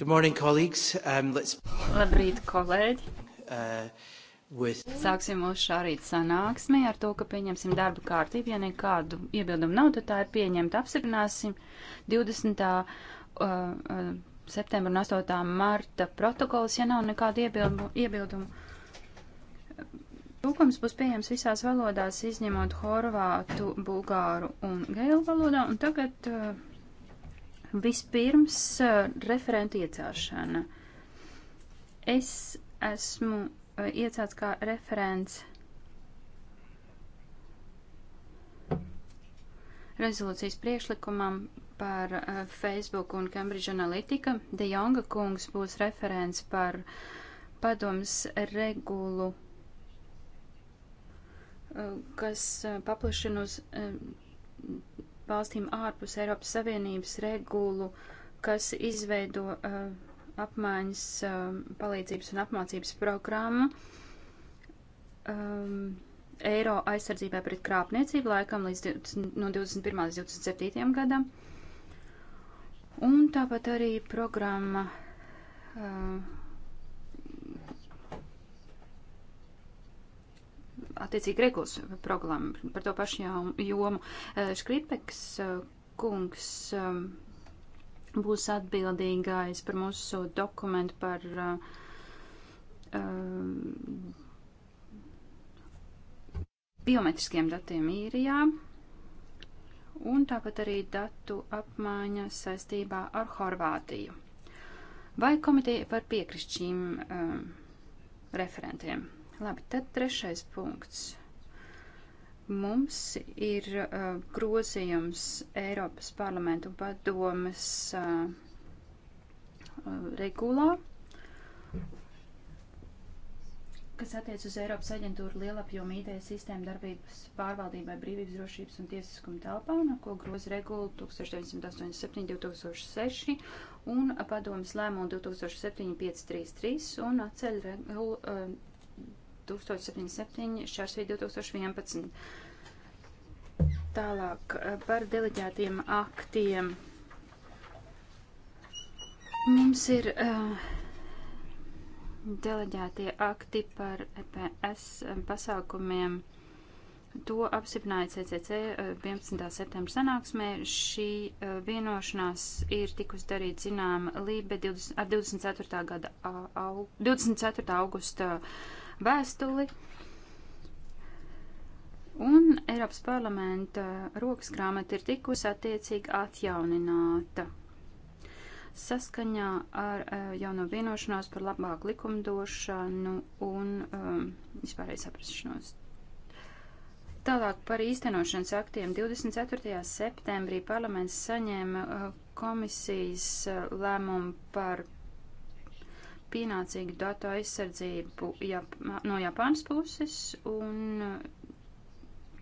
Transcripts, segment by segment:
Good morning, colleagues. Um, let's... Labrīt, kolēģi. Uh, with... Sāksim mūsu šā rīta sanāksmi ar to, ka pieņemsim darbu kārtību. Ja nekādu iebildumu nav, tad tā ir pieņemta. Apsiprināsim 20. Uh, uh, septembra un 8. marta protokols, ja nav nekādu iebildumu. iebildumu. Tūkums būs pieejams visās valodās, izņemot horvātu, bulgāru un gēlu valodā, un tagad uh, Vispirms eh, referentu iecēšana. Es esmu eh, iecēts kā referents rezolūcijas priekšlikumam par eh, Facebook un Cambridge Analytica. De Jonga kungs būs referents par padoms regulu, kas paplašina uz valstīm ārpus Eiropas Savienības regulu, kas izveido uh, apmaiņas uh, palīdzības un apmācības programmu um, eiro aizsardzībā pret krāpniecību laikam līdz 20, no 21. līdz 27. gadam. Un tāpat arī programma uh, attiecīgi regulas programmu par to pašu jomu. Škripeks kungs būs atbildīgais par mūsu dokumentu par biometriskiem datiem īrijā un tāpat arī datu apmaiņa saistībā ar Horvātiju. Vai komiteja var piekrist šīm um, referentiem? Labi, tad trešais punkts. Mums ir uh, grozījums Eiropas parlamentu padomes uh, uh regulā, kas attiec uz Eiropas aģentūru lielapjomu IT sistēmu darbības pārvaldībai brīvības drošības un tiesiskuma telpā, no ko groza regula 1987-2006 un padomas lēmumu 2007-533 un atceļ regulu. Uh, 1077, šārsvī 2011. Tālāk eh, par deleģētiem aktiem. Mums ir uh, deleģētie akti par EPS eh, pasākumiem. To apstiprināja CCC 11. septembra sanāksmē. Šī vienošanās ir tikus darīt zinām Lībe 20, ar 24. Gada, au, 24. augusta vēstuli. Un Eiropas parlamenta rokas grāmata ir tikusi attiecīgi atjaunināta. Saskaņā ar eh, jauno vienošanos par labāku likumdošanu un um, vispārēju saprašanos. Tālāk par īstenošanas aktiem. 24. septembrī parlaments saņēma eh, komisijas eh, lēmumu par pienācīgu datu aizsardzību Jap no Japānas puses, un uh,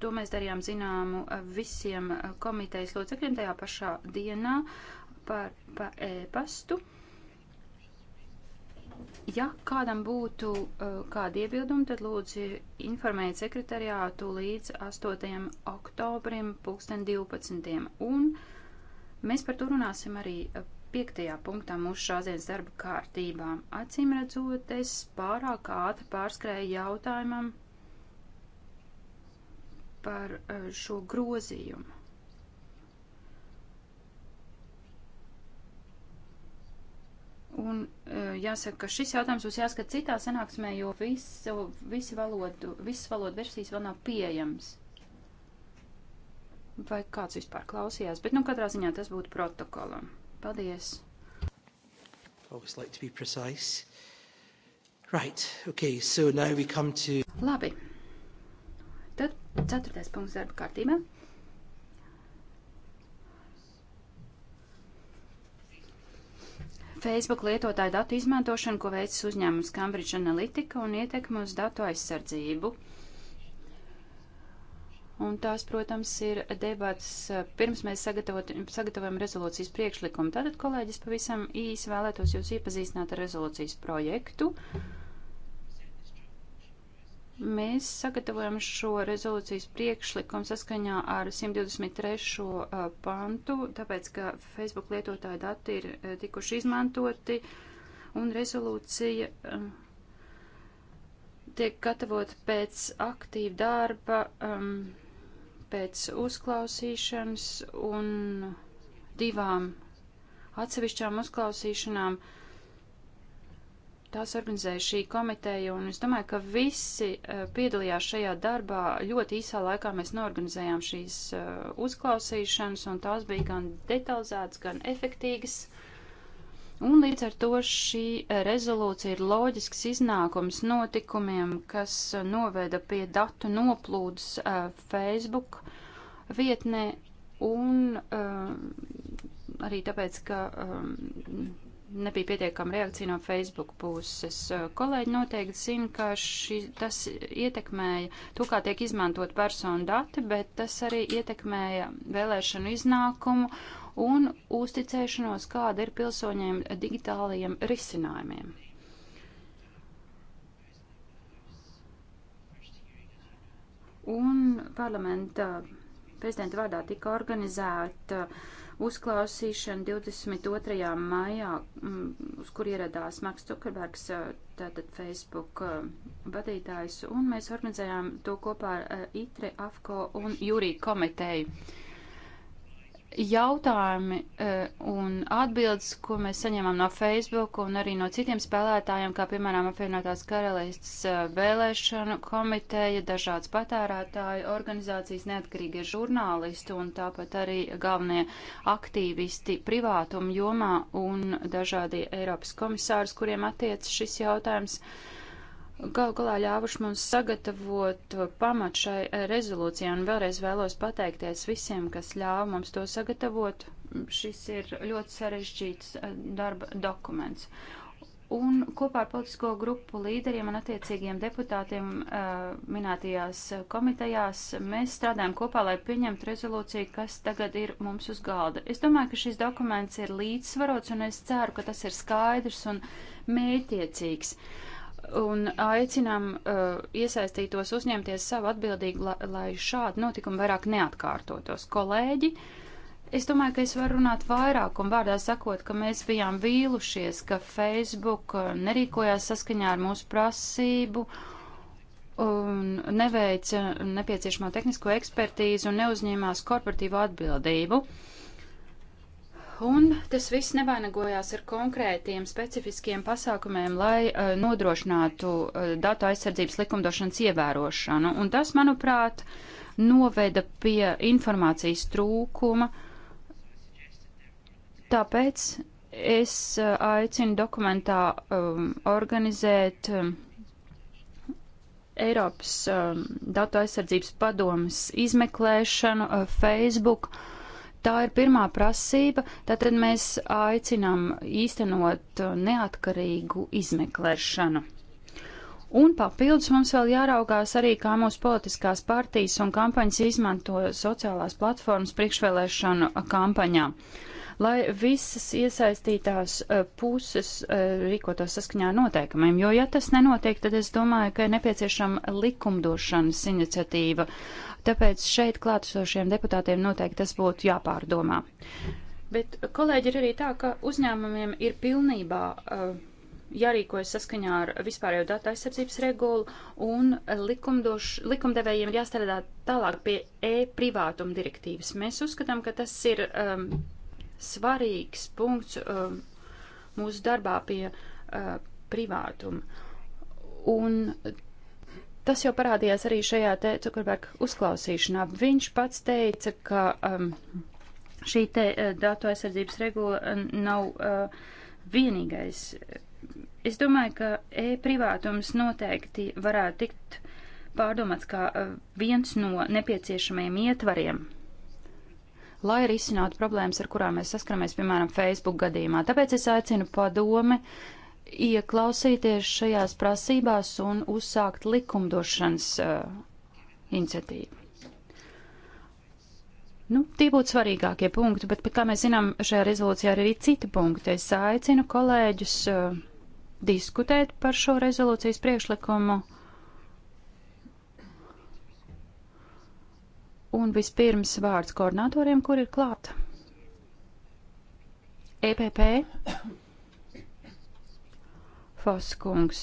to mēs darījām zināmu uh, visiem uh, komitejas locekļiem tajā pašā dienā par pa e-pastu. Ja kādam būtu uh, kādi iebildumi, tad lūdzu informējiet sekretariātu līdz 8. oktobrim 2012. Un mēs par to runāsim arī piektajā punktā mūsu šādienas darba kārtībā. Acīm redzot, es pārāk ātri pārskrēju jautājumam par eh, šo grozījumu. Un eh, jāsaka, ka šis jautājums būs jāskat citā sanāksmē, jo visu, visi valodu, visas valodu versijas vēl nav pieejams. Vai kāds vispār klausījās, bet nu katrā ziņā tas būtu protokolam. Paldies! Always like to be precise. Right, okay, so now we come to... Labi. Tad ceturtais punkts darba kārtībā. Facebook lietotāju datu izmantošanu, ko veicis uzņēmums Cambridge Analytica un ietekmu uz datu aizsardzību. Un tās, protams, ir debats eh, pirms mēs sagatavojam rezolūcijas priekšlikumu. Tātad, kolēģis, pavisam īsi vēlētos jūs iepazīstināt ar rezolūcijas projektu. Mēs sagatavojam šo rezolūcijas priekšlikumu saskaņā ar 123. Eh, pantu, tāpēc, ka Facebook lietotāju dati ir eh, tikuši izmantoti un rezolūcija tiek gatavot pēc aktīva darba. Um, pēc uzklausīšanas un divām atsevišķām uzklausīšanām. Tās organizēja šī komiteja, un es domāju, ka visi e, piedalījās šajā darbā. Ļoti īsā laikā mēs norganizējām šīs e, uzklausīšanas, un tās bija gan detalizētas, gan efektīgas. Uh, Un līdz ar to šī eh, rezolūcija ir loģisks iznākums notikumiem, kas eh, noveda pie datu noplūdes uh, Facebook vietnē un uh, arī tāpēc, ka um, nebija pietiekama reakcija no Facebook puses. Kolēģi noteikti zina, ka šī, tas ietekmēja to, kā tiek izmantot personu dati, bet tas arī ietekmēja vēlēšanu iznākumu un uzticēšanos, kāda ir pilsoņiem digitālajiem risinājumiem. Un parlamenta prezidenta vārdā tika organizēta uzklausīšana 22. maijā, mm, uz kur ieradās Maks Zukerbergs, tātad Facebook mm, vadītājs, un mēs organizējām to kopā ar eh, ITRE, AFCO un Jūrī komiteju jautājumi eh, un atbildes, ko mēs saņemam no Facebook un arī no citiem spēlētājiem, kā piemēram apvienotās karalistas eh, vēlēšanu komiteja, dažādas patērētāju organizācijas, neatkarīgie žurnālisti un tāpat arī galvenie aktīvisti privātuma jomā un dažādi Eiropas komisārs, kuriem attiec šis jautājums. Uh, gal galā ļāvuši mums sagatavot pamat šai eh, rezolūcijai, un vēlreiz vēlos pateikties visiem, kas ļāva mums to sagatavot. Šis ir ļoti sarežģīts eh, darba dokuments. Un kopā ar politisko grupu līderiem un attiecīgiem deputātiem eh, minētajās komitejās mēs strādājam kopā, lai pieņemtu rezolūciju, kas tagad ir mums uz galda. Es domāju, ka šis dokuments ir līdzsvarots, un es ceru, ka tas ir skaidrs un mētiecīgs. Uh, un aicinām uh, iesaistītos uzņemties savu atbildību, lai, lai šādi notikumi vairāk neatkārtotos. Kolēģi, es domāju, ka es varu runāt vairāk un vārdā sakot, ka mēs bijām vīlušies, ka Facebook uh, nerīkojās saskaņā ar mūsu prasību un neveica nepieciešamo tehnisko ekspertīzu un neuzņēmās korporatīvo atbildību. Uh, Un tas viss nevainagojās ar konkrētiem specifiskiem pasākumiem, lai uh, nodrošinātu uh, datu aizsardzības likumdošanas ievērošanu. Un tas, manuprāt, noveda pie informācijas trūkuma. Tāpēc es uh, aicinu dokumentā um, organizēt um, Eiropas um, datu aizsardzības padomas izmeklēšanu uh, Facebook. Uh, Tā ir pirmā prasība, tātad mēs aicinām īstenot uh, neatkarīgu izmeklēšanu. Un papildus mums vēl jāraugās arī, kā mūsu politiskās partijas un kampaņas izmanto sociālās platformas priekšvēlēšanu uh, kampaņā. Lai visas iesaistītās uh, puses rīkotos saskaņā ar noteikumiem, jo ja tas nenotiek, tad es domāju, ka ir nepieciešama likumdošanas iniciatīva. Uh, tāpēc šeit klātesošiem deputātiem noteikti tas būtu jāpārdomā. Bet, kolēģi, ir arī tā, ka uzņēmumiem ir pilnībā uh, jārīkojas saskaņā ar vispārējo datu aizsardzības regulu un likumdevējiem ir jāstrādā tālāk pie e-privātuma direktīvas. Mēs uzskatām, ka tas ir um, svarīgs punkts um, mūsu darbā pie uh, privātuma. Un Tas jau parādījās arī šajā te Cukerberga uzklausīšanā. Viņš pats teica, ka um, šī te uh, datu aizsardzības regula uh, nav uh, vienīgais. Es domāju, ka e-privātums noteikti varētu tikt pārdomāts kā uh, viens no nepieciešamajiem ietvariem lai risinātu problēmas, ar kurām mēs saskaramies, piemēram, Facebook gadījumā. Tāpēc es aicinu padomi ieklausīties šajās prasībās un uzsākt likumdošanas uh, iniciatīvu. Nu, tie būtu svarīgākie punkti, bet, kā mēs zinām, šajā rezolūcijā ir arī citi punkti. Es aicinu kolēģus uh, diskutēt par šo rezolūcijas priekšlikumu. Un vispirms vārds koordinatoriem, kur ir klāt. EPP. Foskungs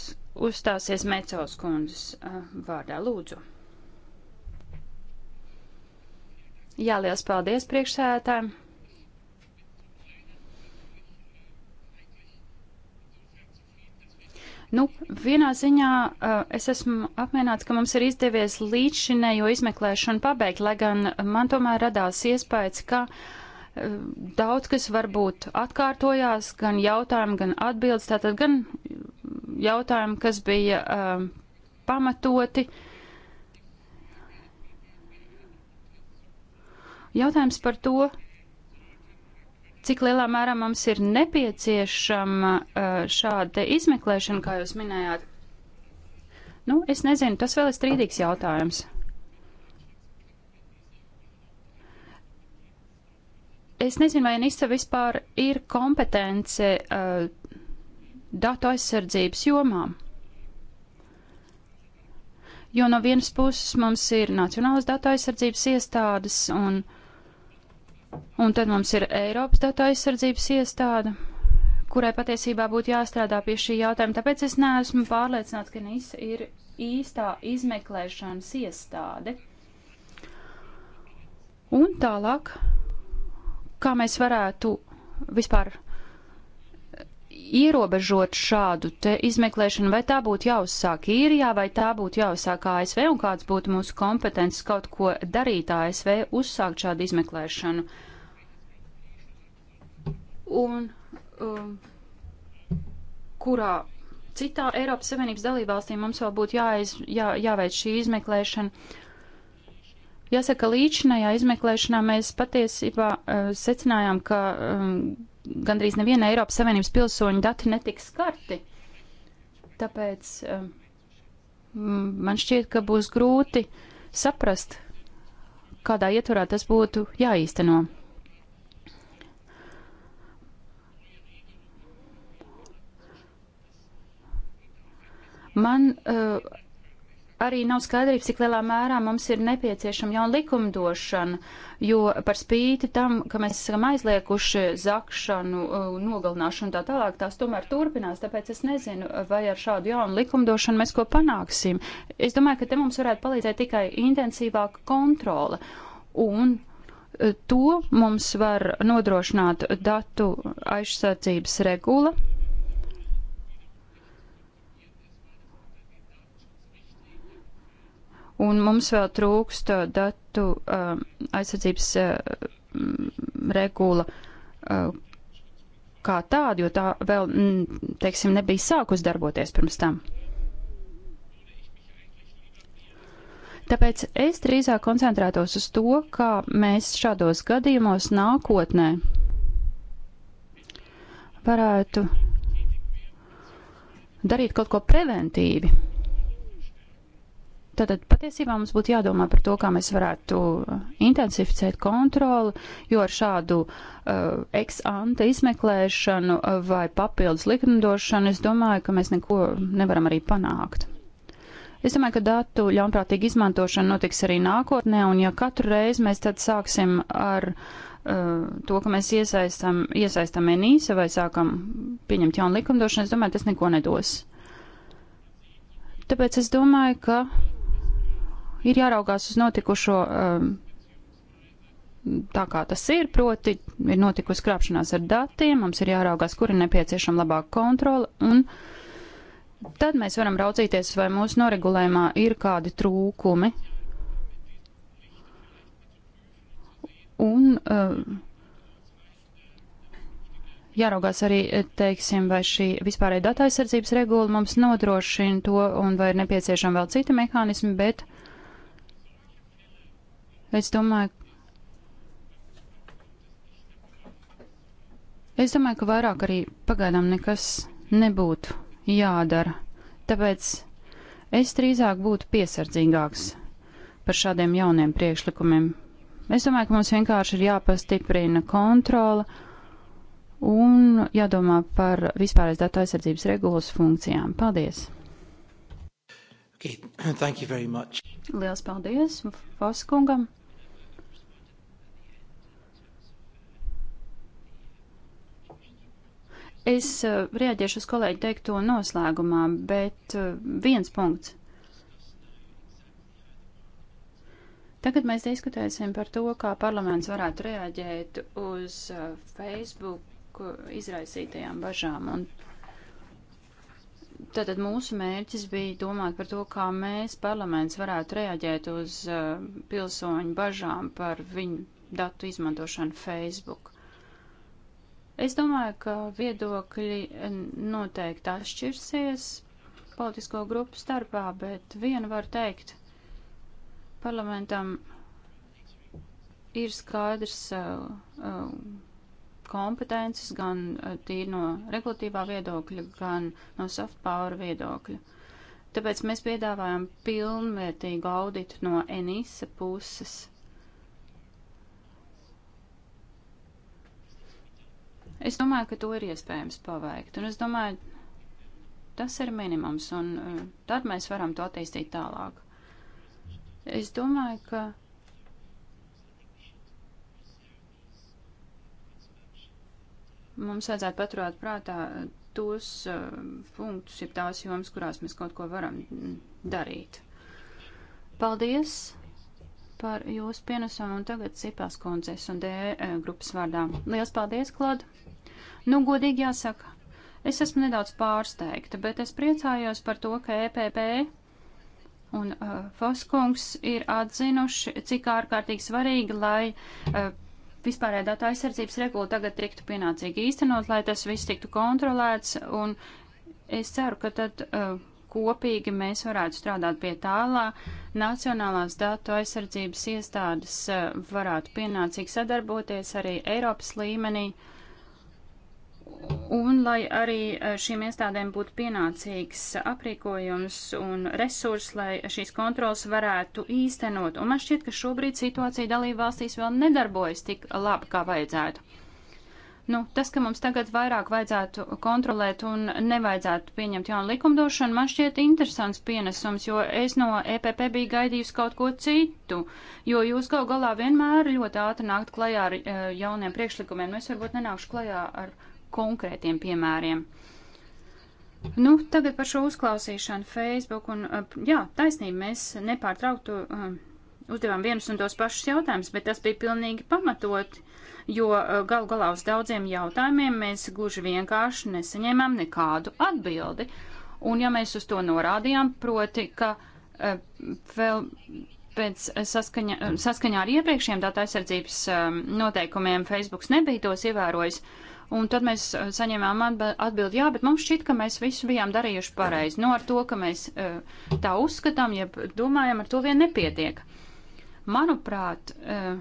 uzstāsies Mecels kundzes eh, vārdā. Lūdzu. Jā, liels paldies priekšsēdētājiem. Nu, vienā ziņā uh, es esmu apmierināts, ka mums ir izdevies līdz šinējo izmeklēšanu pabeigt, lai gan man tomēr radās iespējas, ka uh, daudz kas varbūt atkārtojās, gan jautājumi, gan atbildes, tātad gan jautājumi, kas bija um, pamatoti. Jautājums par to, cik lielā mērā mums ir nepieciešama uh, šāda izmeklēšana, kā jūs minējāt. Nu, es nezinu, tas vēl ir strīdīgs jautājums. Es nezinu, vai NISA vispār ir kompetence uh, datu aizsardzības jomām. Jo no vienas puses mums ir Nacionālas datu aizsardzības iestādes, un, un tad mums ir Eiropas datu aizsardzības iestāde, kurai patiesībā būtu jāstrādā pie šī jautājuma. Tāpēc es neesmu pārliecināts, ka NISA ir īstā izmeklēšanas iestāde. Un tālāk kā mēs varētu vispār eh, ierobežot šādu te izmeklēšanu, vai tā būtu jāuzsāk īrijā, vai tā būtu jāuzsāk ASV, un kāds būtu mūsu kompetences kaut ko darīt ASV, uzsākt šādu izmeklēšanu. Un um, kurā citā Eiropas Savienības dalībvalstī mums vēl būtu jāiz, jā, jāveic šī izmeklēšana. Jāsaka, līdšanajā izmeklēšanā mēs patiesībā uh, secinājām, ka um, gandrīz neviena Eiropas Savienības pilsoņa dati netiks skarti. Tāpēc um, man šķiet, ka būs grūti saprast, kādā ietvarā tas būtu jāīsteno. Man uh, arī nav skaidrības, cik lielā mērā mums ir nepieciešama jauna likumdošana, jo par spīti tam, ka mēs esam aizliekuši zakšanu, uh, nogalināšanu un tā tālāk, tās tomēr turpinās, tāpēc es nezinu, vai ar šādu jaunu likumdošanu mēs ko panāksim. Es domāju, ka te mums varētu palīdzēt tikai intensīvāka kontrole. Un uh, to mums var nodrošināt datu aizsardzības regula, un mums vēl trūkst uh, datu uh, aizsardzības uh, regula uh, kā tāda, jo tā vēl, mm, teiksim, nebija sākus darboties pirms tam. Tāpēc es drīzāk koncentrētos uz to, kā mēs šādos gadījumos nākotnē varētu darīt kaut ko preventīvi Tātad patiesībā mums būtu jādomā par to, kā mēs varētu uh, intensificēt kontroli, jo ar šādu uh, ex-ante izmeklēšanu uh, vai papildus likumdošanu es domāju, ka mēs neko nevaram arī panākt. Es domāju, ka datu ļaunprātīga izmantošana notiks arī nākotnē, un ja katru reizi mēs tad sāksim ar uh, to, ka mēs iesaistam, iesaistam enīsa vai sākam pieņemt jaunu likumdošanu, es domāju, tas neko nedos. Tāpēc es domāju, ka Ir jāraugās uz notikušo um, tā kā tas ir, proti ir notikusi krāpšanās ar datiem, mums ir jāraugās, kur ir nepieciešama labāka kontrola, un tad mēs varam raudzīties, vai mūsu noregulējumā ir kādi trūkumi. Un uh, jāraugās arī, teiksim, vai šī vispārēja data aizsardzības regula mums nodrošina to, un vai ir nepieciešama vēl cita mehānismi, bet uh, Es domāju, es domāju, ka vairāk arī pagaidām nekas nebūtu jādara. Tāpēc es drīzāk būtu piesardzīgāks par šādiem jauniem priekšlikumiem. Es domāju, ka mums vienkārši ir jāpastiprina kontrola un jādomā par vispārējais datu aizsardzības regulas funkcijām. Paldies! Okay, thank you very much. Lielas paldies Foskungam. Es eh, rēģēšu uz kolēģi teikto noslēgumā, bet eh, viens punkts. Tagad mēs diskutēsim par to, kā parlaments varētu reaģēt uz eh, Facebook izraisītajām bažām. Un tātad mūsu mērķis bija domāt par to, kā mēs parlaments varētu reaģēt uz pilsoņu bažām par viņu datu izmantošanu Facebook. Es domāju, ka viedokļi noteikti atšķirsies politisko grupu starpā, bet vienu var teikt, parlamentam ir skaidrs uh, uh, kompetences gan uh, tīri no regulatīvā viedokļa, gan no soft power viedokļa. Tāpēc mēs piedāvājam pilnvērtīgu auditu no ENISA puses. Es domāju, ka to ir iespējams paveikt, un es domāju, tas ir minimums, un uh, tad mēs varam to attīstīt tālāk. Es domāju, ka mums vajadzētu paturēt prātā tos uh, punktus, jeb tās jomas, kurās mēs kaut ko varam mm, darīt. Paldies par jūsu pienesumu un tagad Cipās kundzes un D uh, grupas vārdā. Lielas paldies, Klod! Nu, godīgi jāsaka, es esmu nedaudz pārsteigta, bet es priecājos par to, ka EPP un uh, Foskungs ir atzinuši, cik ārkārtīgi svarīgi, lai uh, vispārējā datu aizsardzības regula tagad tiktu pienācīgi īstenot, lai tas viss tiktu kontrolēts, un es ceru, ka tad. Uh, kopīgi mēs varētu strādāt pie tā, lai Nacionālās datu aizsardzības iestādes uh, varētu pienācīgi sadarboties arī Eiropas līmenī. Uh, Un lai arī eh, šīm iestādēm būtu pienācīgs aprīkojums un resursi, lai šīs kontrols varētu īstenot. Un man šķiet, ka šobrīd situācija dalība valstīs vēl nedarbojas tik labi, kā vajadzētu. Nu, tas, ka mums tagad vairāk vajadzētu kontrolēt un nevajadzētu pieņemt jaunu likumdošanu, man šķiet interesants pienesums, jo es no EPP biju gaidījusi kaut ko citu, jo jūs gal galā vienmēr ļoti ātri nākt klajā ar eh, jauniem priekšlikumiem. Nu, es varbūt nenākšu klajā ar konkrētiem piemēriem. Nu, tagad par šo uzklausīšanu Facebook un, jā, taisnība, mēs nepārtrauktu um, uzdevām vienus un tos pašus jautājumus, bet tas bija pilnīgi pamatot, jo uh, gal galā uz daudziem jautājumiem mēs gluži vienkārši nesaņēmām nekādu atbildi. Un ja mēs uz to norādījām, proti, ka uh, vēl pēc saskaņa, saskaņā ar iepriekšējiem datu aizsardzības um, noteikumiem Facebooks nebija tos ievērojis, Un tad mēs eh, saņēmām atbildi, jā, bet mums šķiet, ka mēs visu bijām darījuši pareizi. Nu, ar to, ka mēs eh, tā uzskatām, ja domājam, ar to vien nepietiek. Manuprāt, eh,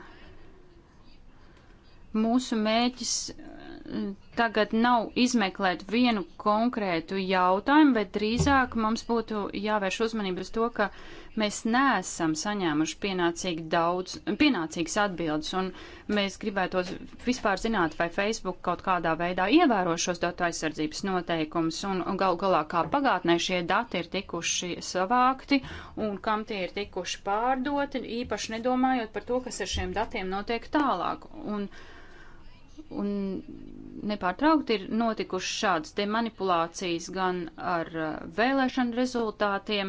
mūsu mēķis tagad nav izmeklēt vienu konkrētu jautājumu, bet drīzāk mums būtu jāvērš uzmanību uz to, ka mēs neesam saņēmuši pienācīgi daudz, pienācīgas atbildes, un mēs gribētos vispār zināt, vai Facebook kaut kādā veidā ievēro šos datu aizsardzības noteikumus, un, un gal galā kā pagātnē šie dati ir tikuši savākti, un kam tie ir tikuši pārdoti, īpaši nedomājot par to, kas ar šiem datiem notiek tālāk. Un, uh, Un nepārtraukti ir notikušas šādas te manipulācijas gan ar uh, vēlēšanu rezultātiem,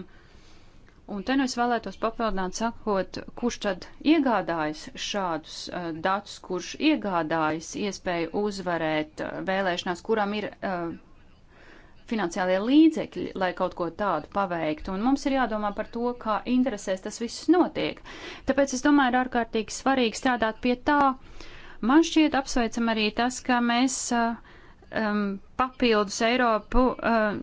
Un te nu es vēlētos papildināt, sakot, kurš tad iegādājas šādus uh, datus, kurš iegādājas iespēju uzvarēt uh, vēlēšanās, kuram ir uh, finansiālie līdzekļi, lai kaut ko tādu paveiktu. Un mums ir jādomā par to, kā interesēs tas viss notiek. Tāpēc es domāju, ir ārkārtīgi svarīgi strādāt pie tā, uh, Man šķiet apsveicam arī tas, ka mēs uh, um, papildus Eiropu uh,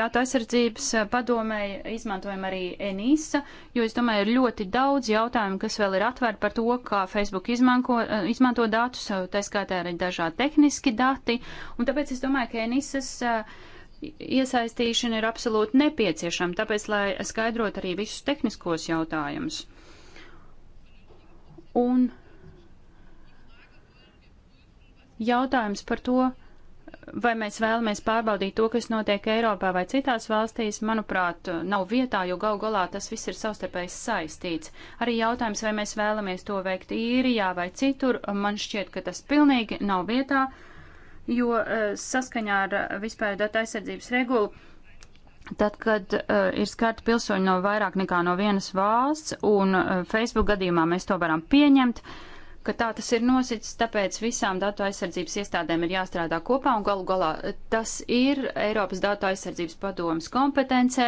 datu um, aizsardzības uh, padomēji izmantojam arī ENISA, jo es domāju, ir ļoti daudz jautājumu, kas vēl ir atvērti par to, kā Facebook izmanko, izmanto datus, tā skaitā arī dažādi tehniski dati, un tāpēc es domāju, ka ENISAS uh, iesaistīšana ir absolūti nepieciešama, tāpēc, lai skaidrot arī visus tehniskos jautājumus. Un Jautājums par to, vai mēs vēlamies pārbaudīt to, kas notiek Eiropā vai citās valstīs, manuprāt, nav vietā, jo gal galā tas viss ir savstarpēji saistīts. Arī jautājums, vai mēs vēlamies to veikt īrijā vai citur, man šķiet, ka tas pilnīgi nav vietā, jo eh, saskaņā ar vispēju datu aizsardzības regulu. Tad, kad uh, ir skarti pilsoņi no vairāk nekā no vienas valsts, un uh, Facebook gadījumā mēs to varam pieņemt, uh, ka tā tas ir nosicis, tāpēc visām datu aizsardzības iestādēm ir jāstrādā kopā un galu galā tas ir Eiropas datu aizsardzības padomas kompetencē.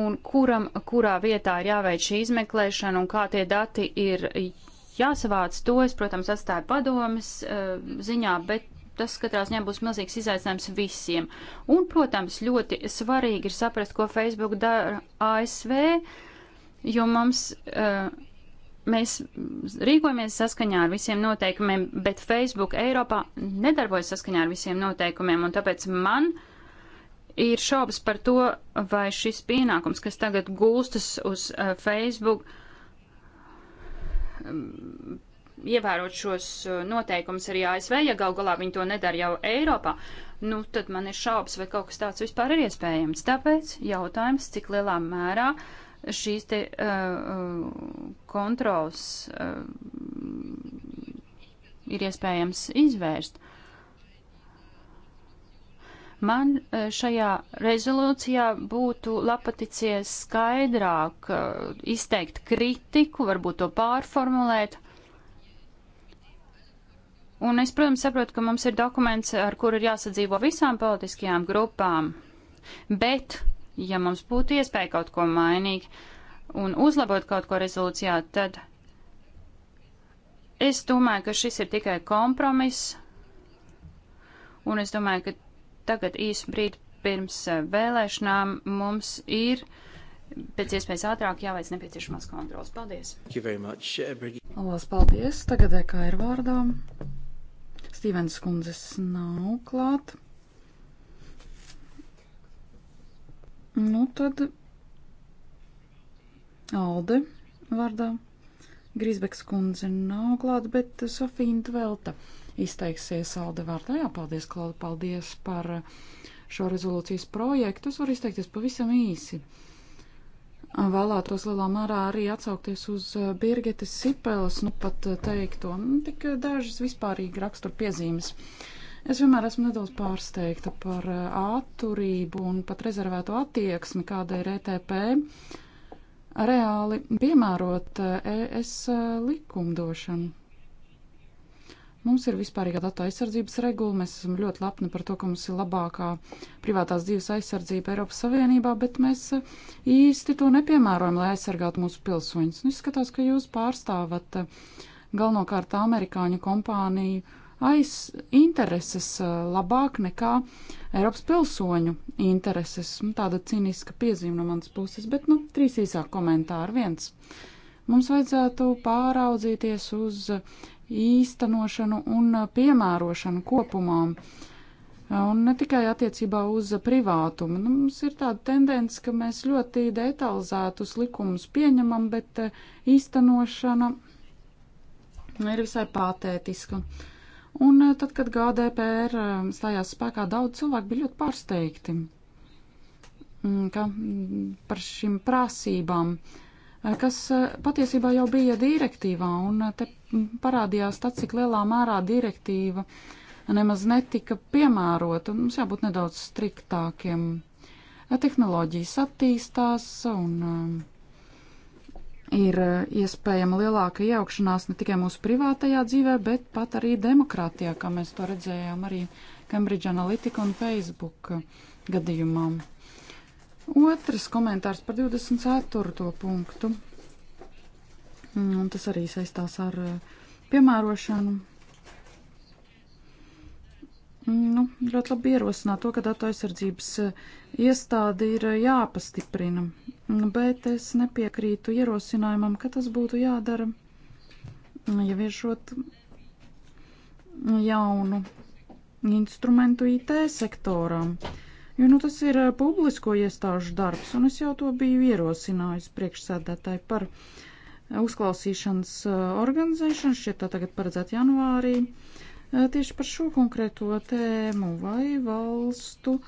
Un kuram, kurā vietā ir jāveic šī izmeklēšana un kā tie dati ir jāsavāc, to es, protams, atstāju padomas eh, ziņā, bet tas katrā ziņā būs milzīgs izaicinājums visiem. Un, protams, ļoti svarīgi ir saprast, ko Facebook dara ASV jo mums. Uh, Mēs rīkojamies saskaņā ar visiem noteikumiem, bet Facebook Eiropā nedarbojas saskaņā ar visiem noteikumiem, un tāpēc man uh, ir šaubas par to, vai šis pienākums, kas tagad gulstas uz uh, Facebook, um, ievērot šos uh, noteikumus arī ASV, ja gal galā viņi to nedara jau Eiropā, nu tad man ir šaubas, vai kaut kas tāds vispār ir iespējams. Tāpēc jautājums, cik lielā mērā uh, šīs te uh, uh, kontrols uh, ir iespējams izvērst. Man uh, šajā rezolūcijā būtu lapaticies skaidrāk uh, izteikt kritiku, varbūt to pārformulēt. Un es, protams, saprotu, ka mums ir dokuments, ar kuru ir jāsadzīvo visām politiskajām grupām, bet ja mums būtu iespēja kaut ko mainīt un uzlabot kaut ko rezolūcijā, tad es domāju, ka šis ir tikai kompromiss, un es domāju, ka tagad īsu brīdi pirms eh, vēlēšanām mums ir pēc iespējas ātrāk jāveic nepieciešamās kontrolas. Paldies! Uh, Lielas paldies! Tagad EKR vārdā. Stīvens kundzes nav klāt. Nu, tad Alde vārdā. Grīsbeks kundze nav klāt, bet Sofija Intvelta izteiksies Alde vārdā. Jā, paldies, Klauda, paldies par šo rezolūcijas projektu. Es varu izteikties pavisam īsi. Vēlētos lielā mērā arī atsaukties uz Birgetes Sipeles, nu pat teikto, nu, tik dažas vispārīgi rakstura piezīmes. Uh, Es vienmēr esmu nedaudz pārsteigta par eh, atturību un pat rezervēto attieksmi, kāda ir ETP reāli piemērot ES eh, e eh, likumdošanu. Mums ir vispārīga datu aizsardzības regula, mēs esam ļoti lepni par to, ka mums ir labākā privātās dzīves aizsardzība Eiropas Savienībā, bet mēs īsti to nepiemērojam, lai aizsargātu mūsu pilsoņus. Nu, izskatās, ka jūs pārstāvat galvenokārt amerikāņu kompāniju aiz intereses eh, labāk nekā Eiropas pilsoņu intereses. Nu, tāda ciniska piezīme no manas puses, bet, nu, trīs īsāk komentāri viens. Mums vajadzētu pāraudzīties uz īstenošanu un piemērošanu kopumā. Un ne tikai attiecībā uz privātumu. Nu, mums ir tāda tendence, ka mēs ļoti detalizētus likumus pieņemam, bet eh, īstenošana ir visai pātētiska. Uh, Un eh, tad, kad GDPR eh, stājās spēkā, daudz cilvēku bija ļoti pārsteigti mm, ka mm, par šīm prasībām, eh, kas patiesībā jau bija direktīvā, un te mm, parādījās tas, cik lielā mērā direktīva nemaz netika piemērota, un mums jābūt nedaudz striktākiem. Tehnoloģijas attīstās, un ir eh, iespējama lielāka iejaukšanās ne tikai mūsu privātajā dzīvē, bet pat arī demokrātijā, kā mēs to redzējām arī Cambridge Analytica un Facebook gadījumā. Otrs komentārs par 24. punktu. Mm, un tas arī saistās ar eh, piemērošanu nu, ļoti labi ierosināt to, ka datu aizsardzības eh, iestāde ir eh, jāpastiprina, bet es nepiekrītu ierosinājumam, ka tas būtu jādara, mm, ieviešot ja jaunu instrumentu IT sektoram, jo nu, tas ir eh, publisko iestāžu darbs, un es jau to biju ierosinājis priekšsēdētāji par uzklausīšanas organizēšanu, šķiet tā tagad paredzēt janvārī tieši par šo konkrēto tēmu, vai valstu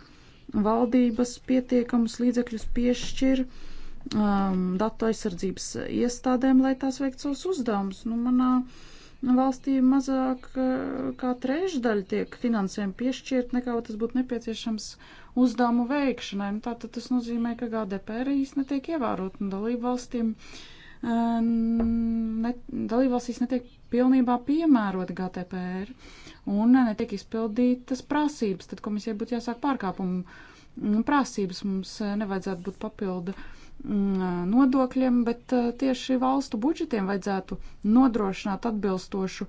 valdības pietiekamus līdzekļus piešķir um, datu aizsardzības iestādēm, lai tās veiktu savus uzdevumus. Nu, manā valstī mazāk kā trešdaļa tiek finansējumi piešķirt, nekā tas būtu nepieciešams uzdevumu veikšanai. Nu, tātad tas nozīmē, ka GDPR īsti netiek ievērot un dalību valstīm. Um, ne, dalībvalstīs netiek pilnībā piemēroti GTPR un netiek izpildītas prasības, tad komisijai būtu jāsāk pārkāpumu prasības. Mums eh, nevajadzētu būt papildu nodokļiem, bet eh, tieši valstu budžetiem vajadzētu nodrošināt atbilstošu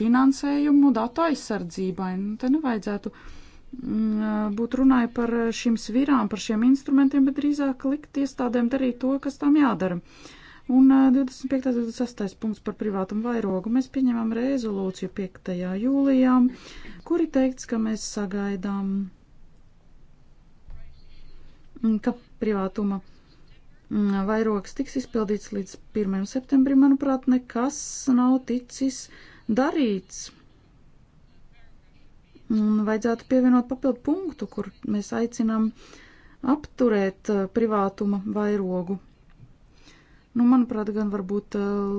finansējumu datu aizsardzībai. Nu, te nevajadzētu būt runāja par šīm svirām, par šiem instrumentiem, bet drīzāk likt iestādēm darīt to, kas tam jādara. Uh, Un 25. un 26. punkts par privātumu vairogu. Mēs pieņemam rezolūciju 5. jūlijā, kuri teikts, ka mēs sagaidām, mm, ka privātuma mm, vairogs tiks izpildīts līdz 1. septembrim. Manuprāt, nekas nav ticis darīts. Un vajadzētu pievienot papildu punktu, kur mēs aicinām apturēt privātuma vairogu Nu, manuprāt, gan varbūt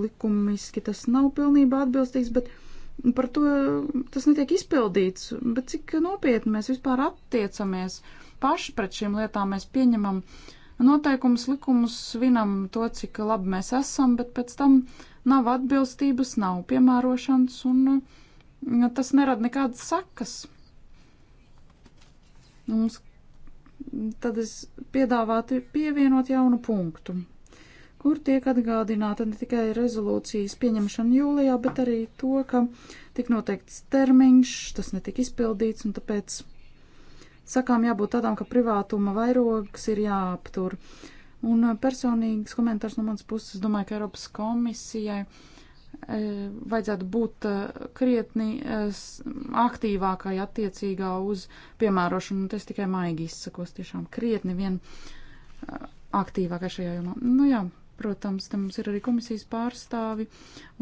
likumiski tas nav pilnībā atbilstīgs, bet par to tas netiek izpildīts. Bet cik nopietni mēs vispār attiecamies paši pret šīm lietām, mēs pieņemam noteikumus, likumus, svinam to, cik labi mēs esam, bet pēc tam nav atbilstības, nav piemērošanas un tas nerada nekādas sakas. Mums tad es piedāvātu pievienot jaunu punktu kur tiek atgādināta ne tikai rezolūcijas pieņemšana jūlijā, bet arī to, ka tik noteikts termiņš, tas netika izpildīts, un tāpēc sakām jābūt tādām, ka privātuma vairogs ir jāaptur. Un uh, personīgs komentārs no manas puses, es domāju, ka Eiropas komisijai uh, vajadzētu būt uh, krietni aktīvākai attiecīgā uz piemērošanu. Tas tikai maigi izsakos, tiešām krietni vien aktīvākai šajā jomā. Nu jā, Protams, te mums ir arī komisijas pārstāvi,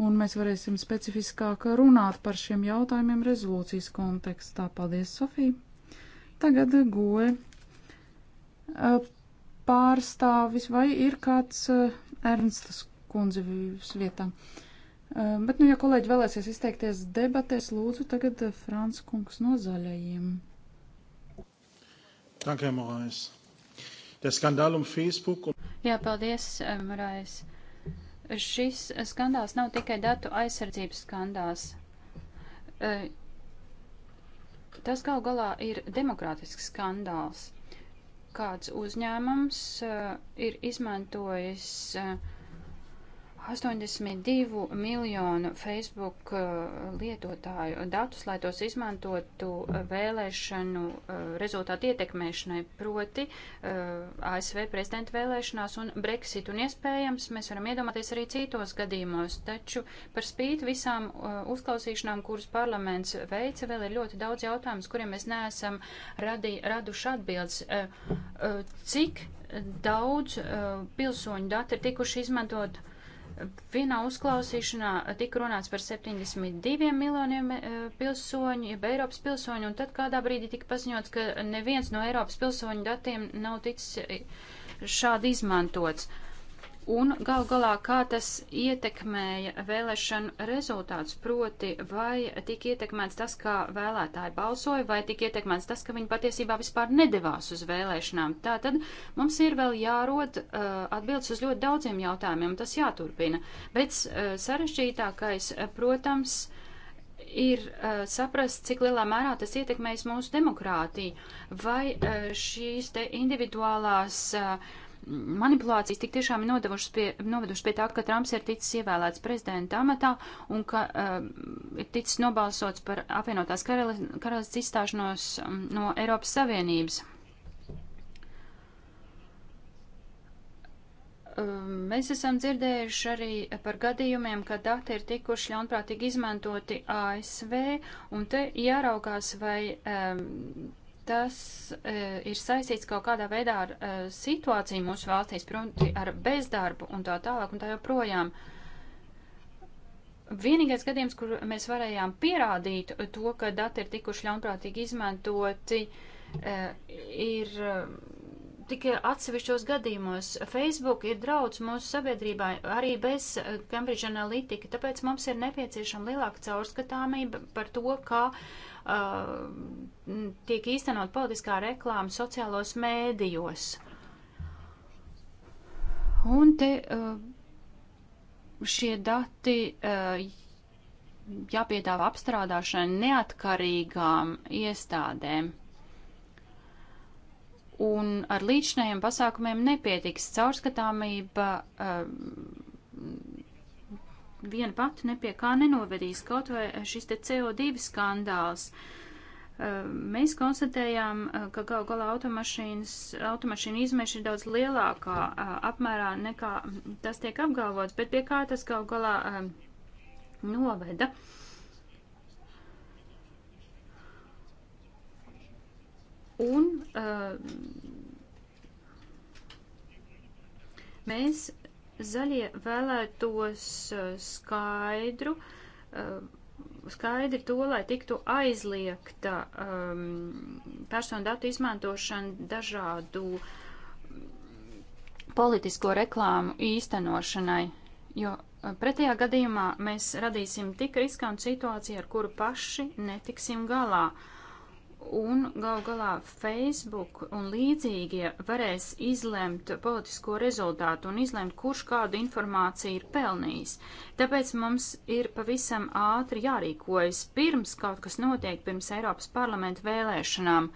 un mēs varēsim specifiskāk runāt par šiem jautājumiem rezolūcijas kontekstā. Paldies, Sofija! Tagad goe eh, pārstāvis vai ir kāds eh, Ernstas kundze vietā. Eh, bet, nu, ja kolēģi vēlēsies izteikties debatēs, lūdzu tagad Frāns kungs no zaļajiem. Danke, Morais. Der Skandal um Facebook. Jā, paldies, eh, Marais. Šis skandāls nav tikai datu aizsardzības skandāls. Eh, tas gal galā ir demokrātisks skandāls. Kāds uzņēmums eh, ir izmantojis uh, 82 miljonu Facebook uh, lietotāju datus, lai tos izmantotu uh, vēlēšanu uh, rezultātu ietekmēšanai, proti ASV prezidenta vēlēšanās un Brexit. Un iespējams, mēs varam iedomāties arī citos gadījumos, taču par spīti visām uzklausīšanām, kuras parlaments veica, vēl ir ļoti daudz jautājumus, kuriem mēs neesam radī, raduši atbildes. Cik daudz pilsoņu dati ir tikuši izmantot? Vienā uzklausīšanā tika runāts par 72 miljoniem e, pilsoņu, jeb Eiropas pilsoņu, un tad kādā brīdī tika paziņots, ka neviens no Eiropas pilsoņu datiem nav ticis e, šādi izmantots un gal galā kā tas ietekmēja vēlēšanu rezultātus, proti vai tika ietekmēts tas, kā vēlētāji balsoja, vai tika ietekmēts tas, ka viņi patiesībā vispār nedavās uz vēlēšanām. Tātad mums ir vēl jārod uh, atbildes uz ļoti daudziem jautājumiem, tas jāturpina. Bet uh, sarežģītākais, uh, protams, ir uh, saprast, cik lielā mērā tas ietekmēs mūsu demokrātiju, vai uh, šīs te individuālās uh, manipulācijas tik tiešām ir nodevušas pie, novedušas pie tā, ka Trumps ir ticis ievēlēts prezidenta amatā un ka uh, ir ticis nobalsots par apvienotās karalists izstāšanos mm, no Eiropas Savienības. Eh, mēs esam dzirdējuši arī par gadījumiem, ka dati ir tikuši ļaunprātīgi izmantoti ASV, un te jāraugās, vai um, tas e, ir saistīts kaut kādā veidā ar e, situāciju mūsu valstīs, proti ar bezdarbu un tā tālāk un tā joprojām. Vienīgais gadījums, kur mēs varējām pierādīt to, ka dati ir tikuši ļaunprātīgi izmantoti, e, ir tikai atsevišķos gadījumos. Facebook ir draudz mūsu sabiedrībā arī bez eh, Cambridge Analytica, tāpēc mums ir nepieciešama lielāka caurskatāmība par to, kā uh, tiek īstenot politiskā reklāma sociālos mēdījos. Un te uh, šie dati. Uh, jāpiedāvā apstrādāšana neatkarīgām iestādēm un ar līdzinējiem pasākumiem nepietiks. Caurskatāmība uh, viena pati nepie kā nenovedīs, kaut vai šis te CO2 skandāls. Uh, mēs konstatējām, eh, ka gal galā automašīnas, automašīna izmeša ir daudz lielākā uh, apmērā nekā tas tiek apgalvots, bet pie kā tas gal galā noveda. Uh, Un uh, mēs zaļie vēlētos eh, skaidru, eh, skaidri to, lai tiktu aizliegta um, personu datu izmantošana dažādu politisko reklāmu īstenošanai, jo pretējā gadījumā mēs radīsim tik riskantu situāciju, ar kuru paši netiksim galā. Uh, un gal galā Facebook un līdzīgie varēs izlemt politisko rezultātu un izlemt, kurš kādu informāciju ir pelnījis. Tāpēc mums ir pavisam ātri jārīkojas pirms kaut kas notiek pirms Eiropas parlamenta vēlēšanām.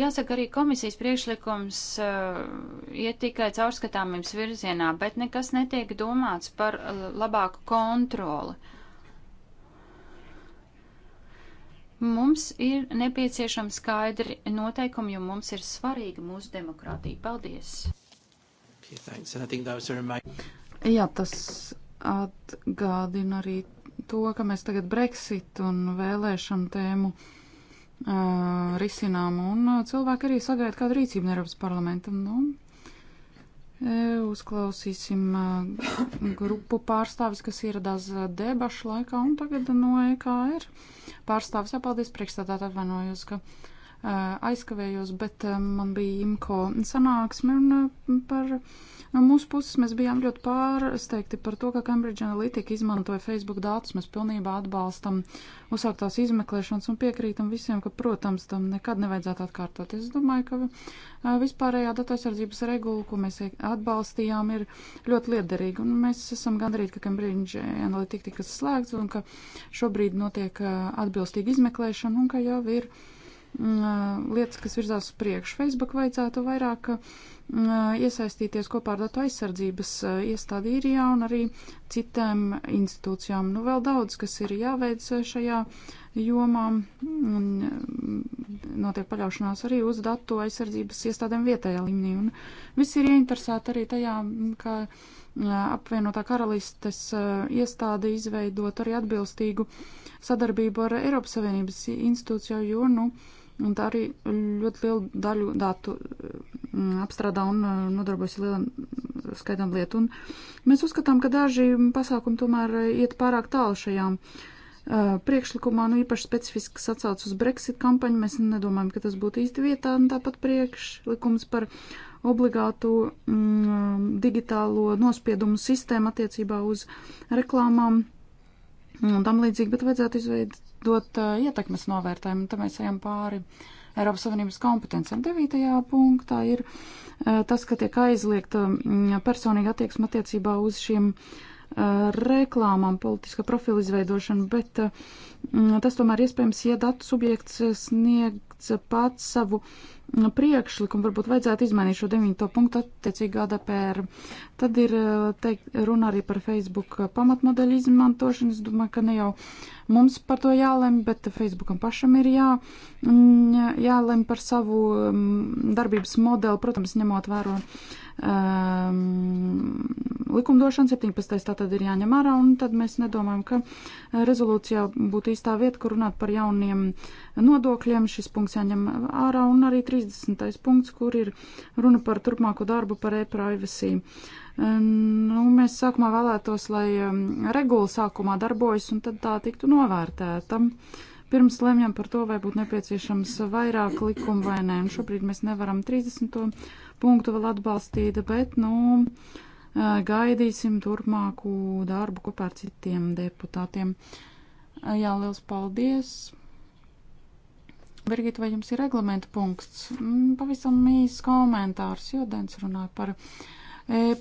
Jāsaka, arī komisijas priekšlikums uh, iet tikai caurskatāmības virzienā, bet nekas netiek domāts par uh, labāku kontroli. Uh, Mums ir nepieciešami skaidri noteikumi, jo mums ir svarīga mūsu demokrātija. Paldies! Jā, tas atgādina arī to, ka mēs tagad Brexit un vēlēšanu tēmu uh, risinām, un cilvēki arī sagaida kādu rīcību no Eiropas parlamenta. Nu, E, uzklausīsim e, grupu pārstāvis, kas ieradās e, debašu laikā un tagad no EKR. Pārstāvis jāpaldies priekšstādāt atvainojos, ka aizkavējos, bet man bija imko sanāksme un par No mūsu puses mēs bijām ļoti pārsteigti par to, ka Cambridge Analytica izmantoja Facebook datus. Mēs pilnībā atbalstam uzsāktās izmeklēšanas un piekrītam visiem, ka, protams, tam nekad nevajadzētu atkārtot. Es domāju, ka vispārējā datu aizsardzības regula, ko mēs atbalstījām, ir ļoti liederīga. Un mēs esam gandrīz, ka Cambridge Analytica tika slēgts un ka šobrīd notiek atbilstīga izmeklēšana un ka jau ir lietas, kas virzās uz priekšu. Facebook vajadzētu vairāk iesaistīties kopā ar datu aizsardzības iestādi īrijā un arī citām institūcijām. Nu, vēl daudz, kas ir jāveic šajā jomā, un notiek paļaušanās arī uz datu aizsardzības iestādēm vietējā līmenī. Un visi ir ieinteresēti arī tajā, ka apvienotā karalistes iestāde izveidot arī atbilstīgu sadarbību ar Eiropas Savienības institūcijā, jo, nu, Un tā arī ļoti lielu daļu datu mm, apstrādā un eh, nodarbojas lielam skaitam lietu. Un mēs uzskatām, ka daži pasākumi tomēr eh, iet pārāk tālu šajām eh, priekšlikumā, nu īpaši specifisks atsauc uz Brexit kampaņu. Mēs nedomājam, ka tas būtu īsti vietā, un tāpat priekšlikums par obligātu mm, digitālo nospiedumu sistēmu attiecībā uz reklāmām un tam līdzīgi, bet vajadzētu izveidot dot ietekmes novērtējumu, un tad mēs ejam pāri Eiropas Savienības kompetencijām. Devītajā punktā ir tas, ka tiek aizliegta personīga attieksme attiecībā uz šiem uh, Eh, reklāmām, politiska profila izveidošanu, bet eh, mm, tas tomēr iespējams, ja datu subjekts eh, sniegts pats savu mm, priekšlikumu, varbūt vajadzētu izmainīt šo 9. punktu attiecīgi ADPR. Tad ir teik, runa arī par Facebook pamatmodeļu izmantošanu. Es domāju, ka ne jau mums par to jālem, bet Facebookam pašam ir jā, mm, jālem par savu darbības modeli, protams, ņemot vērā um, likumdošana, 17. tā tad ir jāņem ārā, un tad mēs nedomājam, ka eh, rezolūcijā būtu īstā vieta, kur runāt par jauniem nodokļiem, šis punkts jāņem ārā, un arī 30. punkts, kur ir runa par turpmāko darbu par e-privacy. Ehm, nu, mēs sākumā vēlētos, lai ehm, regula sākumā darbojas, un tad tā tiktu novērtēta pirms lemjam par to, vai būtu nepieciešams vairāk likumu vai nē. Un šobrīd mēs nevaram 30 punktu vēl atbalstīta, bet, nu, gaidīsim turpmāku darbu kopā ar citiem deputātiem. Jā, liels paldies! Birgit, vai jums ir reglamenta punkts? Mm, pavisam īs komentārs, jo Dens runāja par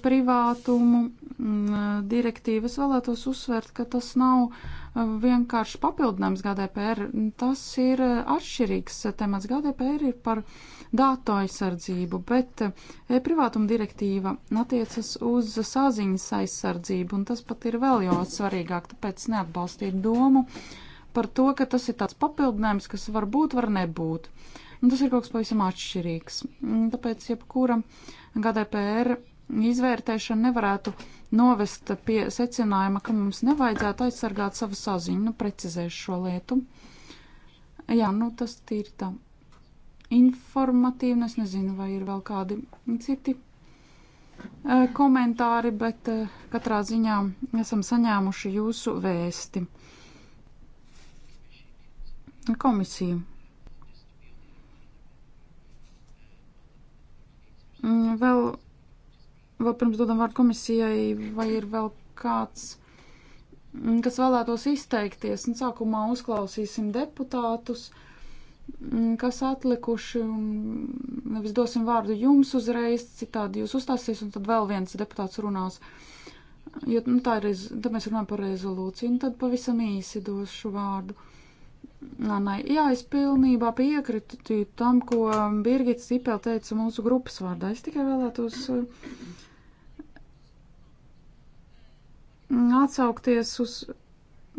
privātumu mm, direktīvas vēlētos uzsvērt, ka tas nav vienkārši papildinājums GDPR, tas ir atšķirīgs temats. GDPR ir par uh, datu aizsardzību, bet eh, privātuma direktīva attiecas uz saziņas aizsardzību, un tas pat ir vēl jau svarīgāk, tāpēc neatbalstīt domu par to, ka tas ir tāds papildinājums, kas var būt, var nebūt. Un tas ir kaut kas pavisam atšķirīgs. Tāpēc jebkura GDPR izvērtēšana nevarētu novest pie secinājuma, ka mums nevajadzētu aizsargāt savu saziņu, nu, precizēšu šo lietu. Jā, nu tas ir tā informatīvi. Es nezinu, vai ir vēl kādi citi eh, komentāri, bet eh, katrā ziņā esam saņēmuši jūsu vēsti. Komisija. Mm, vēl, vēl pirms dodam vārdu komisijai, vai ir vēl kāds, mm, kas vēlētos izteikties? Un nu, sākumā uzklausīsim deputātus. Uh, Mm, kas atlikuši, un nevis dosim vārdu jums uzreiz, citādi jūs uzstāsies, un tad vēl viens deputāts runās. Jo, nu, tā ir, tad mēs runājam par rezolūciju, un tad pavisam īsi došu vārdu. Nē, jā, es pilnībā piekritu tam, ko Birgits Sipēl teica mūsu grupas vārdā. Es tikai vēlētos mm, atsaukties uz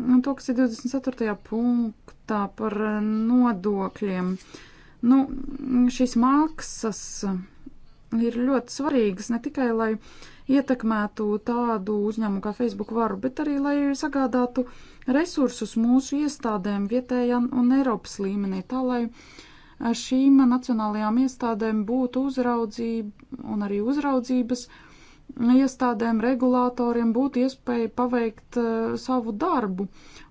Un to, kas ir 24. punktā par nodokļiem. Nu, šīs mākslas ir ļoti svarīgas ne tikai, lai ietekmētu tādu uzņēmumu kā Facebook varu, bet arī, lai sagādātu resursus mūsu iestādēm vietējā un Eiropas līmenī, tā lai šīm nacionālajām iestādēm būtu uzraudzība un arī uzraudzības uh, iestādēm, regulātoriem būtu iespēja paveikt uh, savu darbu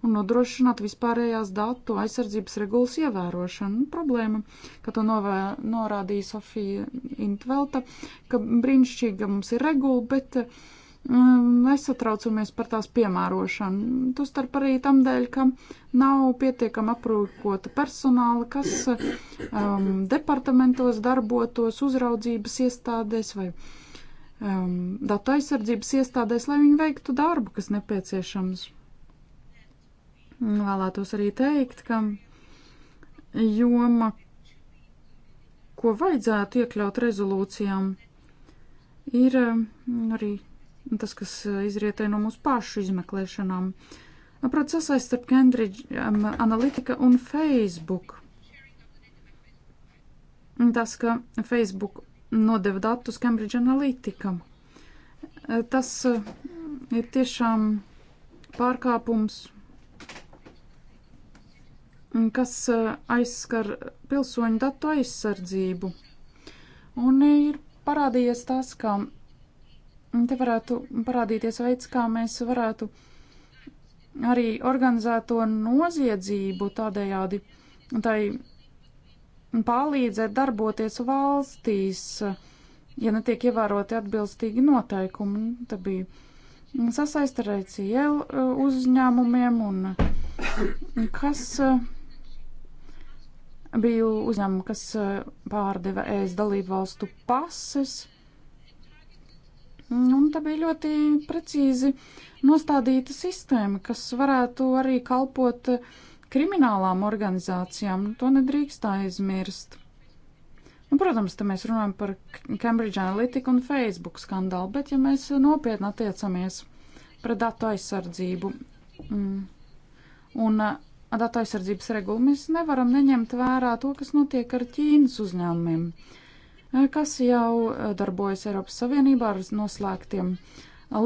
un nodrošināt vispārējās datu aizsardzības regulas ievērošanu. Nu, problēma, ka to novē, norādīja Sofija Intvelta, ka brīnišķīga mums ir regula, bet um, mm, mēs satraucamies par tās piemērošanu. Tostarp arī tam dēļ, ka nav pietiekami aprūkota personāla, kas eh, um, departamentos darbotos, uzraudzības iestādēs vai um, datu aizsardzības iestādēs, lai viņi veiktu darbu, kas nepieciešams. Vēlētos arī teikt, ka joma, ko vajadzētu iekļaut rezolūcijām, ir um, arī tas, kas izrietē no mūsu pašu izmeklēšanām. Procesā starp Cambridge um, Analytica un Facebook. Tas, ka Facebook nodeva datus Cambridge Analytica. Tas eh, ir tiešām pārkāpums, kas eh, aizskar pilsoņu datu aizsardzību. Un ir parādījies tas, ka te varētu parādīties veids, kā mēs varētu arī organizēto noziedzību tādējādi tai palīdzēt darboties valstīs, ja netiek ievēroti atbilstīgi noteikumi. Tā bija sasaist ar ECL uh, uzņēmumiem un uh, kas uh, bija uzņēmumi, kas pārdeva ES dalību valstu pases. Mm, un tā bija ļoti precīzi nostādīta sistēma, kas varētu arī kalpot uh, kriminālām organizācijām. Nu, to nedrīkst aizmirst. Nu, protams, te mēs runājam par Cambridge Analytica un Facebook skandālu, bet ja mēs nopietni attiecamies pret datu aizsardzību mm, un datu aizsardzības regulu, mēs nevaram neņemt vērā to, kas notiek ar Ķīnas uzņēmumiem, kas jau darbojas Eiropas Savienībā ar noslēgtiem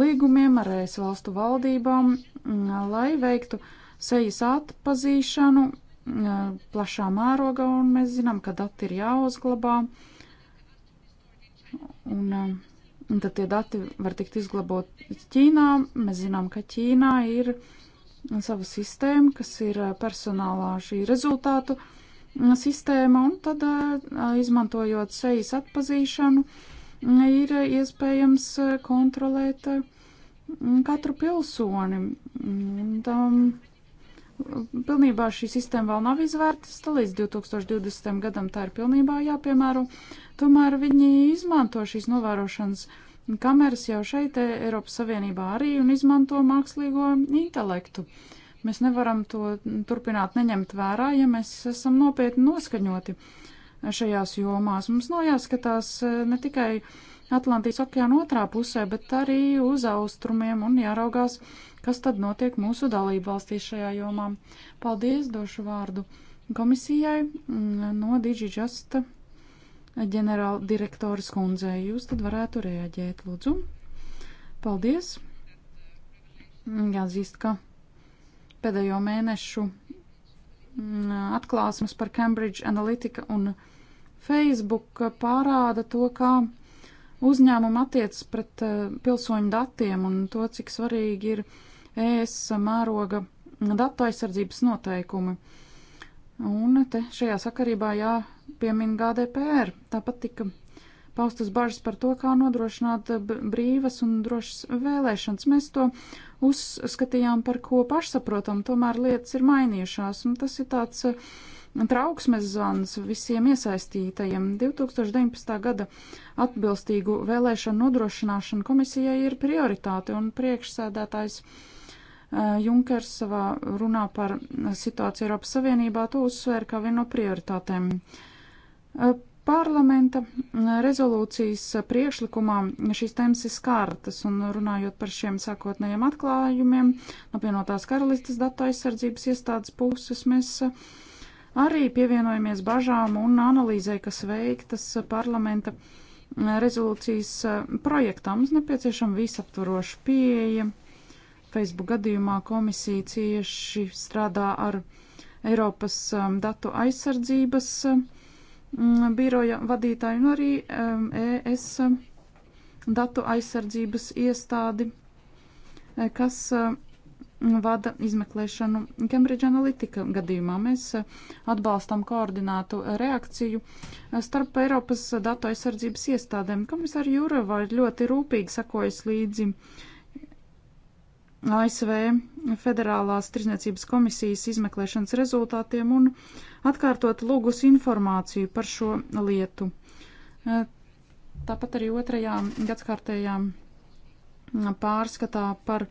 līgumiem ar ES valstu valdībām, mm, lai veiktu uh, sejas atpazīšanu plašā mērogā, un mēs zinām, ka dati ir jāuzglabā. Un, un tad tie dati var tikt izglabot Ķīnā. Mēs zinām, ka Ķīnā ir sava sistēma, kas ir personālā šī rezultātu sistēma, un tad izmantojot sejas atpazīšanu, ir iespējams kontrolēt katru pilsoni. Un, um, Pilnībā šī sistēma vēl nav izvērtasta, līdz 2020. gadam tā ir pilnībā jāpiemēro. Tomēr viņi izmanto šīs novērošanas kameras jau šeit, Eiropas Savienībā arī, un izmanto mākslīgo intelektu. Mēs nevaram to turpināt neņemt vērā, ja mēs esam nopietni noskaņoti. Uh, šajās jomās. Mums nav jāskatās e, ne tikai Atlantijas okeāna otrā pusē, bet arī uz austrumiem un jāraugās, kas tad notiek mūsu dalību valstīs šajā jomā. Paldies, došu vārdu komisijai mm, no DigiJust ģenerāla direktoras kundzei. Jūs tad varētu reaģēt, lūdzu. Paldies! Jāzīst, ka pēdējo mēnešu Mm, atklāsmes par Cambridge Analytica un Facebook pārāda to, kā uzņēmumi attiecas pret eh, pilsoņu datiem un to, cik svarīgi ir ES mēroga datu aizsardzības noteikumi. Un te šajā sakarībā jāpiemina GDPR. Tāpat tika paustas bažas par to, kā nodrošināt brīvas un drošas vēlēšanas. Mēs to uzskatījām par ko pašsaprotam, tomēr lietas ir mainījušās, un tas ir tāds uh, trauksmes zvans visiem iesaistītajiem. 2019. gada atbilstīgu vēlēšanu nodrošināšana komisijai ir prioritāte, un priekšsēdētājs uh, Junkers savā runā par situāciju Eiropas Savienībā to uzsvēra kā vienu no prioritātēm. Uh, Parlamenta rezolūcijas priekšlikumā šīs tēmas ir skārtas, un runājot par šiem sākotnējiem atklājumiem no pienotās karalistas datu aizsardzības iestādes puses, mēs arī pievienojamies bažām un analīzē, kas veiktas parlamenta rezolūcijas projektā. Mums nepieciešama visaptvaroša pieeja. Facebook gadījumā komisija cieši strādā ar Eiropas datu aizsardzības Mm, biroja vadītāju un arī ES e datu aizsardzības iestādi, e, kas e, vada izmeklēšanu Cambridge Analytica gadījumā. Mēs atbalstam koordinātu reakciju starp Eiropas datu aizsardzības iestādēm. Komisāra Jurova ir ļoti rūpīgi sakojas līdzi uh, ASV Federālās tirzniecības komisijas izmeklēšanas rezultātiem un atkārtot lūgus informāciju par šo lietu. E, tāpat arī otrajā gadskārtējā pārskatā par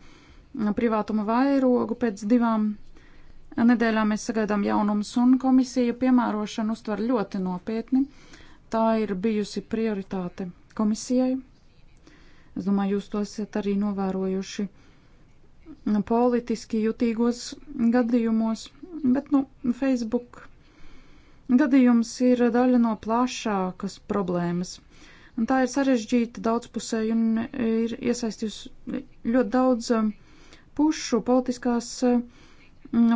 privātuma vairogu pēc divām nedēļām mēs sagaidām jaunumus un komisija piemērošanu uztver ļoti nopietni. Tā ir bijusi prioritāte komisijai. Es domāju, jūs to esat arī novērojuši politiski jutīgos gadījumos, bet, nu, Facebook gadījums ir daļa no plašākas problēmas. Un tā ir sarežģīta daudzpusēja un ir iesaistījusi ļoti daudz um, pušu politiskās um,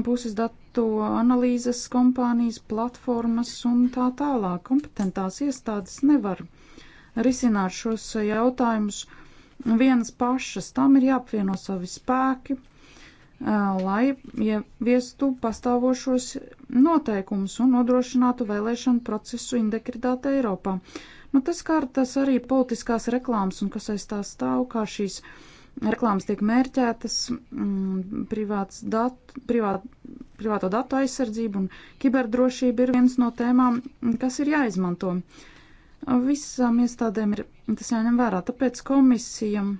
puses datu analīzes kompānijas, platformas un tā tālāk. Kompetentās iestādes nevar risināt šos uh, jautājumus vienas pašas. Tam ir jāapvieno savi spēki, lai ieviestu pastāvošos noteikumus un nodrošinātu vēlēšanu procesu indekridāta Eiropā. Nu, tas kārtas arī politiskās reklāmas un kas aiz tā stāv, kā šīs reklāmas tiek mērķētas, mm, privāts dat, privāt, privāto datu aizsardzība un kiberdrošība ir viens no tēmām, kas ir jāizmanto. Uh, Visām iestādēm ir tas jāņem vērā, tāpēc komisijam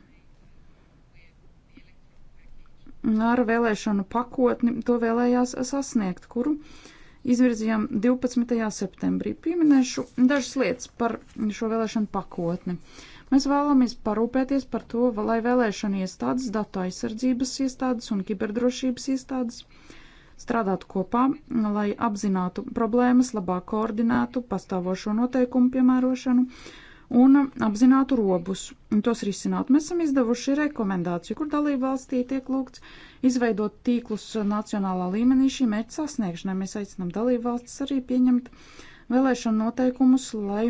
ar vēlēšanu pakotni to vēlējās sasniegt, kuru izvirzījām 12. septembrī. Pieminēšu dažas lietas par šo vēlēšanu pakotni. Mēs vēlamies parūpēties par to, lai vēlēšana iestādes, datu aizsardzības iestādes un kiberdrošības iestādes strādāt kopā, lai apzinātu problēmas, labāk koordinētu pastāvošo noteikumu piemērošanu un apzinātu robus un tos risinātu. Mēs esam izdevuši rekomendāciju, kur dalību valstī tiek lūgts izveidot tīklus nacionālā līmenī šī mērķa sasniegšanai. Mēs aicinām dalību valstis arī pieņemt vēlēšanu noteikumus, lai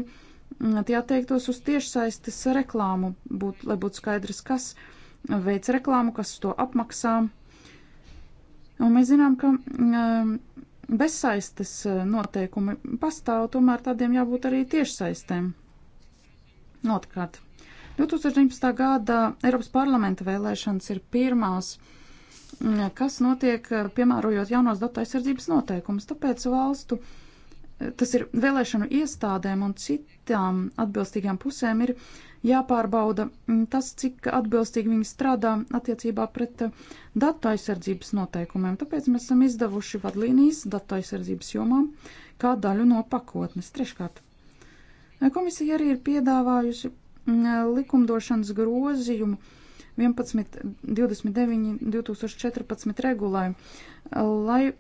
tie attiektos uz tiešsaistes reklāmu, būt, lai būtu skaidrs, kas veids reklāmu, kas to apmaksā Un mēs zinām, ka um, bezsaistes uh, noteikumi pastāv, tomēr tādiem jābūt arī tiešsaistēm. Otrkārt, 2019. gada Eiropas parlamenta vēlēšanas ir pirmās, mm, kas notiek uh, piemērojot jaunos datu aizsardzības noteikumus, tāpēc valstu uh, tas ir vēlēšanu iestādēm un citām atbilstīgām pusēm ir jāpārbauda mm, tas, cik atbilstīgi viņi strādā attiecībā pret eh, datu aizsardzības noteikumiem. Tāpēc mēs esam izdevuši vadlīnijas datu aizsardzības jomā kā daļu no pakotnes. Treškārt, eh, komisija arī ir piedāvājusi mm, likumdošanas grozījumu 1129 2014 regulai, lai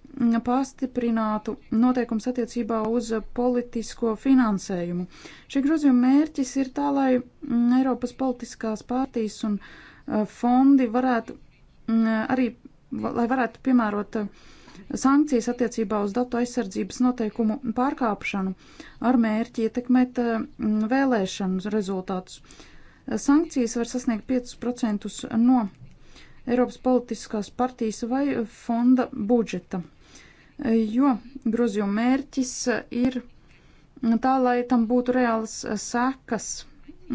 pastiprinātu noteikums attiecībā uz politisko finansējumu. Šī grozījuma mērķis ir tā, lai mm, Eiropas politiskās pārtīs un eh, fondi varētu mm, arī, lai varētu piemērot eh, sankcijas attiecībā uz datu aizsardzības noteikumu pārkāpšanu ar mērķi ietekmēt eh, vēlēšanu rezultātus. Sankcijas var sasniegt 5% no Eiropas politiskās partijas vai fonda budžeta, jo grozījuma mērķis ir tā, lai tam būtu reāls sekas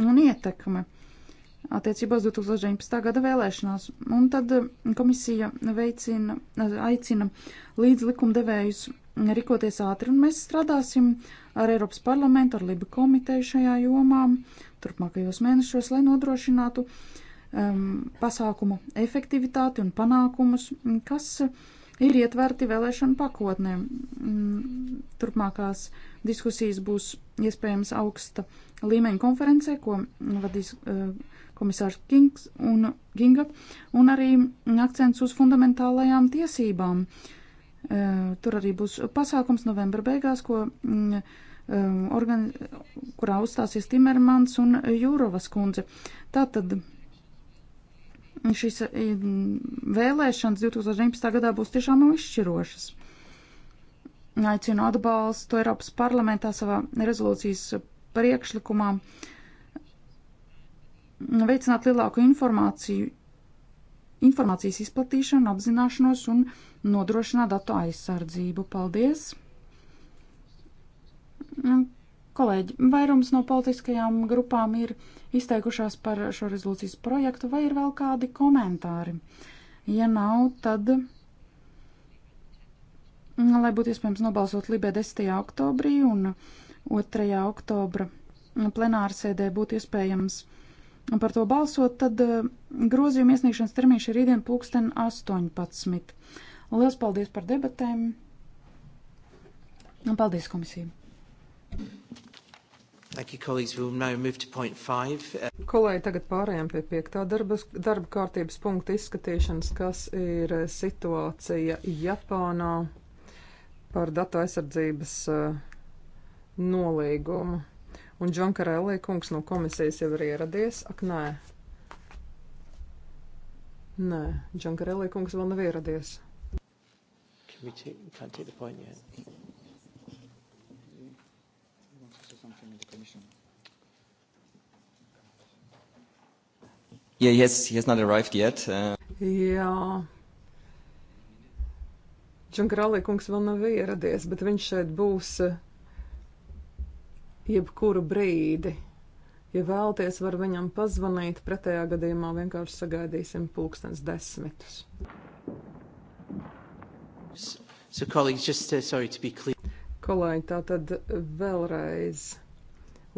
un ietekme attiecībā uz 2019. gada vēlēšanās. Un tad komisija veicina, aicina līdz likumdevējus rīkoties ātri, un mēs strādāsim ar Eiropas parlamentu, ar Liba komiteju šajā jomā, turpmākajos mēnešos, lai nodrošinātu um, pasākumu efektivitāti un panākumus, mm, kas ir ietverti vēlēšanu pakotnē. Mm, turpmākās diskusijas būs iespējams augsta līmeņa konferencē, ko vadīs uh, komisārs Kings un Ginga, un arī akcents uz fundamentālajām tiesībām. Uh, tur arī būs pasākums novembra beigās, ko mm, Um, organ, kurā uzstāsies Timermans un Jūrovas kundze. Tātad šīs um, vēlēšanas 2019. gadā būs tiešām izšķirošas. Aicinu atbalstu Eiropas parlamentā savā rezolūcijas priekšlikumā veicināt lielāku informāciju, informācijas izplatīšanu, apzināšanos un nodrošināt datu aizsardzību. Paldies! Nu, kolēģi, vairums no politiskajām grupām ir izteikušās par šo rezolūcijas projektu, vai ir vēl kādi komentāri? Ja nav, tad, nu, lai būtu iespējams nobalsot Libē 10. oktobrī un 2. oktobra plenārsēdē būtu iespējams par to balsot, tad eh, grozījuma iesniegšanas termiņš ir rītdien pulksten 18. Lielas paldies par debatēm! Paldies komisijai! You, Kolēģi, tagad pārējām pie piektā darba, darba kārtības punkta izskatīšanas, kas ir eh, situācija Japānā par datu aizsardzības eh, nolīgumu. Un Džankarēlī kungs no komisijas jau ir ieradies. Ak, nē. Nē, Džankarēlī kungs vēl nav ieradies. Can we take, can't take the point yet. Yeah, he has, he has not arrived yet. Uh... Jā. Čankrālī kungs vēl nav ieradies, bet viņš šeit būs uh, jebkuru brīdi. Ja vēlties, var viņam pazvanīt, pretējā gadījumā vienkārši sagaidīsim pulkstens desmitus. So, colleagues, just, uh, sorry, to be clear. Kolēģi, tā tad vēlreiz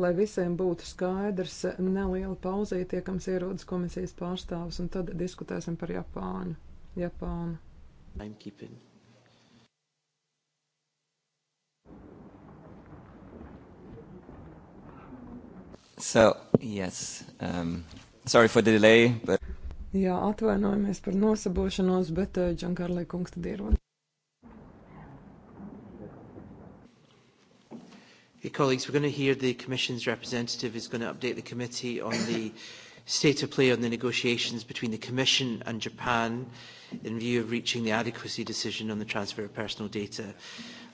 lai visiem būtu skaidrs, neliela pauzīte, tiekams ierodas komisijas pārstāvs, un tad diskutēsim par Japānu. Japānu. Timekeeping. So, yes, um, sorry for the delay, but... Jā, atvainojamies par nosabošanos, bet Džankarlī uh, kungs tad ierodas. Hey, colleagues, we're going to hear the Commission's representative is going to update the committee on the state of play on the negotiations between the Commission and Japan in view of reaching the adequacy decision on the transfer of personal data.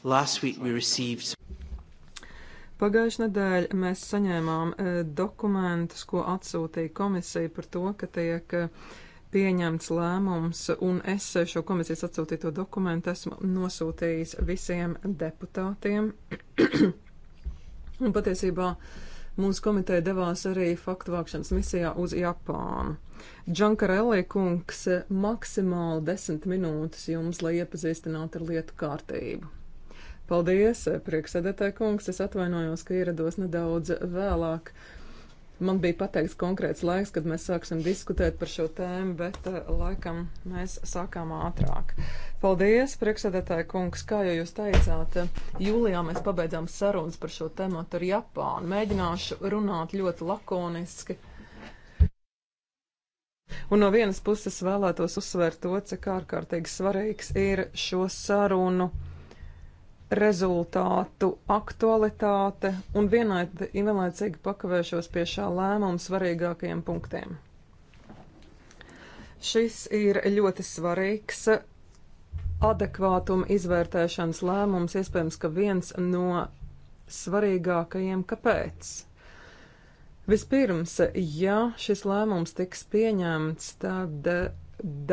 Last week we received Pagājušajā nedēļā mēs saņēmām e, dokumentus, ko atsūtīja komisija par to, ka tiek e, pieņemts lēmums, un es šo komisijas atsūtīto dokumentu esmu nosūtījis visiem deputātiem. Un patiesībā mūsu komiteja devās arī faktu vākšanas misijā uz Japānu. Džankarelli kungs maksimāli desmit minūtes jums, lai iepazīstinātu ar lietu kārtību. Paldies, prieksēdētāji kungs, es atvainojos, ka ierados nedaudz vēlāk. Uh, Man bija pateikts konkrēts laiks, kad mēs sāksim diskutēt par šo tēmu, bet eh, laikam mēs sākām ātrāk. Paldies, priekšsēdētāji kungs, kā jau jūs teicāt, jūlijā mēs pabeidzām sarunas par šo tēmu ar Japānu. Mēģināšu runāt ļoti lakoniski. Un no vienas puses vēlētos uzsvērt to, cik ārkārtīgi svarīgs ir šo sarunu rezultātu aktualitāte un vienlaicīgi pakavēšos pie šā lēmuma svarīgākajiem punktiem. Šis ir ļoti svarīgs adekvātuma izvērtēšanas lēmums, iespējams, ka viens no svarīgākajiem kāpēc. Vispirms, ja šis lēmums tiks pieņemts, tad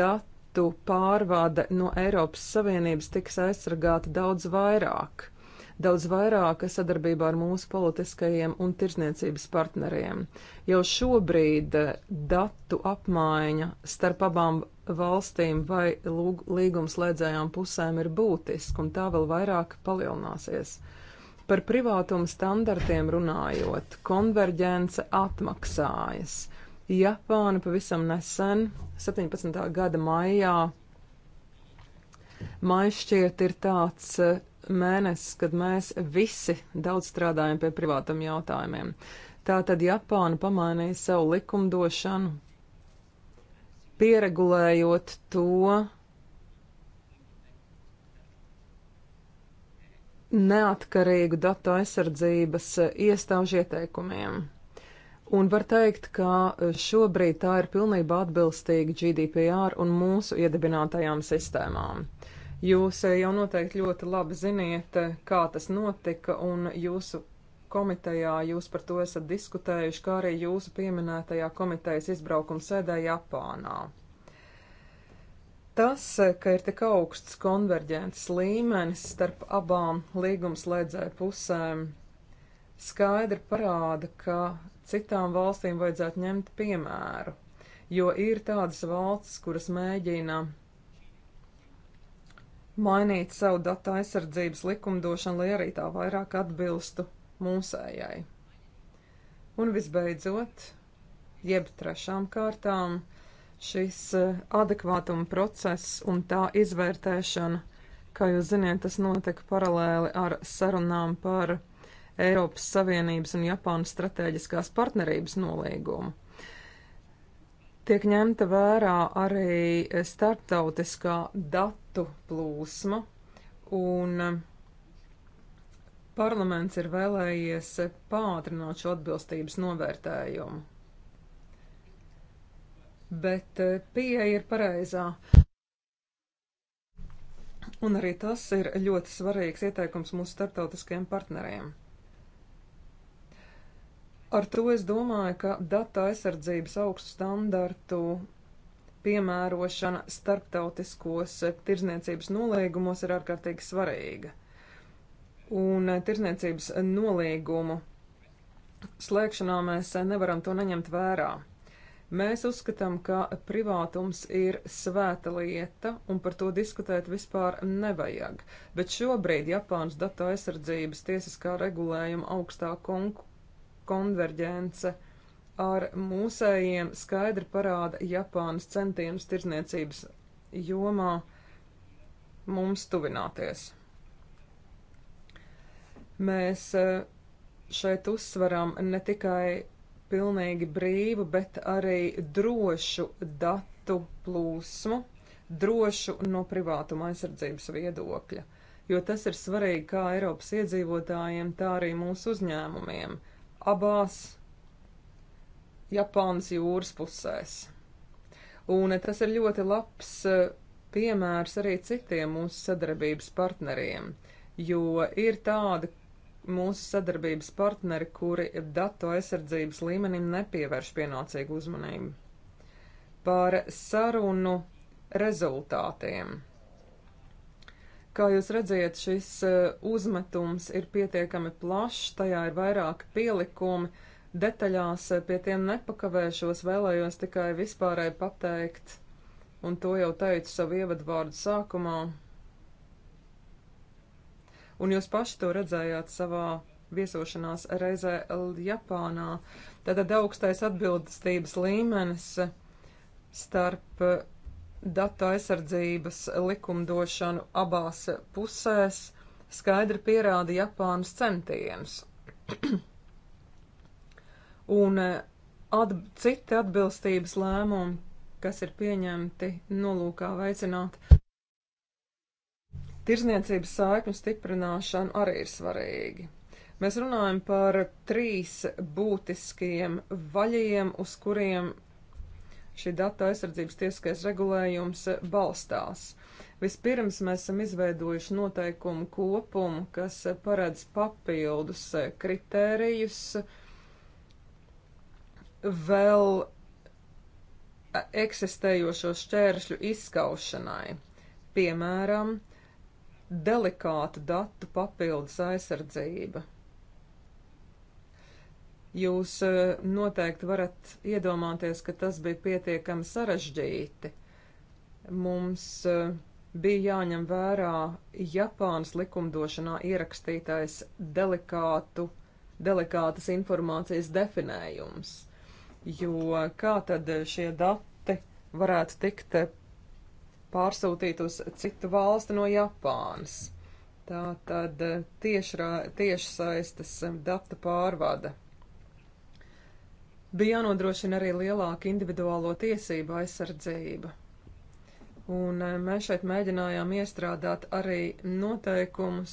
dat datu pārvade no Eiropas Savienības tiks aizsargāta daudz vairāk, daudz vairāk sadarbībā ar mūsu politiskajiem un tirzniecības partneriem. Jau šobrīd datu apmaiņa starp abām valstīm vai līgumslēdzējām pusēm ir būtiska, un tā vēl vairāk palielināsies. Par privātumu standartiem runājot, konverģence atmaksājas Japāna pavisam nesen, 17. gada maijā. Maijs šķiet ir tāds eh, mēnesis, kad mēs visi daudz strādājam pie privātam jautājumiem. Tātad Japāna pamainīja savu likumdošanu, pieregulējot to neatkarīgu datu aizsardzības eh, iestāžu ieteikumiem. Un var teikt, ka e, šobrīd tā ir pilnībā atbilstīga GDPR un mūsu iedibinātajām sistēmām. Jūs e, jau noteikti ļoti labi ziniet, e, kā tas notika, un jūsu komitejā jūs par to esat diskutējuši, kā arī jūsu pieminētajā komitejas izbraukuma sēdē Japānā. Tas, ka ir tik augsts konverģents līmenis starp abām līgumslēdzēju pusēm, skaidri parāda, ka citām valstīm vajadzētu ņemt piemēru, jo ir tādas valstis, kuras mēģina mainīt savu datu aizsardzības likumdošanu, lai arī tā vairāk atbilstu mūsējai. Un visbeidzot, jeb trešām kārtām, šis eh, adekvātuma process un tā izvērtēšana, kā jūs ziniet, tas notika paralēli ar sarunām par Eiropas Savienības un Japānas strateģiskās partnerības nolīgumu. Tiek ņemta vērā arī starptautiskā datu plūsma, un parlaments ir vēlējies pātrināt šo atbilstības novērtējumu. Bet eh, pieeja ir pareizā. Un arī tas ir ļoti svarīgs ieteikums mūsu starptautiskajiem partneriem. Ar to es domāju, ka data aizsardzības augstu standartu piemērošana starptautiskos eh, tirzniecības nolīgumos ir ārkārtīgi svarīga. Un eh, tirzniecības nolīgumu slēgšanā mēs eh, nevaram to neņemt vērā. Mēs uzskatām, ka privātums ir svēta lieta, un par to diskutēt vispār nevajag. Bet šobrīd Japānas datu aizsardzības tiesiskā regulējuma augstā konku konverģence ar mūsējiem skaidri parāda Japānas centienus tirzniecības jomā mums tuvināties. Mēs e, šeit uzsveram ne tikai pilnīgi brīvu, bet arī drošu datu plūsmu, drošu no privātuma aizsardzības viedokļa, jo tas ir svarīgi kā Eiropas iedzīvotājiem, tā arī mūsu uzņēmumiem abās Japānas jūras pusēs. Un tas ir ļoti labs e, piemērs arī citiem mūsu sadarbības partneriem, jo ir tādi mūsu sadarbības partneri, kuri datu aizsardzības līmenim nepievērš pienācīgu uzmanību. Par sarunu rezultātiem. Kā jūs redzat, šis eh, uzmetums ir pietiekami plašs, tajā ir vairāki pielikumi. Detaļās eh, pie tiem nepakavēšos, vēlējos tikai vispārēji pateikt, un to jau teicu savu ievadvārdu sākumā. Un jūs paši to redzējāt savā viesošanās reizē Japānā. Tātad augstais atbildestības līmenis eh, starp datu aizsardzības likumdošanu abās pusēs skaidri pierāda Japānas centienus. Un eh, at, citi atbilstības lēmumi, kas ir pieņemti nolūkā nu, veicināt tirzniecības saikņu stiprināšanu, arī ir svarīgi. Mēs runājam par trīs būtiskiem vaļiem, uz kuriem šī data aizsardzības tiesiskais regulējums balstās. Vispirms mēs esam izveidojuši noteikumu kopumu, kas paredz papildus eh, kritērijus vēl eh, eksistējošo šķēršļu izskaušanai. Piemēram, delikātu datu papildus aizsardzība. Jūs eh, noteikti varat iedomāties, ka tas bija pietiekami sarežģīti. Mums eh, bija jāņem vērā Japānas likumdošanā ierakstītais delikātu, delikātas informācijas definējums, jo kā tad šie dati varētu tikt eh, pārsūtīt uz citu valsti no Japānas. Tā tad tiešsaistes tieši datu pārvada bija jānodrošina arī lielāka individuālo tiesību aizsardzība. Un eh, mēs šeit mēģinājām iestrādāt arī noteikumus,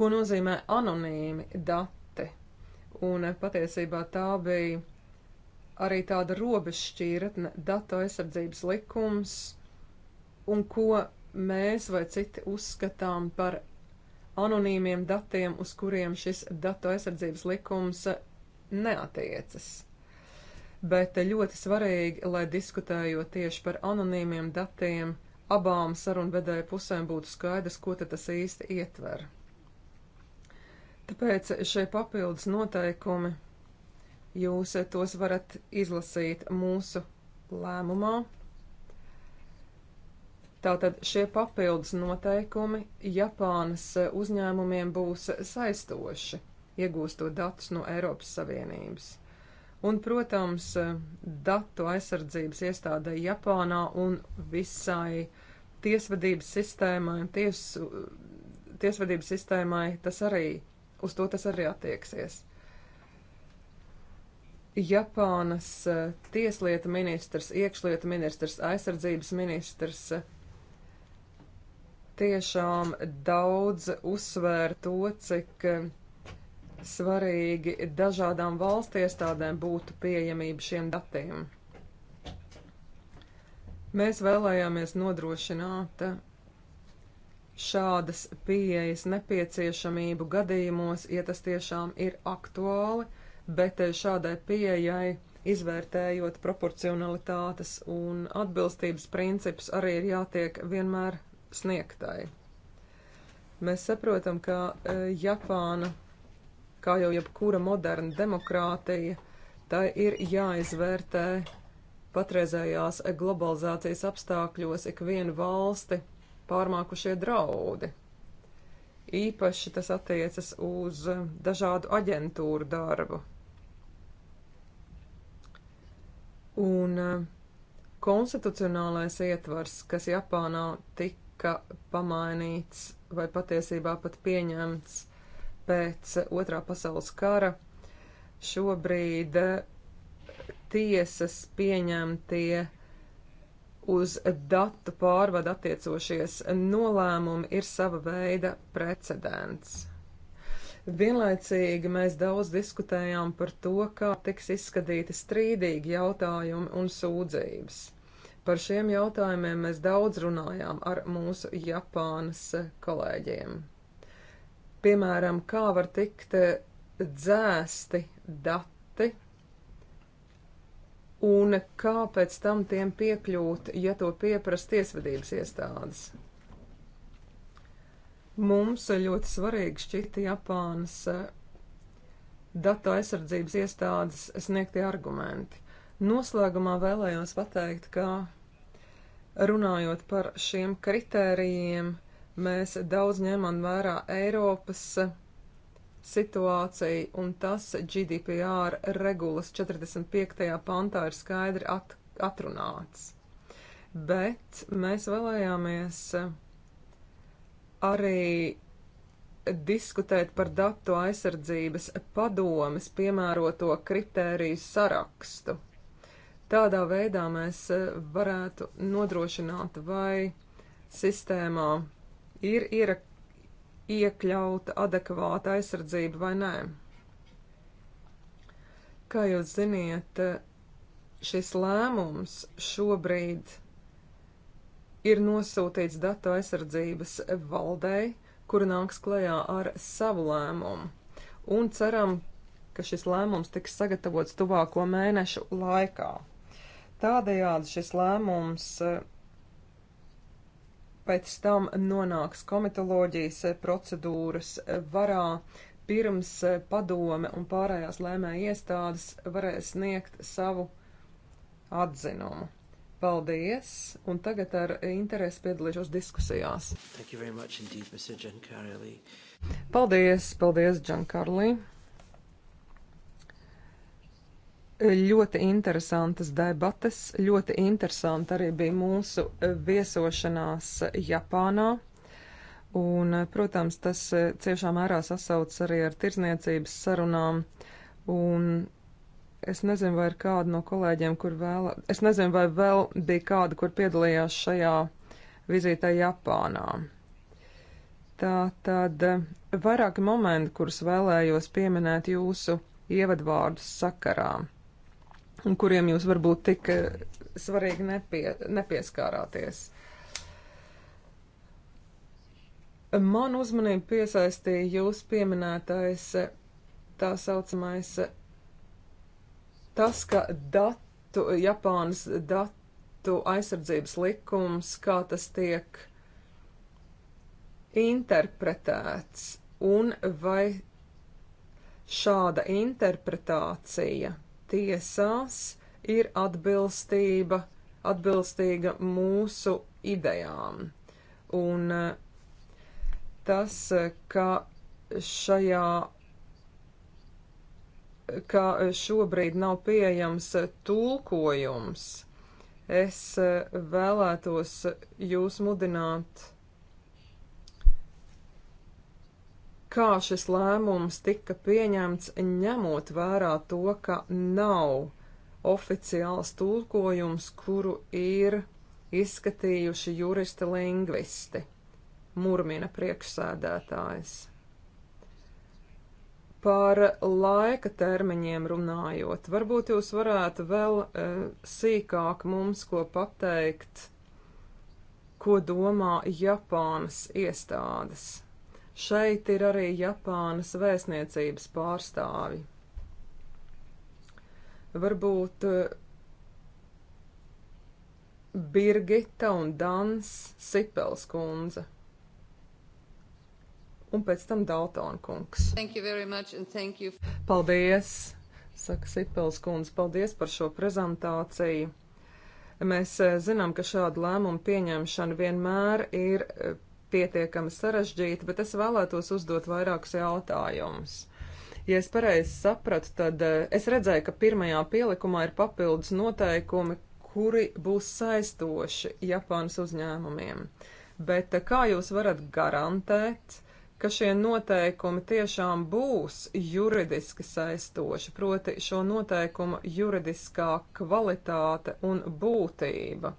ko nozīmē anonīmi dati. Un eh, patiesībā tā bija arī tāda robežšķīratne datu aizsardzības likums un ko mēs vai citi uzskatām par anonīmiem datiem, uz kuriem šis datu aizsardzības likums neatiecas. Bet ļoti svarīgi, lai diskutējot tieši par anonīmiem datiem, abām sarunvedēju pusēm būtu skaidrs, ko tas īsti ietver. Tāpēc šie papildus noteikumi jūs tos varat izlasīt mūsu lēmumā. Tātad šie papildus noteikumi Japānas uzņēmumiem būs saistoši iegūstot datus no Eiropas Savienības. Un, protams, datu aizsardzības iestādē Japānā un visai tiesvedības sistēmai, tiesu, tiesvedības sistēmai tas arī, uz to tas arī attieksies. Japānas eh, tieslietu ministrs, iekšlietu ministrs, aizsardzības ministrs eh, tiešām daudz uzsvēra to, cik eh, svarīgi dažādām valstu iestādēm būtu pieejamība šiem datiem. Mēs vēlējāmies nodrošināt šādas pieejas nepieciešamību gadījumos, ja tas tiešām ir aktuāli, bet šādai pieejai izvērtējot proporcionalitātes un atbilstības principus arī ir jātiek vienmēr sniegtai. Mēs saprotam, ka eh, Japāna kā jau jebkura moderna demokrātija, tai ir jāizvērtē patreizējās globalizācijas apstākļos ikvienu valsti pārmākušie draudi. Īpaši tas attiecas uz dažādu aģentūru darbu. Un eh, konstitucionālais ietvars, kas Japānā tika pamainīts vai patiesībā pat pieņemts pēc otrā pasaules kara šobrīd eh, tiesas pieņemtie uz datu pārvadu attiecošies nolēmumi ir sava veida precedents. Vienlaicīgi mēs daudz diskutējām par to, kā tiks izskatīti strīdīgi jautājumi un sūdzības. Par šiem jautājumiem mēs daudz runājām ar mūsu Japānas kolēģiem piemēram, kā var tikt dzēsti dati un kā pēc tam tiem piekļūt, ja to pieprasa tiesvedības iestādes. Mums ļoti svarīgi šķita Japānas eh, datu aizsardzības iestādes sniegtie argumenti. Noslēgumā vēlējos pateikt, ka runājot par šiem kritērijiem, Mēs daudz ņemam vērā Eiropas situāciju, un tas GDPR regulas 45. pantā ir skaidri at atrunāts. Bet mēs vēlējāmies arī diskutēt par datu aizsardzības padomes piemēroto kritēriju sarakstu. Tādā veidā mēs varētu nodrošināt, vai sistēmā ir, ir iekļauta adekvāta aizsardzība vai nē. Kā jūs ziniet, šis lēmums šobrīd ir nosūtīts datu aizsardzības valdei, kura nāks klajā ar savu lēmumu. Un ceram, ka šis lēmums tiks sagatavots tuvāko mēnešu laikā. Tādējādi šis lēmums uh, pēc tam nonāks komitoloģijas procedūras varā, pirms padome un pārējās lēmēja iestādes varēs sniegt savu atzinumu. Paldies, un tagad ar interesi piedalīšos diskusijās. Indeed, Paldies, paldies, Džankarlī. Ļoti interesantas debates, ļoti interesanti arī bija mūsu eh, viesošanās eh, Japānā. Un, eh, protams, tas ciešā mērā sasaucas arī ar tirzniecības sarunām. Un es nezinu, vai ir kāda no kolēģiem, kur vēl, es nezinu, vai vēl bija kāda, kur piedalījās šajā vizītē Japānā. Tā tad vairāki momenti, kurus vēlējos pieminēt jūsu ievadvārdu sakarā un kuriem jūs varbūt tik eh, svarīgi nepie, nepieskārāties. Man uzmanību piesaistīja jūs pieminētais eh, tā saucamais eh, tas, ka datu, Japānas datu aizsardzības likums, kā tas tiek interpretēts un vai šāda interpretācija tiesās ir atbilstība, atbilstīga mūsu idejām. Un eh, tas, eh, ka šajā ka šobrīd nav pieejams eh, tulkojums. Es vēlētos jūs mudināt kā šis lēmums tika pieņemts, ņemot vērā to, ka nav oficiāls tulkojums, kuru ir izskatījuši juristi lingvisti, murmina priekšsēdētājs. Par laika termiņiem runājot, varbūt jūs varētu vēl e, sīkāk mums ko pateikt, ko domā Japānas iestādes. Šeit ir arī Japānas vēstniecības pārstāvi. Varbūt eh, Birgita un Dans Sipels kundze. Un pēc tam Daltona kungs. You... Paldies, saka Sipels kundze, paldies par šo prezentāciju. Mēs eh, zinām, ka šāda lēmuma pieņemšana vienmēr ir eh, pietiekami sarežģīti, bet es vēlētos uzdot vairākus jautājumus. Ja es pareizi sapratu, tad eh, es redzēju, ka pirmajā pielikumā ir papildus noteikumi, kuri būs saistoši Japānas uzņēmumiem. Bet eh, kā jūs varat garantēt, ka šie noteikumi tiešām būs juridiski saistoši, proti šo noteikumu juridiskā kvalitāte un būtība?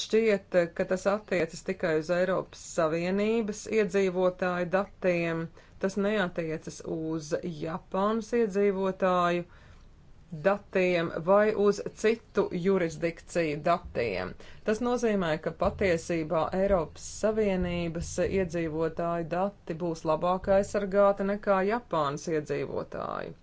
Šķiet, ka tas attiecas tikai uz Eiropas Savienības iedzīvotāju datiem, tas neatiecas uz Japānas iedzīvotāju datiem vai uz citu jurisdikciju datiem. Tas nozīmē, ka patiesībā Eiropas Savienības iedzīvotāju dati būs labāk aizsargāti nekā Japānas iedzīvotāju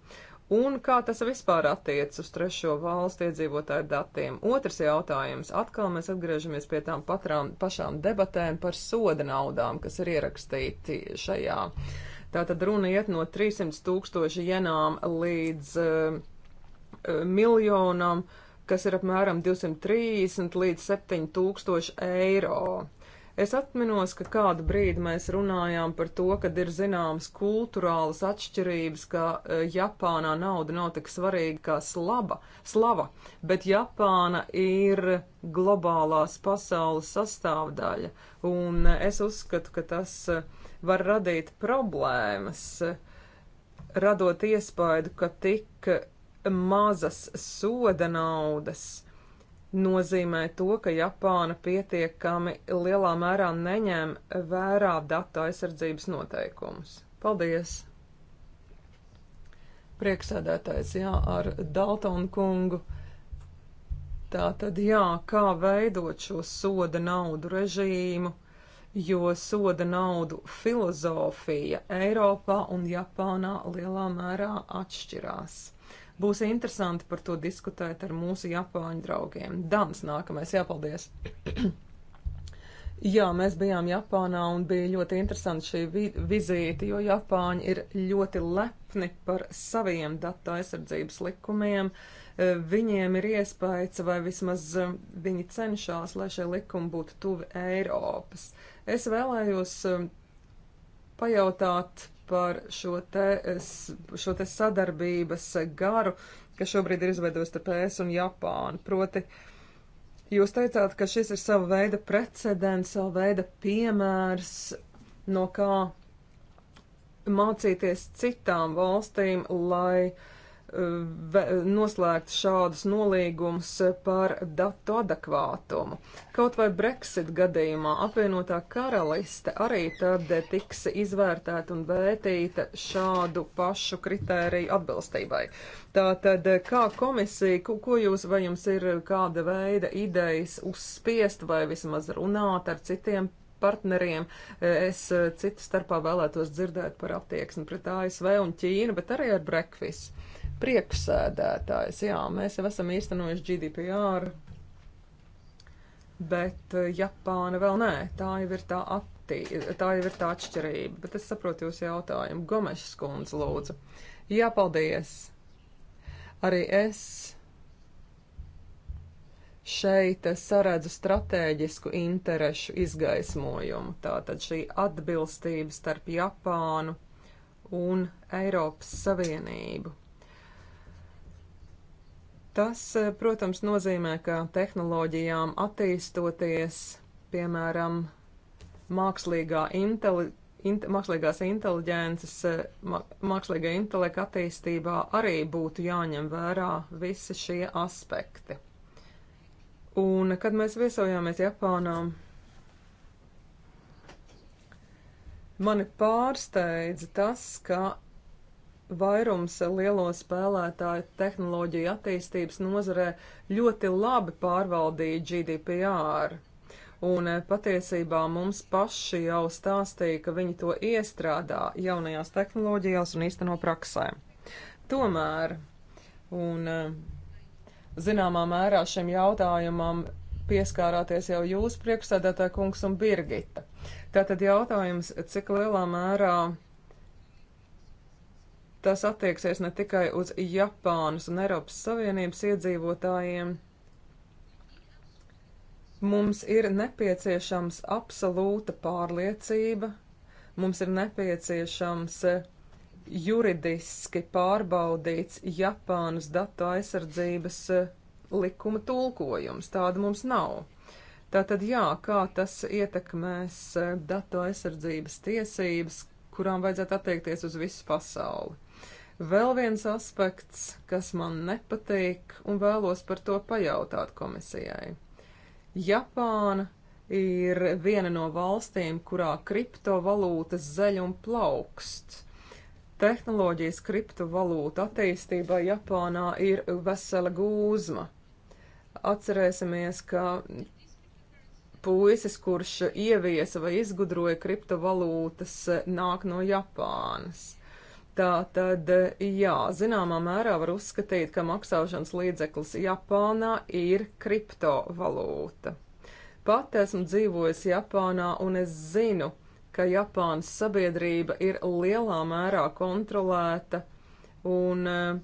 un kā tas vispār attiec uz trešo valstu iedzīvotāju datiem. Otrs jautājums. Atkal mēs atgriežamies pie tām patrām, pašām debatēm par soda naudām, kas ir ierakstīti šajā. Tātad runa iet no 300 tūkstoši jenām līdz uh, miljonam, kas ir apmēram 230 līdz 7000 eiro. Es atminos, ka kādu brīdi mēs runājām par to, ka ir zināmas kultūrālas atšķirības, ka e, Japānā nauda nav tik svarīga kā slaba, slava, bet Japāna ir globālās pasaules sastāvdaļa, un e, es uzskatu, ka tas e, var radīt problēmas, radot iespaidu, ka tik mazas soda naudas nozīmē to, ka Japāna pietiekami lielā mērā neņem vērā datu aizsardzības noteikumus. Paldies! Prieksēdētājs, jā, ar Daltonu kungu. Tā tad jā, kā veidot šo soda naudu režīmu, jo soda naudu filozofija Eiropā un Japānā lielā mērā atšķirās. Būs interesanti par to diskutēt ar mūsu japāņu draugiem. Dans nākamais, jāpaldies! Jā, mēs bijām Japānā un bija ļoti interesanti šī vi vizīte, jo Japāņi ir ļoti lepni par saviem datu aizsardzības likumiem. E, viņiem ir iespējas, vai vismaz e, viņi cenšas, lai šie likumi būtu tuvi Eiropas. Es vēlējos e, pajautāt par šo te, šo te sadarbības garu, kas šobrīd ir izveidojis starp ES un Japānu. Proti, jūs teicāt, ka šis ir sava veida precedents, sava veida piemērs, no kā mācīties citām valstīm, lai uh, noslēgt šādus nolīgumus par datu adekvātumu. Kaut vai Brexit gadījumā apvienotā karaliste arī tad tiks izvērtēta un vērtīta šādu pašu kritēriju atbilstībai. Tātad, kā komisija, ko, ko jūs vai jums ir kāda veida idejas uzspiest vai vismaz runāt ar citiem partneriem. Es eh, citu starpā vēlētos dzirdēt par attieksmi pret ASV un Ķīnu, bet arī ar Brekvis. Prieksēdētājs, jā, mēs jau esam īstenojuši GDPR, bet eh, Japāna vēl nē, tā jau ir tā attī, tā jau ir tā atšķirība, bet es saprotu jūsu jautājumu. Gomešs kundze, lūdzu. Jā, paldies. Arī es šeit saredzu stratēģisku interešu izgaismojumu. Tātad šī atbilstība starp Japānu un Eiropas Savienību. Tas, eh, protams, nozīmē, ka tehnoloģijām attīstoties, piemēram, mākslīgā inteliģence, int, mākslīgās inteliģences, eh, mākslīgā intelekta attīstībā arī būtu jāņem vērā visi šie aspekti. Un kad mēs viesojāmies Japānā, mani pārsteidza tas, ka vairums lielo spēlētāju tehnoloģiju attīstības nozarē ļoti labi pārvaldīja GDPR. Un eh, patiesībā mums paši jau stāstīja, ka viņi to iestrādā jaunajās tehnoloģijās un īsteno praksē. Tomēr, un eh, zināmā mērā šim jautājumam pieskārāties jau jūs, priekšsēdētāja kungs un Birgita. Tātad jautājums, cik lielā mērā Tas attieksies ne tikai uz Japānas un Eiropas Savienības iedzīvotājiem. Mums ir nepieciešams absolūta pārliecība, mums ir nepieciešams eh, juridiski pārbaudīts Japānas datu aizsardzības eh, likuma tulkojums. Tāda mums nav. Tātad, jā, kā tas ietekmēs eh, datu aizsardzības tiesības, kurām vajadzētu attiekties uz visu pasauli. Vēl viens aspekts, kas man nepatīk un vēlos par to pajautāt komisijai. Japāna ir viena no valstīm, kurā kriptovalūtas zeļ un plaukst. Tehnoloģijas kriptovalūta attīstībā Japānā ir vesela gūzma. Atcerēsimies, ka puisis, kurš ieviesa vai izgudroja kriptovalūtas, nāk no Japānas. Tā tad, jā, zināmā mērā var uzskatīt, ka maksāšanas līdzeklis Japānā ir kriptovalūta. Pat esmu dzīvojis Japānā un es zinu, ka Japānas sabiedrība ir lielā mērā kontrolēta un uh,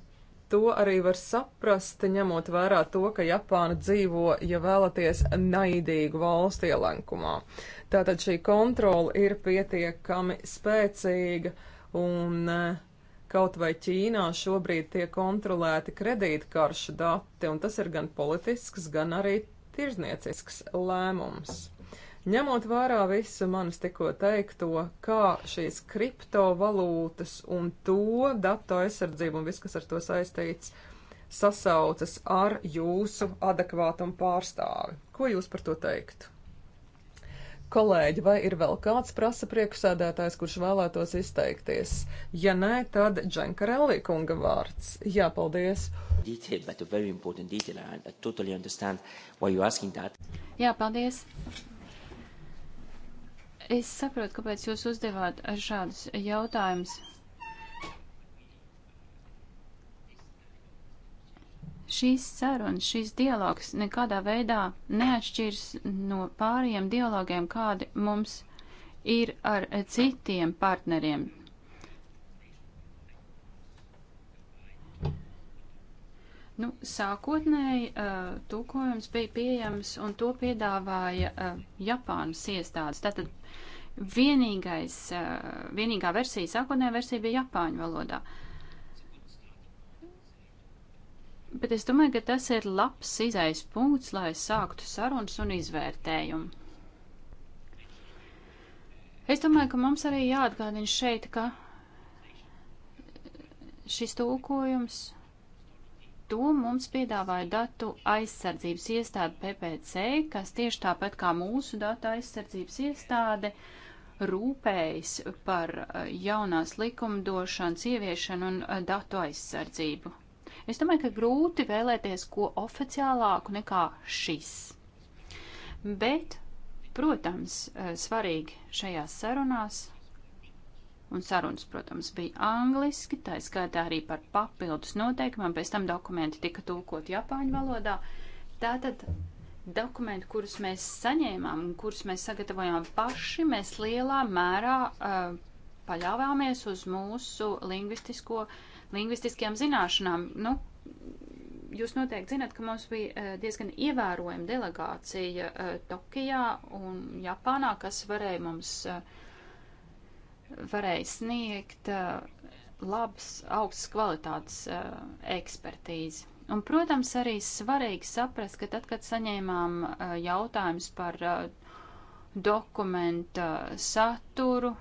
to arī var saprast, ņemot vērā to, ka Japāna dzīvo, ja vēlaties, naidīgu valstu ielenkumā. Tātad šī kontrola ir pietiekami spēcīga, un eh, Kaut vai Ķīnā šobrīd tiek kontrolēti kredītkaršu dati, un tas ir gan politisks, gan arī tirzniecisks lēmums. Ņemot vērā visu manis tikko teikto, kā šīs kriptovalūtas un to datu aizsardzību un viss, kas ar to saistīts, sasaucas ar jūsu adekvātumu pārstāvi. Ko jūs par to teiktu? Kolēģi, vai ir vēl kāds prasa priekšsēdētājs, kurš vēlētos izteikties? Ja nē, tad Džankarelli kunga vārds. Jā, paldies. Detail, detail, totally Jā, paldies. Es saprotu, kāpēc jūs uzdevāt šādus jautājumus. Šīs sarunas, šīs dialogs nekādā veidā neatšķirs no pārējiem dialogiem, kādi mums ir ar citiem partneriem. Nu, sākotnēji uh, tūkojums bija pieejams un to piedāvāja uh, Japānas iestādes. Tātad vienīgais, uh, vienīgā versija, sākotnējā versija bija Japāņu valodā. Uh, bet es domāju, ka tas ir labs izais punkts, lai sāktu sarunas un izvērtējumu. Es domāju, ka mums arī jāatgādina šeit, ka šis tūkojums to mums piedāvāja datu aizsardzības iestāde PPC, kas tieši tāpat kā mūsu datu aizsardzības iestāde rūpējas par eh, jaunās likumdošanas ieviešanu un eh, datu aizsardzību. Es domāju, ka grūti vēlēties ko oficiālāku nekā šis. Bet, protams, eh, svarīgi šajās sarunās, un sarunas, protams, bija angliski, tā skaitā arī par papildus noteikumiem, pēc tam dokumenti tika tulkot japāņu valodā. Tātad dokumenti, kurus mēs saņēmām un kurus mēs sagatavojām paši, mēs lielā mērā uh, paļāvāmies uz mūsu lingvistisko lingvistiskajām zināšanām. Nu, jūs noteikti zināt, ka mums bija eh, diezgan ievērojama delegācija eh, Tokijā un Japānā, kas varēja mums eh, varēja sniegt labs, augsts kvalitātes ekspertīzi. Un, protams, arī svarīgi saprast, ka tad, kad saņēmām jautājumus par dokumenta saturu,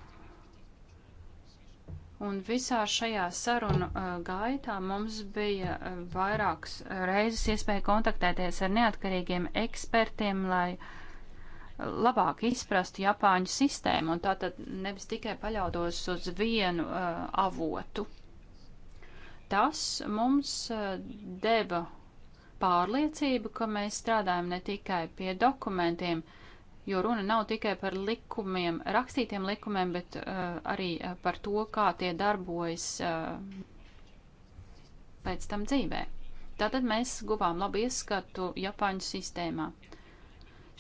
Un visā šajā sarunu uh, gaitā mums bija uh, vairākas reizes iespēja kontaktēties ar neatkarīgiem ekspertiem, lai uh, labāk izprastu Japāņu sistēmu un tātad nevis tikai paļautos uz vienu uh, avotu. Tas mums uh, deva pārliecību, ka mēs strādājam ne tikai pie dokumentiem, uh, jo runa nav tikai par likumiem, rakstītiem likumiem, bet uh, arī eh, par to, kā tie darbojas uh, pēc tam dzīvē. Tātad mēs guvām labu ieskatu Japāņu sistēmā.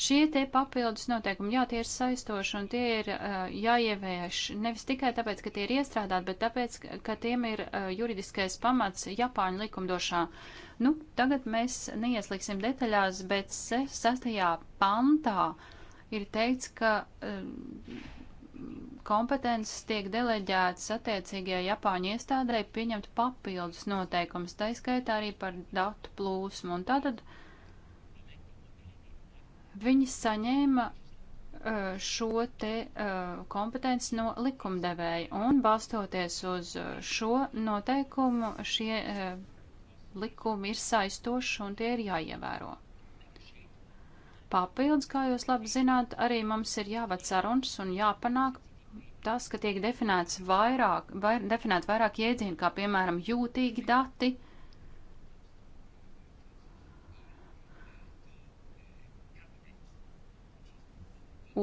Šie tie papildus noteikumi, jā, tie ir saistoši un tie ir uh, jāievieš nevis tikai tāpēc, ka tie ir iestrādāti, bet tāpēc, ka tiem ir uh, juridiskais pamats Japāņu likumdošā. Nu, tagad mēs neieslīgsim detaļās, bet 6. pantā uh, ir teikts, ka um, kompetences tiek deleģētas attiecīgajai Japāņu iestādē pieņemt papildus noteikumus, tā skaitā arī par datu plūsmu. Un tātad viņi saņēma uh, šo te uh, kompetenci no likumdevēja un balstoties uz uh, šo noteikumu šie likumi ir saistoši un tie ir jāievēro. Papildus, kā jūs labi zināt, arī mums ir jāved sarunas un jāpanāk tas, ka tiek definēts vairāk, vair, definēt vairāk jēdzienu, kā piemēram jūtīgi dati.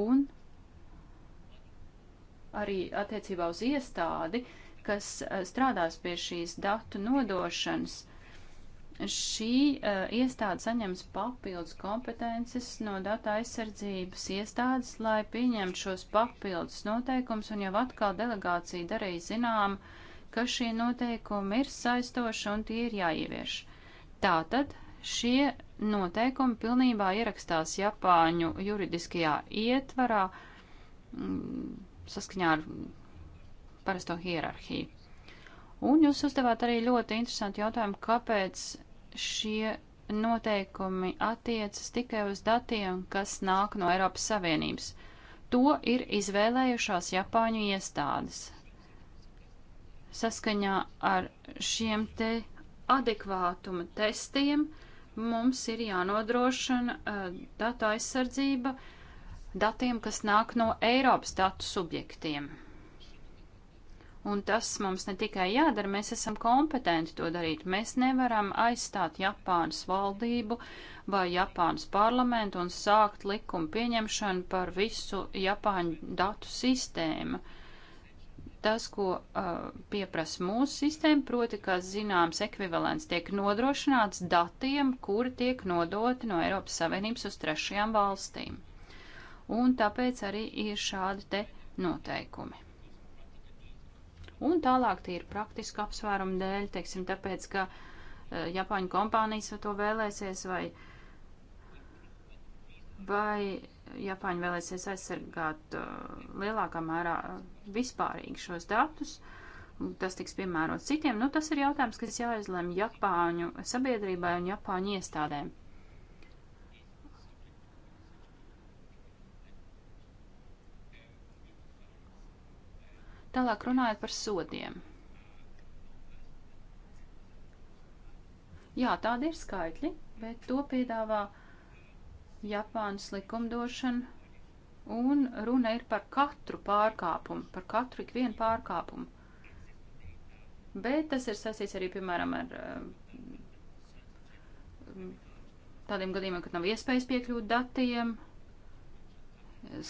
Un arī attiecībā uz iestādi, kas eh, strādās pie šīs datu nodošanas šī uh, iestāde saņems papildus kompetences no data aizsardzības iestādes, lai pieņemtu šos papildus noteikumus, un jau atkal delegācija darīja zinām, ka šie noteikumi ir saistoši un tie ir jāievieš. Tātad šie noteikumi pilnībā ierakstās Japāņu juridiskajā ietvarā mm, saskaņā ar parasto hierarhiju. Un jūs uzdevāt arī ļoti interesantu jautājumu, kāpēc šie noteikumi attiecas tikai uz datiem, kas nāk no Eiropas Savienības. To ir izvēlējušās Japāņu iestādes. Saskaņā ar šiem te adekvātuma testiem mums ir jānodrošina uh, datu aizsardzība datiem, kas nāk no Eiropas datu subjektiem. Un tas mums ne tikai jādara, mēs esam kompetenti to darīt. Mēs nevaram aizstāt Japānas valdību vai Japānas parlamentu un sākt likumu pieņemšanu par visu Japāņu datu sistēmu. Tas, ko uh, pieprasa mūsu sistēma, proti, ka zināms ekvivalents tiek nodrošināts datiem, kuri tiek nodoti no Eiropas Savienības uz trešajām valstīm. Un tāpēc arī ir šādi te noteikumi. Un tālāk tie ir praktiski apsvērumi dēļ, teiksim, tāpēc, ka uh, Japāņu kompānijas to vēlēsies vai, vai Japāņi vēlēsies aizsargāt uh, lielākā mērā e, vispārīgi šos datus. Tas tiks piemērots citiem. Nu, tas ir jautājums, kas jāizlem Japāņu sabiedrībai un Japāņu iestādēm. Tālāk runājot par sodiem. Jā, tādi ir skaitļi, bet to piedāvā Japānas likumdošana, un runa ir par katru pārkāpumu, par katru ikvienu pārkāpumu. Bet tas ir sasīts arī, piemēram, ar eh, tādiem gadījumiem, kad nav iespējas piekļūt datiem,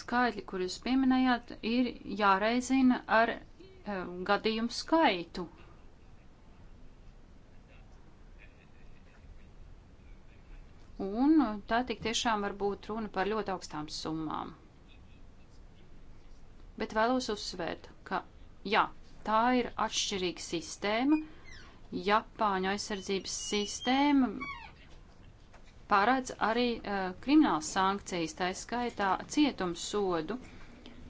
skaitļi, kur jūs pieminējāt, ir jāreizina ar eh, gadījumu skaitu. Un tā tik tiešām var būt runa par ļoti augstām summām. Bet vēlos uzsvērt, ka jā, tā ir atšķirīga sistēma. Japāņu aizsardzības sistēma paredz arī eh, krimināls sankcijas, tā skaitā cietumsodu,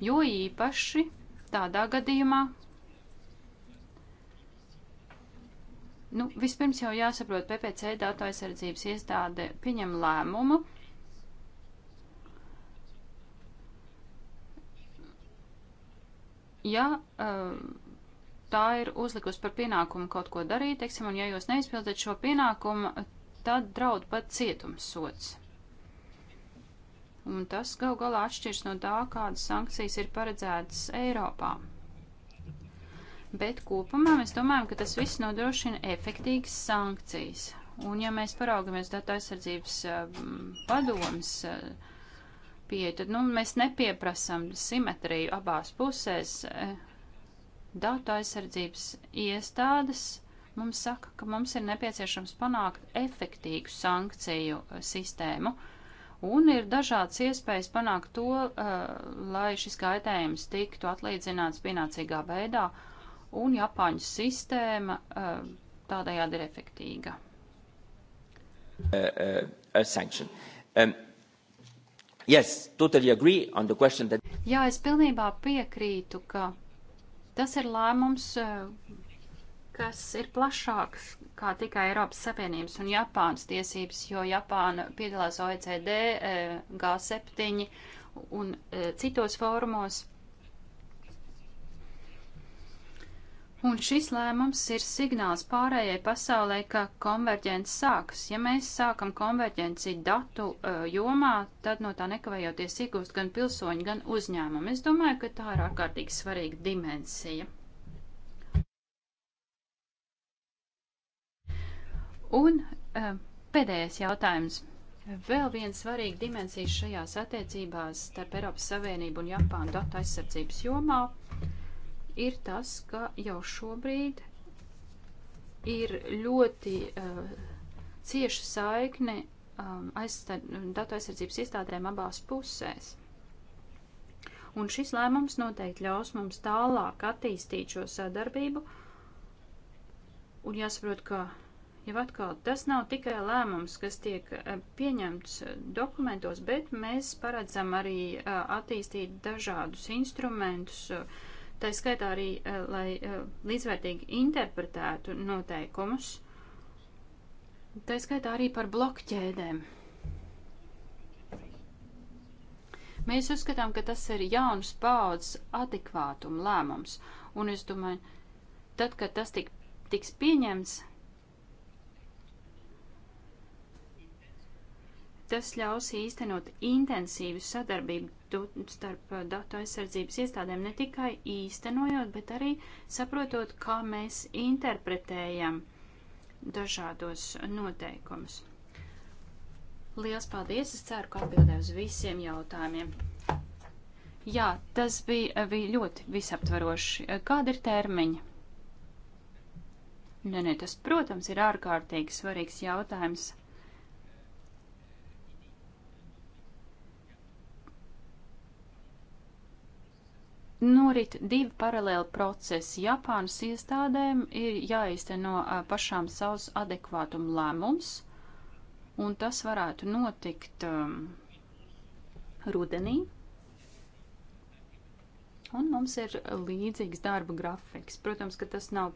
jo īpaši tādā gadījumā, Nu, vispirms jau jāsaprot, PPC datu aizsardzības iestāde pieņem lēmumu. Ja eh, tā ir uzlikusi par pienākumu kaut ko darīt, teiksim, un ja jūs neizpildat šo pienākumu, tad draud pat cietumsots. Un tas gal galā atšķirs no tā, kādas sankcijas ir paredzētas Eiropā. Bet kopumā mēs domājam, ka tas viss nodrošina efektīgas sankcijas. Un ja mēs paraugamies datu aizsardzības eh, padomas eh, pieeja, tad nu, mēs nepieprasam simetriju abās pusēs. Eh, datu aizsardzības iestādes mums saka, ka mums ir nepieciešams panākt efektīvu sankciju uh, sistēmu. Un ir dažādas iespējas panākt to, uh, lai šis kaitējums tiktu atlīdzināts pienācīgā veidā, un Japāņu sistēma uh, tādējādi ir efektīga. Uh, uh, um, yes, totally that... Jā, es pilnībā piekrītu, ka tas ir lēmums, kas ir plašāks kā tikai Eiropas Savienības un Japānas tiesības, jo Japāna piedalās OECD, e, G7 un e, citos fórumos. Un šis lēmums ir signāls pārējai pasaulē, ka konverģence sākas. Ja mēs sākam konverģenci datu e, jomā, tad no tā nekavējoties iegūst gan pilsoņi, gan uzņēmumi. Es domāju, ka tā ir ārkārtīgi svarīga dimensija. Un eh, pēdējais jautājums. Vēl viena svarīga dimensija šajās attiecībās starp Eiropas Savienību un Japānu datu aizsardzības jomā ir tas, ka jau šobrīd ir ļoti uh, cieša saikne um, aizstar, datu aizsardzības iestādēm abās pusēs. Un šis lēmums noteikti ļaus mums tālāk attīstīt šo sadarbību. Un jāsaprot, ka Jau atkal, tas nav tikai lēmums, kas tiek eh, pieņemts eh, dokumentos, bet mēs paredzam arī eh, attīstīt dažādus instrumentus, tā skaitā arī, lai līdzvērtīgi interpretētu noteikumus, tā skaitā arī par blokķēdēm. Mēs uzskatām, ka tas ir jauns paudzes adekvātuma lēmums, un es domāju, tad, kad tas tik, tiks pieņemts, Tas ļaus īstenot intensīvu sadarbību starp uh, datu aizsardzības iestādēm ne tikai īstenojot, bet arī saprotot, kā mēs interpretējam dažādos noteikumus. Liels paldies! Es ceru, ka atbildēju uz visiem jautājumiem. Jā, tas bija, uh, bija ļoti visaptvaroši. Uh, kāda ir termiņa? Nē, nē, tas, protams, ir ārkārtīgi svarīgs jautājums. norit divi paralēli procesi. Japānas iestādēm ir jāizteno pašām savus adekvātumu lēmums, un tas varētu notikt um, rudenī. Un mums ir līdzīgs darba grafiks. Protams, ka tas nav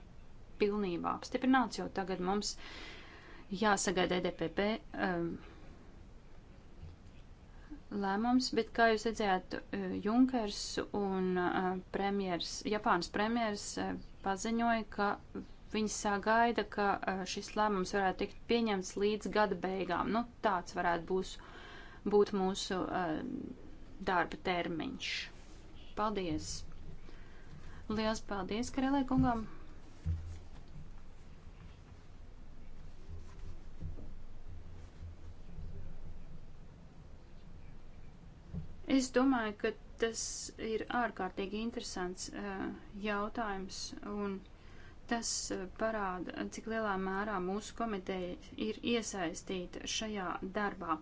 pilnībā apstiprināts, jo tagad mums jāsagaida e DPP um, lēmums, bet kā jūs redzējāt, eh, Junkers un eh, premjers, Japānas premjers eh, paziņoja, ka viņi sagaida, ka šis lēmums varētu tikt pieņemts līdz gada beigām. Nu, tāds varētu būs, būt mūsu darba termiņš. Paldies! Liels paldies, Karelē kungam! Es domāju, ka tas ir ārkārtīgi interesants uh, jautājums, un tas uh, parāda, cik lielā mērā mūsu komiteja ir iesaistīta šajā darbā.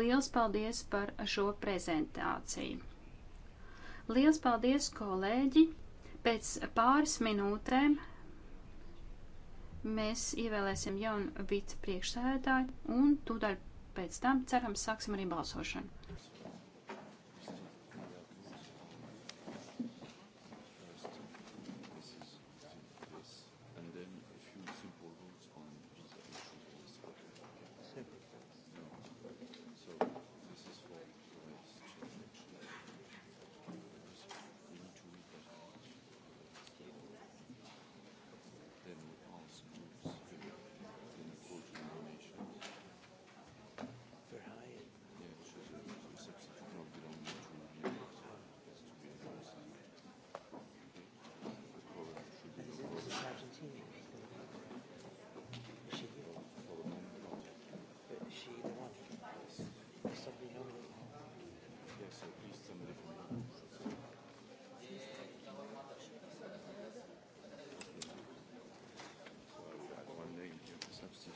Liels paldies par šo prezentāciju! Liels paldies, kolēģi! Pēc pāris minūtēm mēs ievēlēsim jaunu vicepriekšsēdētāju, un tūdaļ pēc tam, cerams, sāksim arī balsošanu.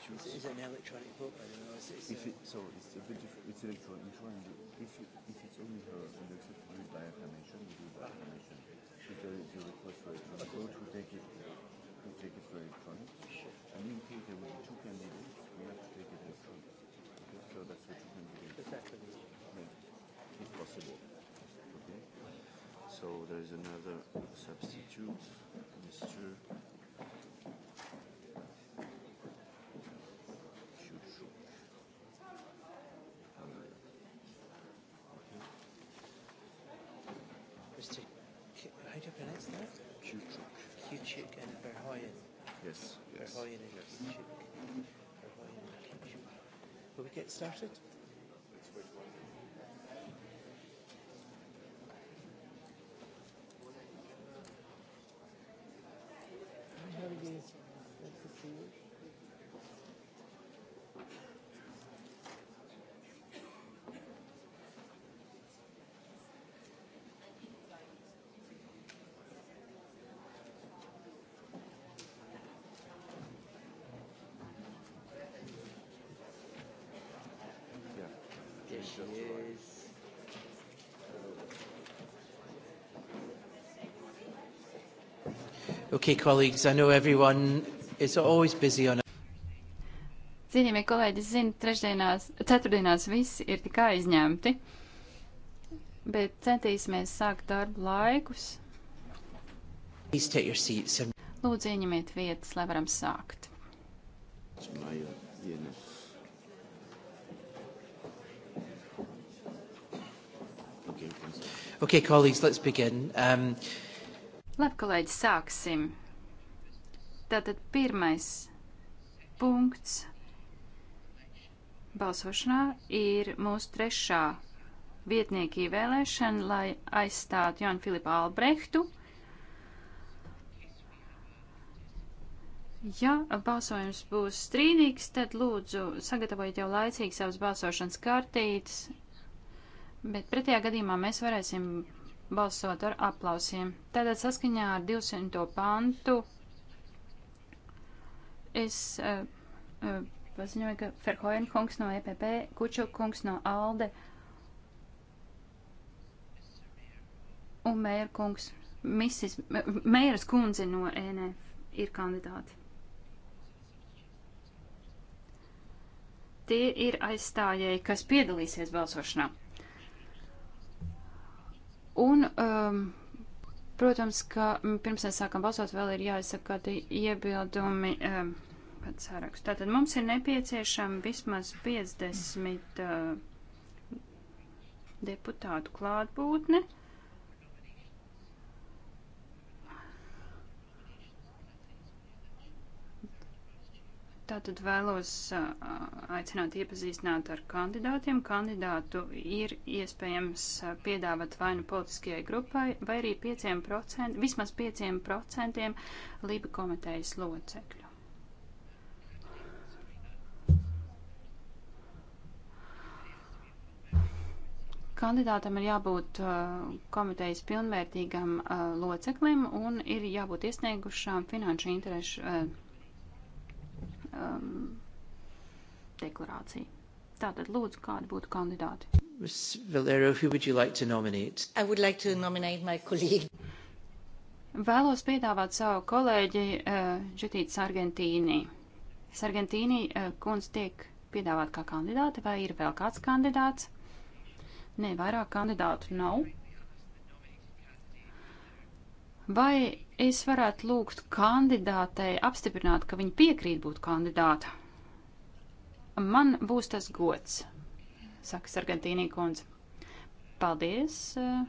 insurance. It is an electronic book, I don't know. It's, it's if a, it, uh, so it's a bit different. It's electronic insurance. If, you, if it's only her and accept you by affirmation, you do by affirmation. If there is a request for electronic vote, we take it. We take it for electronic. Sure. And in case there will be two candidates, we have to take it electronic. Okay? So that's what you can do. Exactly. Yeah. If possible. Okay. So there is another substitute, Mr. get started. questions, right? Okay, colleagues, I know everyone is always busy on. Cienījamie kolēģi, es zinu, trešdienās, ceturtdienās viss ir tikai aizņemti, bet centīsimies sākt darbu laikus. Lūdzu, ieņemiet vietas, lai varam sākt. Okay, colleagues, let's begin. Um... Labi, kolēģi, sāksim. Tātad pirmais punkts balsošanā ir mūsu trešā vietnieka ievēlēšana, lai aizstātu Janu Filipu Albrehtu. Ja balsojums būs strīdīgs, tad lūdzu sagatavojiet jau laicīgi savas balsošanas kartītes Bet pretējā gadījumā mēs varēsim balsot ar aplausiem. Tātad saskaņā ar 200. pantu es uh, uh, paziņoju, ka Ferhoen kungs no EPP, Kuču kungs no ALDE un Mēra kungs, Misis, Mēras kundze no ENF ir kandidāti. Tie ir aizstājēji, kas piedalīsies balsošanā. Un, um, protams, ka pirms mēs sākam balsot, vēl ir jāizsaka kādi iebildumi. Um, Sarakstu. Tātad mums ir nepieciešama vismaz 50 uh, deputātu klātbūtne. Uh, Tātad vēlos aicināt iepazīstināt ar kandidātiem. Kandidātu ir iespējams piedāvāt vai nu politiskajai grupai, vai arī 5%, vismaz 5% Liba komitejas locekļu. Kandidātam ir jābūt komitejas pilnvērtīgam loceklim un ir jābūt iesniegušām finanšu interešu um, deklarāciju. Tātad lūdzu, kādi būtu kandidāti? Ms. Valero, who would you like to nominate? I would like to nominate my colleague. Vēlos piedāvāt savu kolēģi uh, Žitīt Sargentīnī. Sargentīnī uh, kundz tiek piedāvāt kā kandidāte, vai ir vēl kāds kandidāts? Nē, vairāk kandidātu nav. No. Vai es varētu lūgt kandidātei apstiprināt, ka viņa piekrīt būt kandidāta? Man būs tas gods, saka Sargentīnī kundze. Paldies, eh,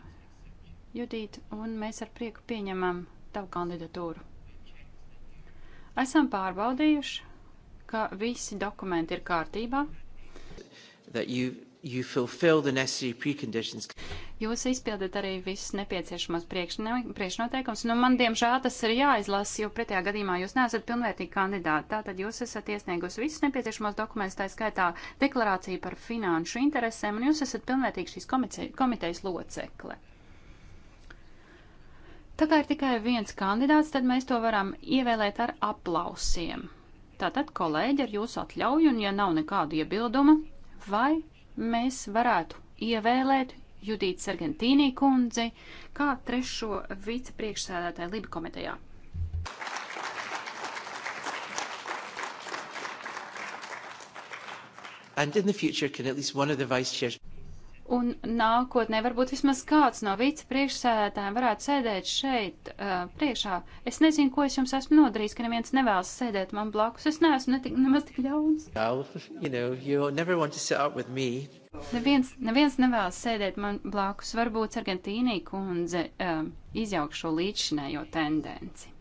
Judīt, un mēs ar prieku pieņemam tavu kandidatūru. Esam pārbaudījuši, ka visi dokumenti ir kārtībā. That you Jūs izpildat arī visus nepieciešamos priekšnoteikumus. Nu, man, diemžēl, tas ir jāizlasa, jo pretējā gadījumā jūs neesat pilnvērtīgi kandidāti. Tātad jūs esat iesniegusi visus nepieciešamos dokumentus, tā skaitā deklarāciju par finanšu interesēm, un jūs esat pilnvērtīgi šīs komitejas locekle. Tā kā ir tikai viens kandidāts, tad mēs to varam ievēlēt ar aplausiem. Tātad, kolēģi, ar jūsu atļauju, un ja nav nekādu iebildumu, vai mēs varētu ievēlēt Judītas Argentīnī kundzi kā trešo vicepriekšsēdētāju Liba komitejā. And in the future, can at least one of the vice chairs Un nākotnē varbūt vismaz kāds no vicepriekšsēdētājiem varētu sēdēt šeit uh, priekšā. Es nezinu, ko es jums esmu nodarījis, ka neviens nevēlas sēdēt man blakus. Es neesmu netik, nemaz tik ļauns. Well, you know, you never want to sit up with me. Neviens, neviens nevēlas sēdēt man blakus. Varbūt Argentīnī kundze um, uh, izjauk šo līdzšinējo tendenci.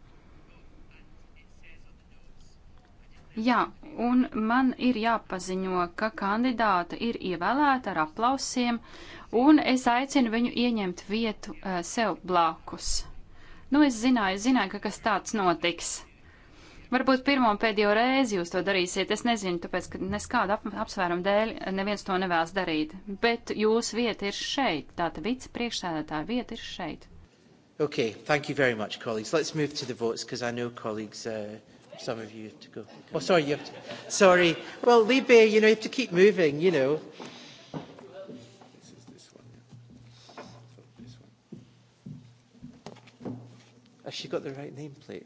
Jā, un man ir jāpaziņo, ka kandidāta ir ievēlēta ar aplausiem, un es aicinu viņu ieņemt vietu uh, sev blakus. Nu, es zināju, zināju, ka kas tāds notiks. Varbūt pirmo un pēdējo reizi jūs to darīsiet, es nezinu, tāpēc, ka neskāda ap, apsvērumu dēļ eh, neviens to nevēlas darīt, bet jūsu vieta ir šeit, tāda vicepriekšsēdētāja vieta ir šeit. Okay, thank you very much, colleagues. Let's move to the votes because I know colleagues uh, some of you have to go. Oh, sorry, you have to. Sorry. Well, Libe, you know, you have to keep moving, you know. This is this one. Yeah. So this one. Has she got the right nameplate?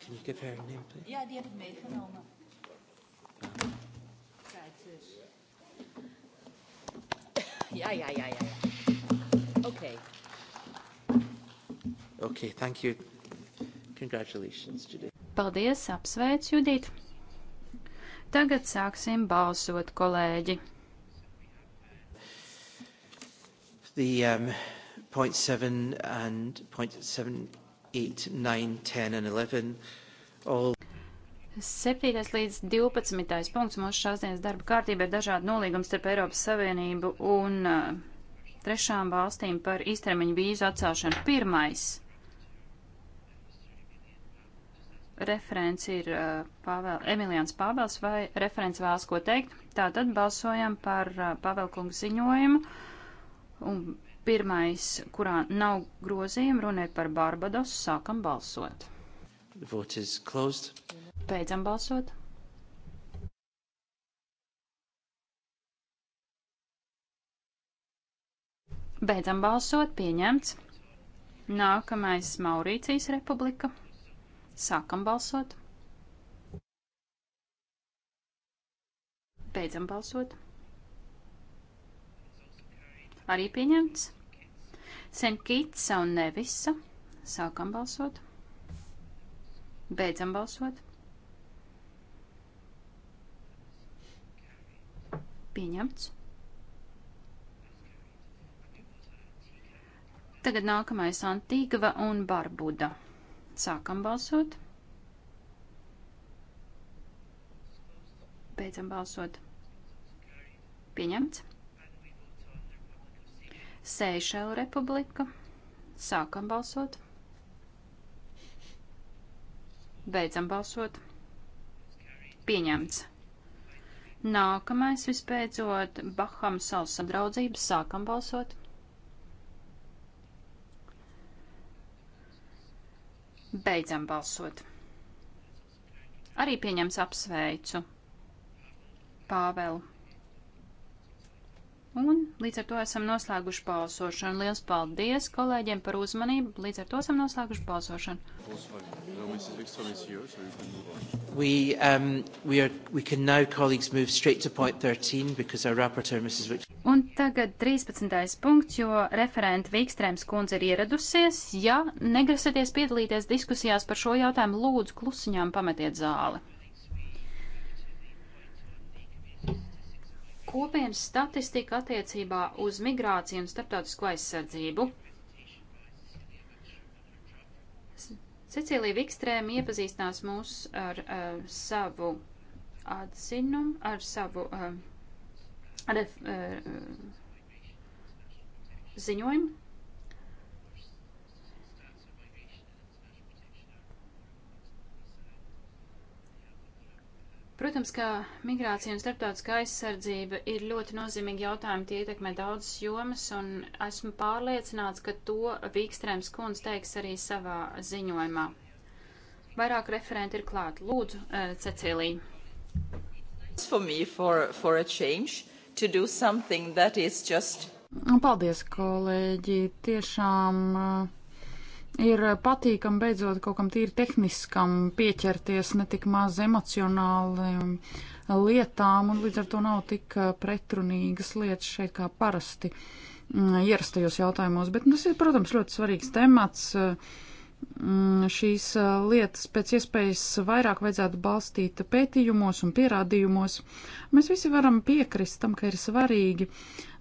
Can you give her a nameplate? Ja, die heb ik meegenomen. Kijk, dus. Ja, ja, ja, ja. ja. Oké. Okay. Okay, thank you. Congratulations, Judith. Paldies, apsveic Judīt. Tagad sāksim balsot, kolēģi. The, um, point 7 and point 7, 8, 9, 10 and 11 all 7. līdz 12. punkts mūsu šāsdienas darba kārtībā ir dažādi nolīgums starp Eiropas Savienību un uh, trešām valstīm par īstermiņu vīzu atcelšanu. Pirmais referents ir uh, Pāvēl, Emilians Pāvels vai referents vēlas ko teikt. Tātad balsojam par uh, Pāvelkungu ziņojumu. Un pirmais, kurā nav grozījuma, runē par Barbados, sākam balsot. Beidzam balsot. Beidzam balsot, pieņemts. Nākamais Maurīcijas republika. Sākam balsot. Beidzam balsot. Arī pieņemts. Senkītsa un nevisa. Sākam balsot. Beidzam balsot. Pieņemts. Tagad nākamais Antīgava un Barbuda. Sākam balsot. Beidzam balsot. Pieņemts. Seišela republika. Sākam balsot. Beidzam balsot. Pieņemts. Nākamais vispēcot Baham salsa draudzības. Sākam balsot. Beidzam balsot. Arī pieņems apsveicu Pāvelu. Un līdz ar to esam noslēguši balsošanu. Liels paldies kolēģiem par uzmanību. Līdz ar to esam noslēguši balsošanu. We, um, we are, we can now, colleagues, move straight to point 13 because our rapporteur, Mrs. Victor. Un tagad 13. punkts, jo referenta Vikstrēms kundze ir ieradusies. Ja negrasaties piedalīties diskusijās par šo jautājumu, lūdzu klusiņām pametiet zāli. kopienas statistika attiecībā uz migrāciju un starptautisko aizsardzību. Cecīlija Vikstrēma iepazīstinās mūs ar uh, savu atzinumu, ar savu uh, ref, uh, ziņojumu Protams, ka migrācija un starptautiskā aizsardzība ir ļoti nozīmīgi jautājumi, tie ietekmē daudzas jomas, un esmu pārliecināts, ka to Vīkstrēms kundz teiks arī savā ziņojumā. Vairāk referenti ir klāt. Lūdzu, uh, Cecīlija. For me, for, for a change, to do something that is just. Paldies, kolēģi. Tiešām. Uh ir patīkami beidzot kaut kam tīri tehniskam pieķerties, ne tik maz emocionāliem lietām, un līdz ar to nav tik uh, pretrunīgas lietas šeit kā parasti mm, ierastajos jautājumos. Bet tas ir, protams, ļoti svarīgs temats. Uh, Mm, šīs uh, lietas pēc iespējas vairāk vajadzētu balstīt pētījumos un pierādījumos. Mēs visi varam piekrist tam, ka ir svarīgi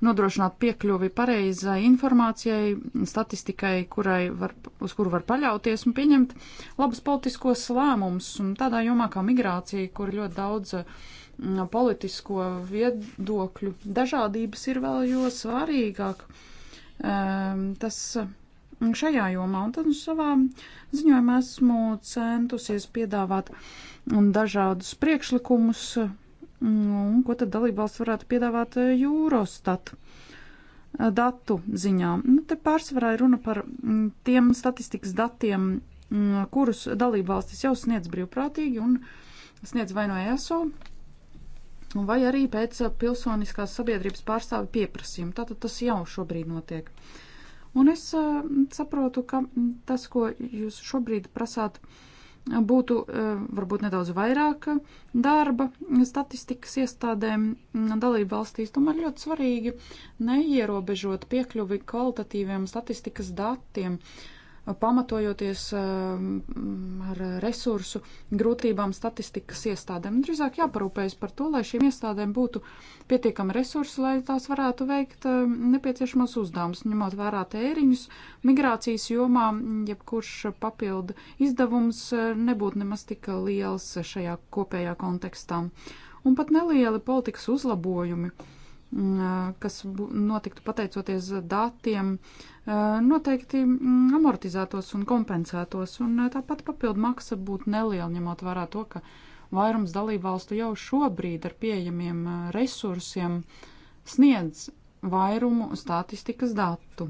nodrošināt piekļuvi pareizai informācijai, statistikai, kurai var, uz kuru var paļauties un pieņemt labus politiskos lēmumus. Un tādā jomā kā migrācija, kur ļoti daudz mm, politisko viedokļu dažādības ir vēl jo svarīgāk. Um, tas uh, šajā jomā. Un tad savā ziņojumā esmu centusies piedāvāt dažādus priekšlikumus, un ko tad dalībvalsts varētu piedāvāt Eurostat datu ziņā. Nu, te pārsvarā ir runa par tiem statistikas datiem, kurus dalībvalstis jau sniedz brīvprātīgi un sniedz vai no ESO, vai arī pēc pilsoniskās sabiedrības pārstāvi pieprasījuma. Tātad tas jau šobrīd notiek. Uh, Un es saprotu, ka tas, ko jūs šobrīd prasāt, būtu varbūt nedaudz vairāk darba statistikas iestādēm dalību valstīs. Tomēr ļoti svarīgi neierobežot piekļuvi kvalitatīviem statistikas datiem, uh, pamatojoties ehm, ar resursu grūtībām statistikas iestādēm. Drīzāk jāparūpējas par to, lai šīm iestādēm būtu pietiekami resursi, lai tās varētu veikt ehm, nepieciešamos uzdevumus, ņemot vērā tēriņus. Migrācijas jomā jebkurš papildu izdevums eh, nebūtu nemaz tik liels šajā kopējā kontekstā. Un pat nelieli politikas uzlabojumi Mm, kas notiktu pateicoties datiem, noteikti mm, amortizētos un kompensētos, un tāpat papildu maksa būtu neliela, ņemot vērā to, ka vairums dalībvalstu jau šobrīd ar pieejamiem resursiem sniedz vairumu statistikas datu.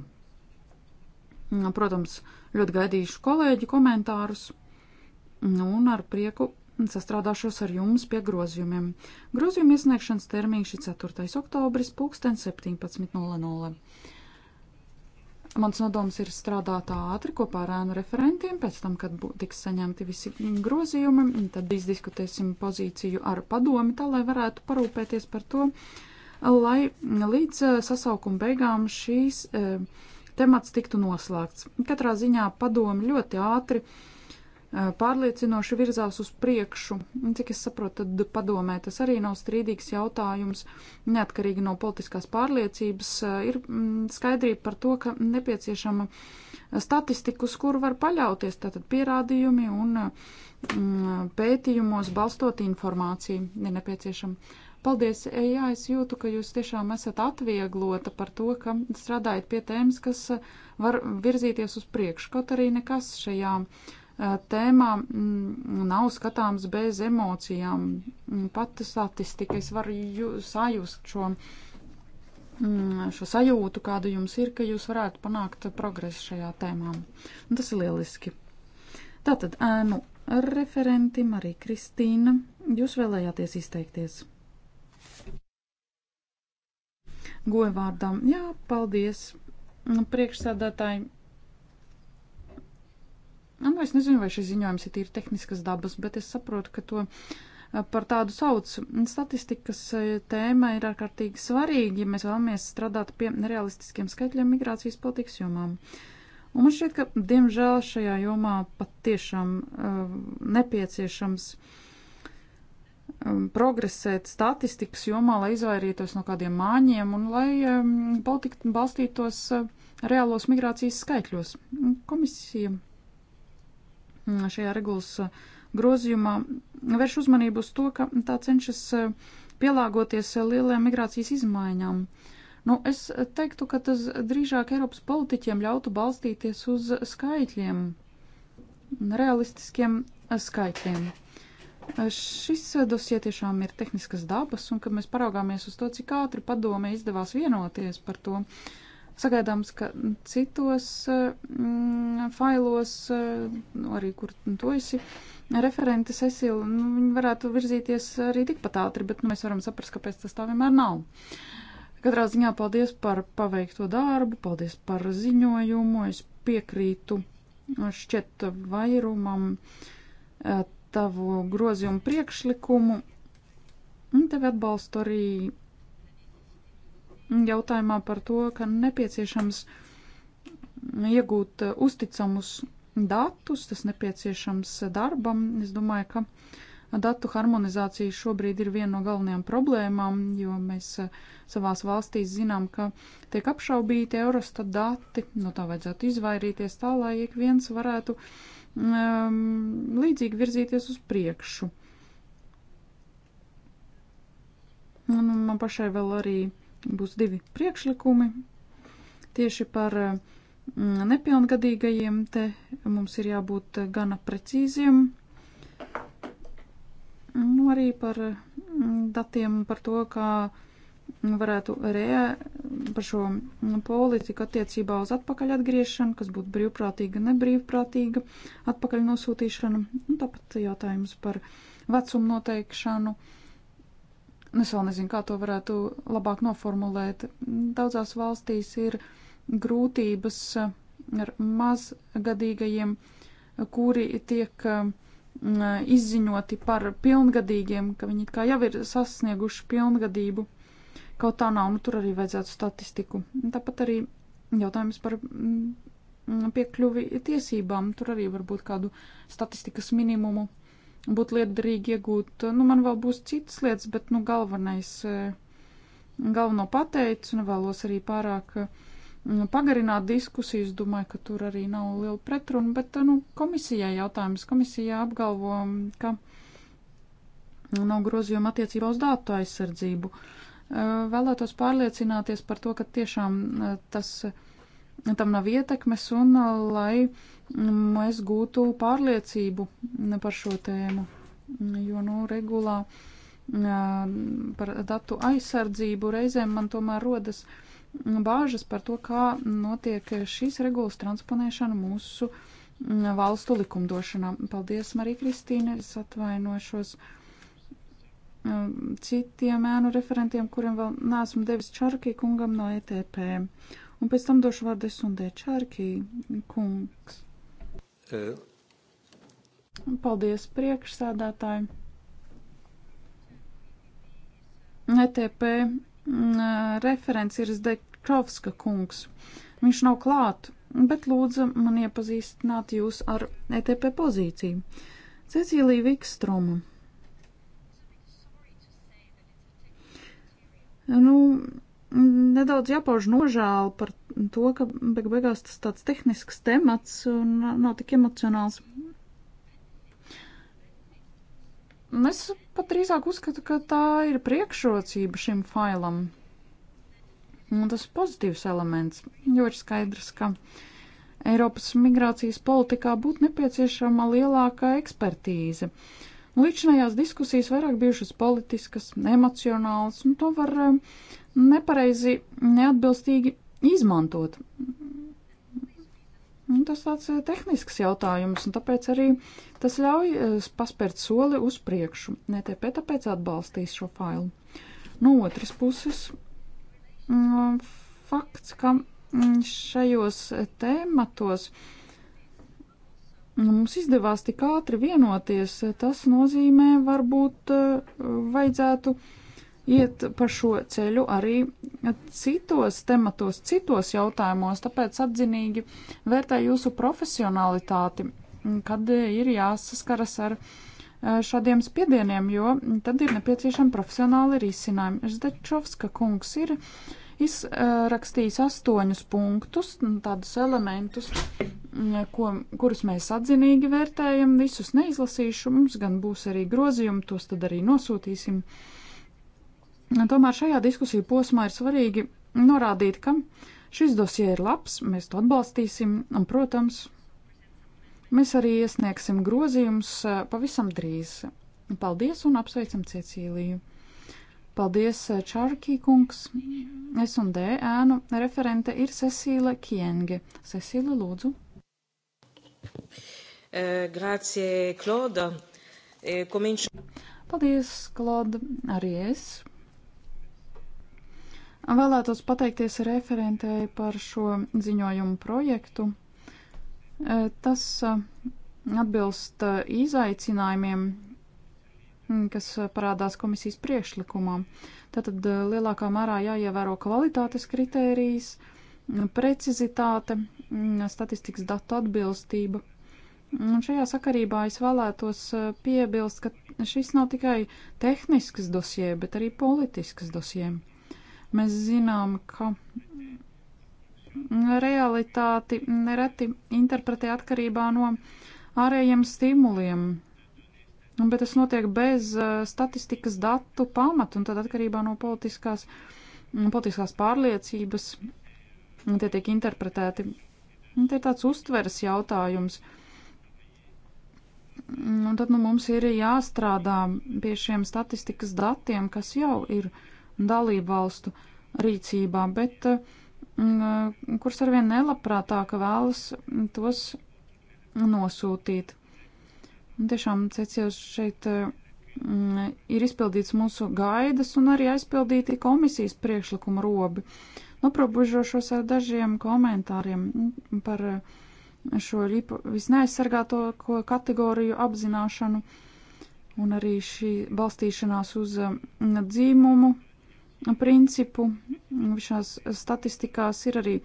Mm, protams, ļoti gaidīšu kolēģi komentārus, un ar prieku un sastrādāšos ar jums pie grozījumiem. Grozījuma iesniegšanas termiņš ir 4. oktobris, 17.00. Mans nodoms ir strādāt ātri kopā ar ēnu referentiem, pēc tam, kad tiks saņemti visi grozījumi, tad izdiskutēsim pozīciju ar padomi, tā lai varētu parūpēties par to, lai līdz eh, sasaukuma beigām šīs eh, temats tiktu noslēgts. Katrā ziņā padomi ļoti ātri eh, Eh, pārliecinoši virzās uz priekšu. Un, cik es saprotu, tad padomē tas arī nav strīdīgs jautājums, neatkarīgi no politiskās pārliecības. Eh, ir mm, skaidrība par to, ka nepieciešama statistika, uz kuru var paļauties, tātad pierādījumi un eh, mm, pētījumos balstot informāciju ir nepieciešama. Paldies! Jā, es jūtu, ka jūs tiešām esat atvieglota par to, ka strādājat pie tēmas, kas var virzīties uz priekšu, kaut arī nekas šajā uh, tēmā mm, nav skatāms bez emocijām. Mm, pat statistika, es varu jū, sajust šo, mm, šo sajūtu, kāda jums ir, ka jūs varētu panākt progresu šajā tēmā. Un tas ir lieliski. Tātad, nu, referenti Marija Kristīna, jūs vēlējāties izteikties. Goja vārdām, jā, paldies, priekšsēdētāji Nu, es nezinu, vai šis ziņojums ir tīri tehniskas dabas, bet es saprotu, ka to eh, par tādu sauc. Statistikas eh, tēma ir ārkārtīgi svarīga, ja mēs vēlamies strādāt pie realistiskiem skaitļiem migrācijas politikas jomām. Un man šķiet, ka, diemžēl, šajā jomā patiešām uh, nepieciešams um, progresēt statistikas jomā, lai izvairītos no kādiem māņiem un lai um, baltik, balstītos uh, reālos migrācijas skaitļos. Komisija šajā regulas uh, grozījumā vērš uzmanību uz to, ka tā cenšas uh, pielāgoties uh, lielajām migrācijas izmaiņām. Nu, es teiktu, ka tas drīzāk Eiropas politiķiem ļautu balstīties uz skaitļiem, realistiskiem skaitļiem. Šis dosie tiešām ir tehniskas dabas, un kad mēs paraugāmies uz to, cik ātri padome izdevās vienoties par to, uh, Sagaidāms, ka citos mm, failos, mm, arī kur to esi, referente Cecila, nu, viņi varētu virzīties arī tikpat ātri, bet nu, mēs varam saprast, kāpēc tas tā vienmēr nav. Katrā ziņā paldies par paveikto darbu, paldies par ziņojumu, es piekrītu šķiet vairumam eh, tavu grozījumu priekšlikumu, un tevi atbalstu arī jautājumā par to, ka nepieciešams iegūt uzticamus datus, tas nepieciešams darbam. Es domāju, ka datu harmonizācija šobrīd ir viena no galvenajām problēmām, jo mēs savās valstīs zinām, ka tiek apšaubīti Eurostat dati, no tā vajadzētu izvairīties tā, lai ik viens varētu um, līdzīgi virzīties uz priekšu. Un man pašai vēl arī uh, Būs divi priekšlikumi tieši par mm, nepilngadīgajiem. Te mums ir jābūt gana precīziem. Nu, arī par mm, datiem, par to, kā varētu rē, par šo politiku attiecībā uz atpakaļ atgriešanu, kas būtu brīvprātīga, nebrīvprātīga, atpakaļ nosūtīšana, un nu, tāpat jautājums par vecumu noteikšanu. Uh, Es vēl nezinu, kā to varētu labāk noformulēt. Daudzās valstīs ir grūtības ar mazgadīgajiem, kuri tiek izziņoti par pilngadīgiem, ka viņi kā jau ir sasnieguši pilngadību. Kaut tā nav, nu tur arī vajadzētu statistiku. Tāpat arī jautājums par piekļuvi tiesībām. Tur arī varbūt kādu statistikas minimumu būtu liederīgi iegūt. Nu, man vēl būs citas lietas, bet, nu, galvenais, eh, galveno pateicu, nevēlos arī pārāk eh, pagarināt diskusijas. Domāju, ka tur arī nav liela pretruna, bet, eh, nu, komisijai jautājums. Komisija apgalvo, mm, ka nav grozījuma attiecībā uz datu aizsardzību. Vēlētos pārliecināties par to, ka tiešām tas ir tam nav ietekmes un lai mēs gūtu pārliecību par šo tēmu. Jo, nu, regulā par datu aizsardzību reizēm man tomēr rodas bāžas par to, kā notiek šīs regulas transponēšana mūsu valstu likumdošanā. Paldies, Marija Kristīne, es atvainošos citiem ēnu referentiem, kuriem vēl neesmu devis Čarkī kungam no ETP. Un pēc tam došu vārdu Sundē Čārkī, kungs. Uh. Paldies priekšsēdētāji. ETP mm, referents ir Zdekrovska kungs. Viņš nav klāt, bet lūdza man iepazīstināt jūs ar ETP pozīciju. Cecīlija Vikstroma. Nu, nedaudz jāpauž nožēla par to, ka beig beigās tas tāds tehnisks temats un nav tik emocionāls. Un nu, es pat drīzāk uzskatu, ka tā ir priekšrocība šim failam. Un tas pozitīvs elements, jo ir skaidrs, ka Eiropas migrācijas politikā būtu nepieciešama lielākā ekspertīze. Līdzinājās diskusijas vairāk bijušas politiskas, emocionālas, un to var uh, nepareizi, neatbilstīgi izmantot. Un tas tāds eh, tehnisks jautājums, un tāpēc arī tas ļauj eh, paspērt soli uz priekšu. NTP tāpēc atbalstīs šo failu. No otras puses, mm, fakts, ka mm, šajos eh, tēmatos mm, mums izdevās tik ātri vienoties, tas nozīmē varbūt vajadzētu iet pa šo ceļu arī citos tematos, citos jautājumos, tāpēc atzinīgi vērtē jūsu profesionalitāti, kad ir jāsaskaras ar eh, šādiem spiedieniem, jo tad ir nepieciešami profesionāli risinājumi. Zdečovska kungs ir izrakstījis astoņus punktus, tādus elementus, mm, ko, kurus mēs atzinīgi vērtējam, visus neizlasīšu, mums gan būs arī grozījumi, tos tad arī nosūtīsim. Uh, Tomēr šajā diskusiju posmā ir svarīgi norādīt, ka šis dosie ir labs, mēs to atbalstīsim, un, protams, mēs arī iesniegsim grozījumus e, pavisam drīz. Paldies un apsveicam Cecīliju! Paldies, e, Čārkī kungs. Es un D ēnu referente ir Cecīla Kienge. Cecīla, lūdzu. E, grazie, Klauda. E, Paldies, Klauda. Arī es Vēlētos pateikties referentei par šo ziņojumu projektu. E, tas e, atbilst e, izaicinājumiem, kas parādās komisijas priekšlikumā. Tātad lielākā mērā jāievēro kvalitātes kritērijas, precizitāte, statistikas datu atbilstība. Un šajā sakarībā es vēlētos piebilst, ka šis nav tikai tehnisks dosie, bet arī politisks dosiems. Mēs zinām, ka realitāti nereti interpretē atkarībā no ārējiem stimuliem. Bet tas notiek bez eh, statistikas datu pamata un tad atkarībā no politiskās, politiskās pārliecības tie tiek interpretēti. Un tie ir tāds uztveres jautājums. Un tad nu, mums ir jāstrādā pie šiem statistikas datiem, kas jau ir uh, dalībvalstu rīcībā, bet mm, eh, kuras arvien nelabprātāk vēlas tos nosūtīt. Un tiešām, Cecils, šeit eh, mm, ir izpildīts mūsu gaidas un arī aizpildīti komisijas priekšlikuma robi. Noprobežošos ar dažiem komentāriem par eh, šo visneaizsargāto kategoriju apzināšanu un arī šī balstīšanās uz mm, dzīmumu principu mm, šās statistikās ir arī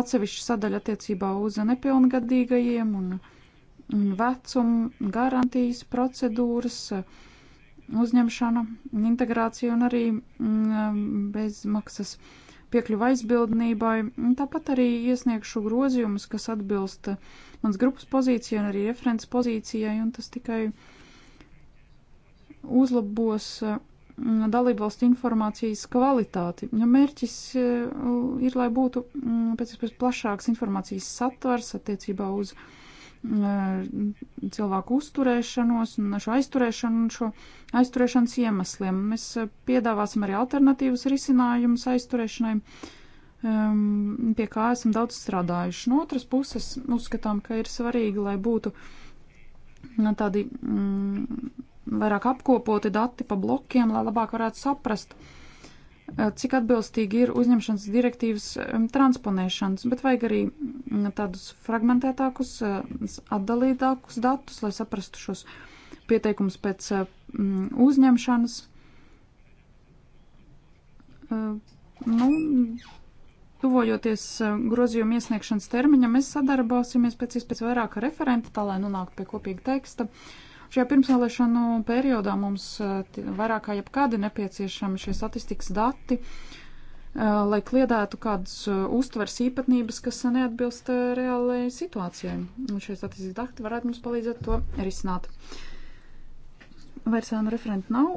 atsevišķa sadaļa attiecībā uz nepilngadīgajiem un, un vecumu garantijas procedūras uzņemšana, integrācija un arī mm, bezmaksas piekļuva aizbildnībai. Tāpat arī iesniegšu grozījumus, kas atbilst mans grupas pozīcijai un arī referents pozīcijai, un tas tikai uzlabos Mm, dalībvalstu informācijas kvalitāti. Ja mērķis e, ir, lai būtu mm, pēc iespējas plašāks informācijas satvers attiecībā uz e, cilvēku uzturēšanos un šo aizturēšanu un šo aizturēšanas iemesliem. Mēs e, piedāvāsim arī alternatīvas risinājumus aizturēšanai, pie kā esam daudz strādājuši. No otras puses, uzskatām, ka ir svarīgi, lai būtu tādi mm, vairāk apkopoti dati pa blokiem, lai labāk varētu saprast, eh, cik atbilstīgi ir uzņemšanas direktīvas transponēšanas, bet vajag arī mm, tādus fragmentētākus, eh, atdalītākus datus, lai saprastu šos pieteikumus pēc eh, mm, uzņemšanas. Nu, Tuvojoties grozījuma iesniegšanas termiņam, mēs sadarbosimies pēc iespējas vairāk ar referentu, tā lai nonāktu pie kopīga teksta. Uh, Šajā pirmsvēlēšanu periodā mums eh, vairāk kā jebkādi nepieciešami šie statistikas dati, eh, lai kliedētu kādas eh, uztveres īpatnības, kas neatbilst reālajai situācijai. Un šie statistikas dati varētu mums palīdzēt to risināt. Vairs ēnu referentu nav,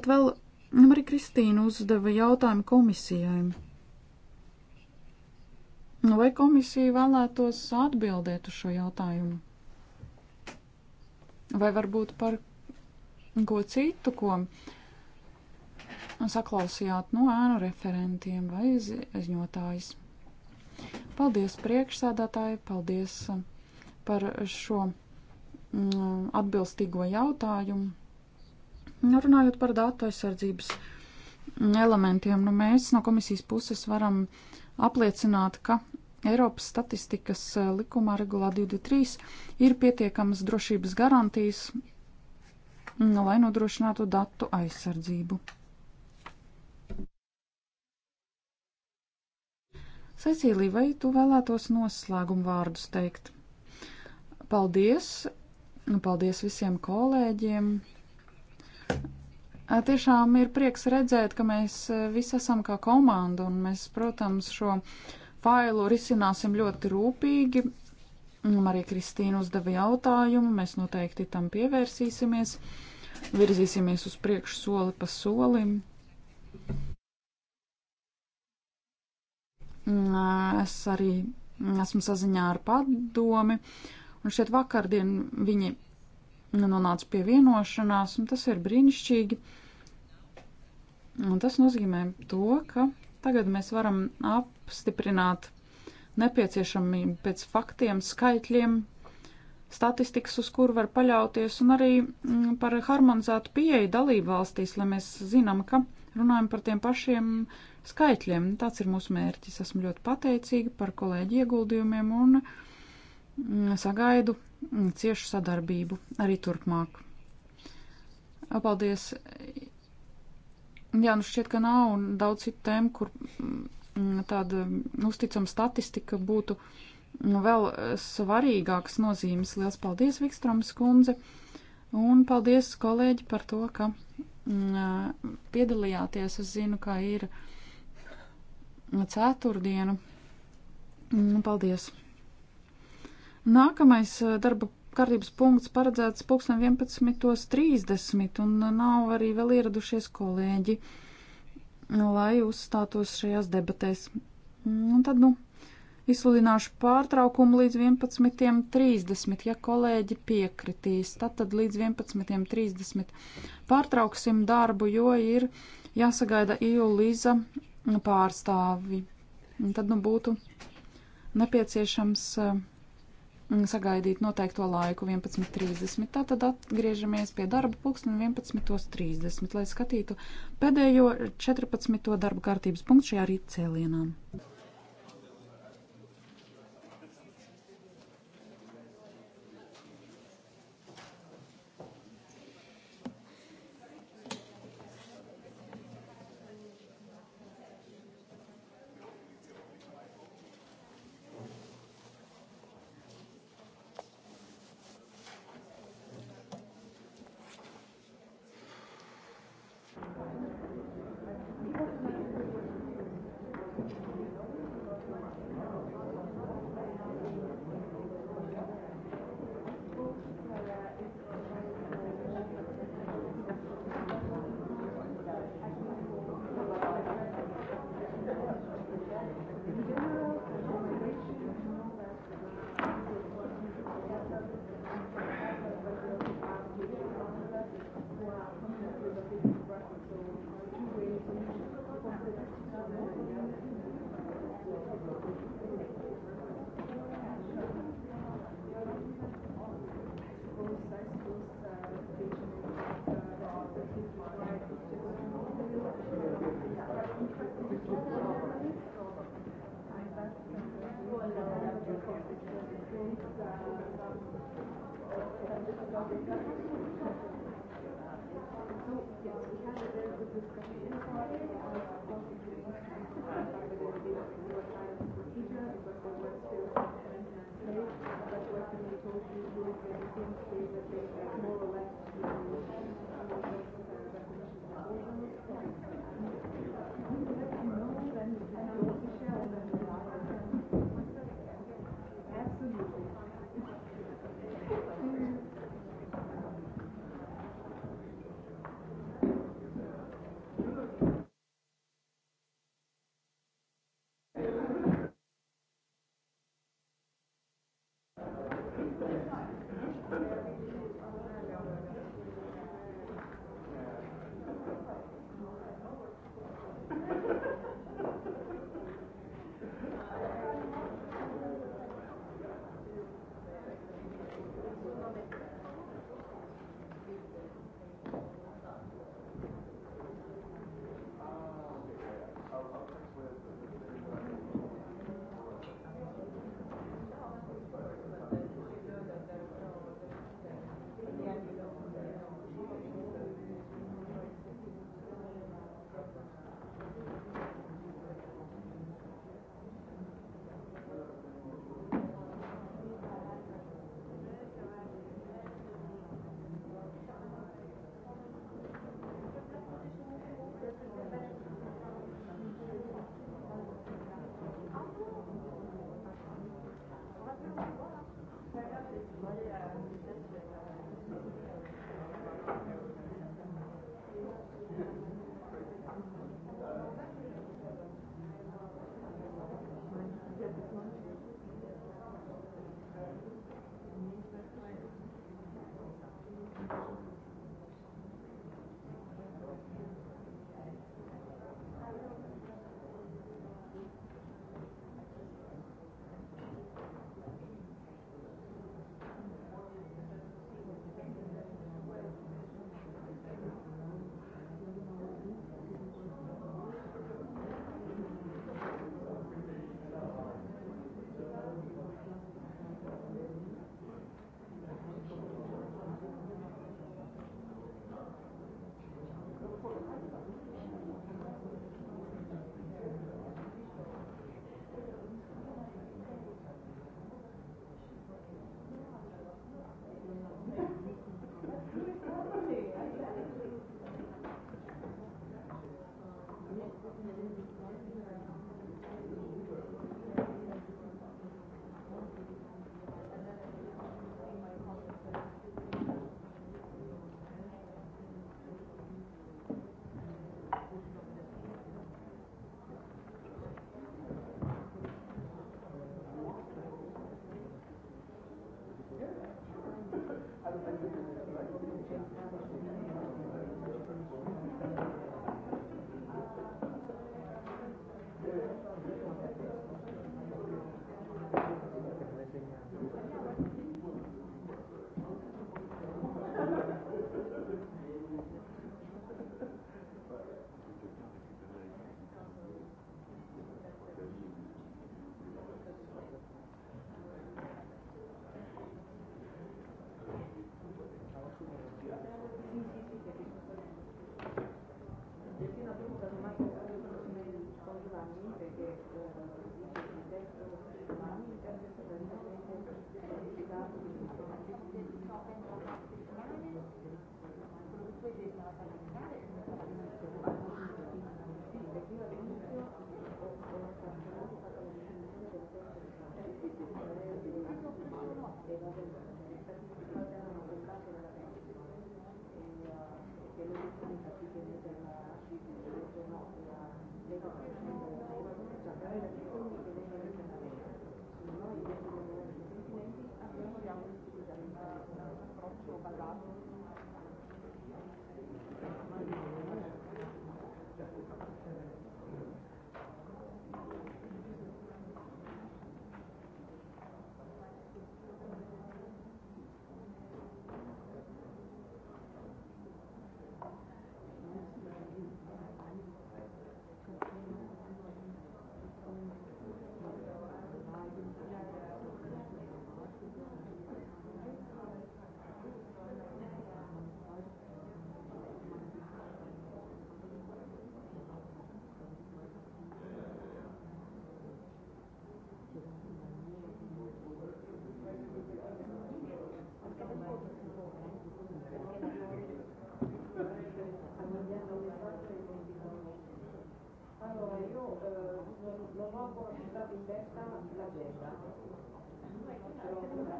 bet vēl nu, arī Kristīna uzdeva jautājumu komisijai. Nu, vai komisija vēlētos atbildēt uz šo jautājumu? vai varbūt par ko citu, ko saklausījāt no ēnu referentiem vai ziņotājs. Paldies priekšsēdētāji, paldies uh, par šo mm, atbilstīgo jautājumu. Nu, runājot par datu aizsardzības mm, elementiem, nu mēs no komisijas puses varam apliecināt, ka Eiropas statistikas eh, likumā regulā 23 ir pietiekamas drošības garantijas, mm, lai nodrošinātu datu aizsardzību. Cecīlija, vai tu vēlētos noslēgumu vārdus teikt? Paldies! Paldies visiem kolēģiem! Eh, tiešām ir prieks redzēt, ka mēs eh, visi esam kā komanda, un mēs, protams, šo uh, failu risināsim ļoti rūpīgi. Marija Kristīna uzdeva jautājumu, mēs noteikti tam pievērsīsimies, virzīsimies uz priekšu soli pa solim. Es arī esmu saziņā ar padomi, un šeit vakardien viņi nonāca pie vienošanās, un tas ir brīnišķīgi. Un tas nozīmē to, ka Tagad mēs varam apstiprināt nepieciešamību pēc faktiem, skaitļiem, statistikas, uz kur var paļauties, un arī mm, par harmonizētu pieeju dalību valstīs, lai mēs zinām, ka runājam par tiem pašiem skaitļiem. Tāds ir mūsu mērķis. Esmu ļoti pateicīga par kolēģi ieguldījumiem un mm, sagaidu mm, ciešu sadarbību arī turpmāk. Paldies Jā, nu šķiet, ka nav daudz citu tēmu, kur mm, tāda mm, uzticama statistika būtu nu, vēl eh, svarīgākas nozīmes. Lielas paldies, Vikstroms kundze, un paldies, kolēģi, par to, ka mm, eh, piedalījāties. Es zinu, kā ir ceturtdienu. Paldies! Nākamais eh, darba kārtības punkts paredzēts pulksten 11.30 un nav arī vēl ieradušies kolēģi, lai uzstātos šajās debatēs. Un tad, nu, izsludināšu pārtraukumu līdz 11.30, ja kolēģi piekritīs. Tad, tad līdz 11.30 pārtrauksim darbu, jo ir jāsagaida Iulīza pārstāvi. Un tad, nu, būtu nepieciešams. Uh, sagaidīt noteikto laiku 11.30. Tātad atgriežamies pie darba pulksten 11.30, lai skatītu pēdējo 14. darba kārtības punktu šajā rīt cēlienā. did not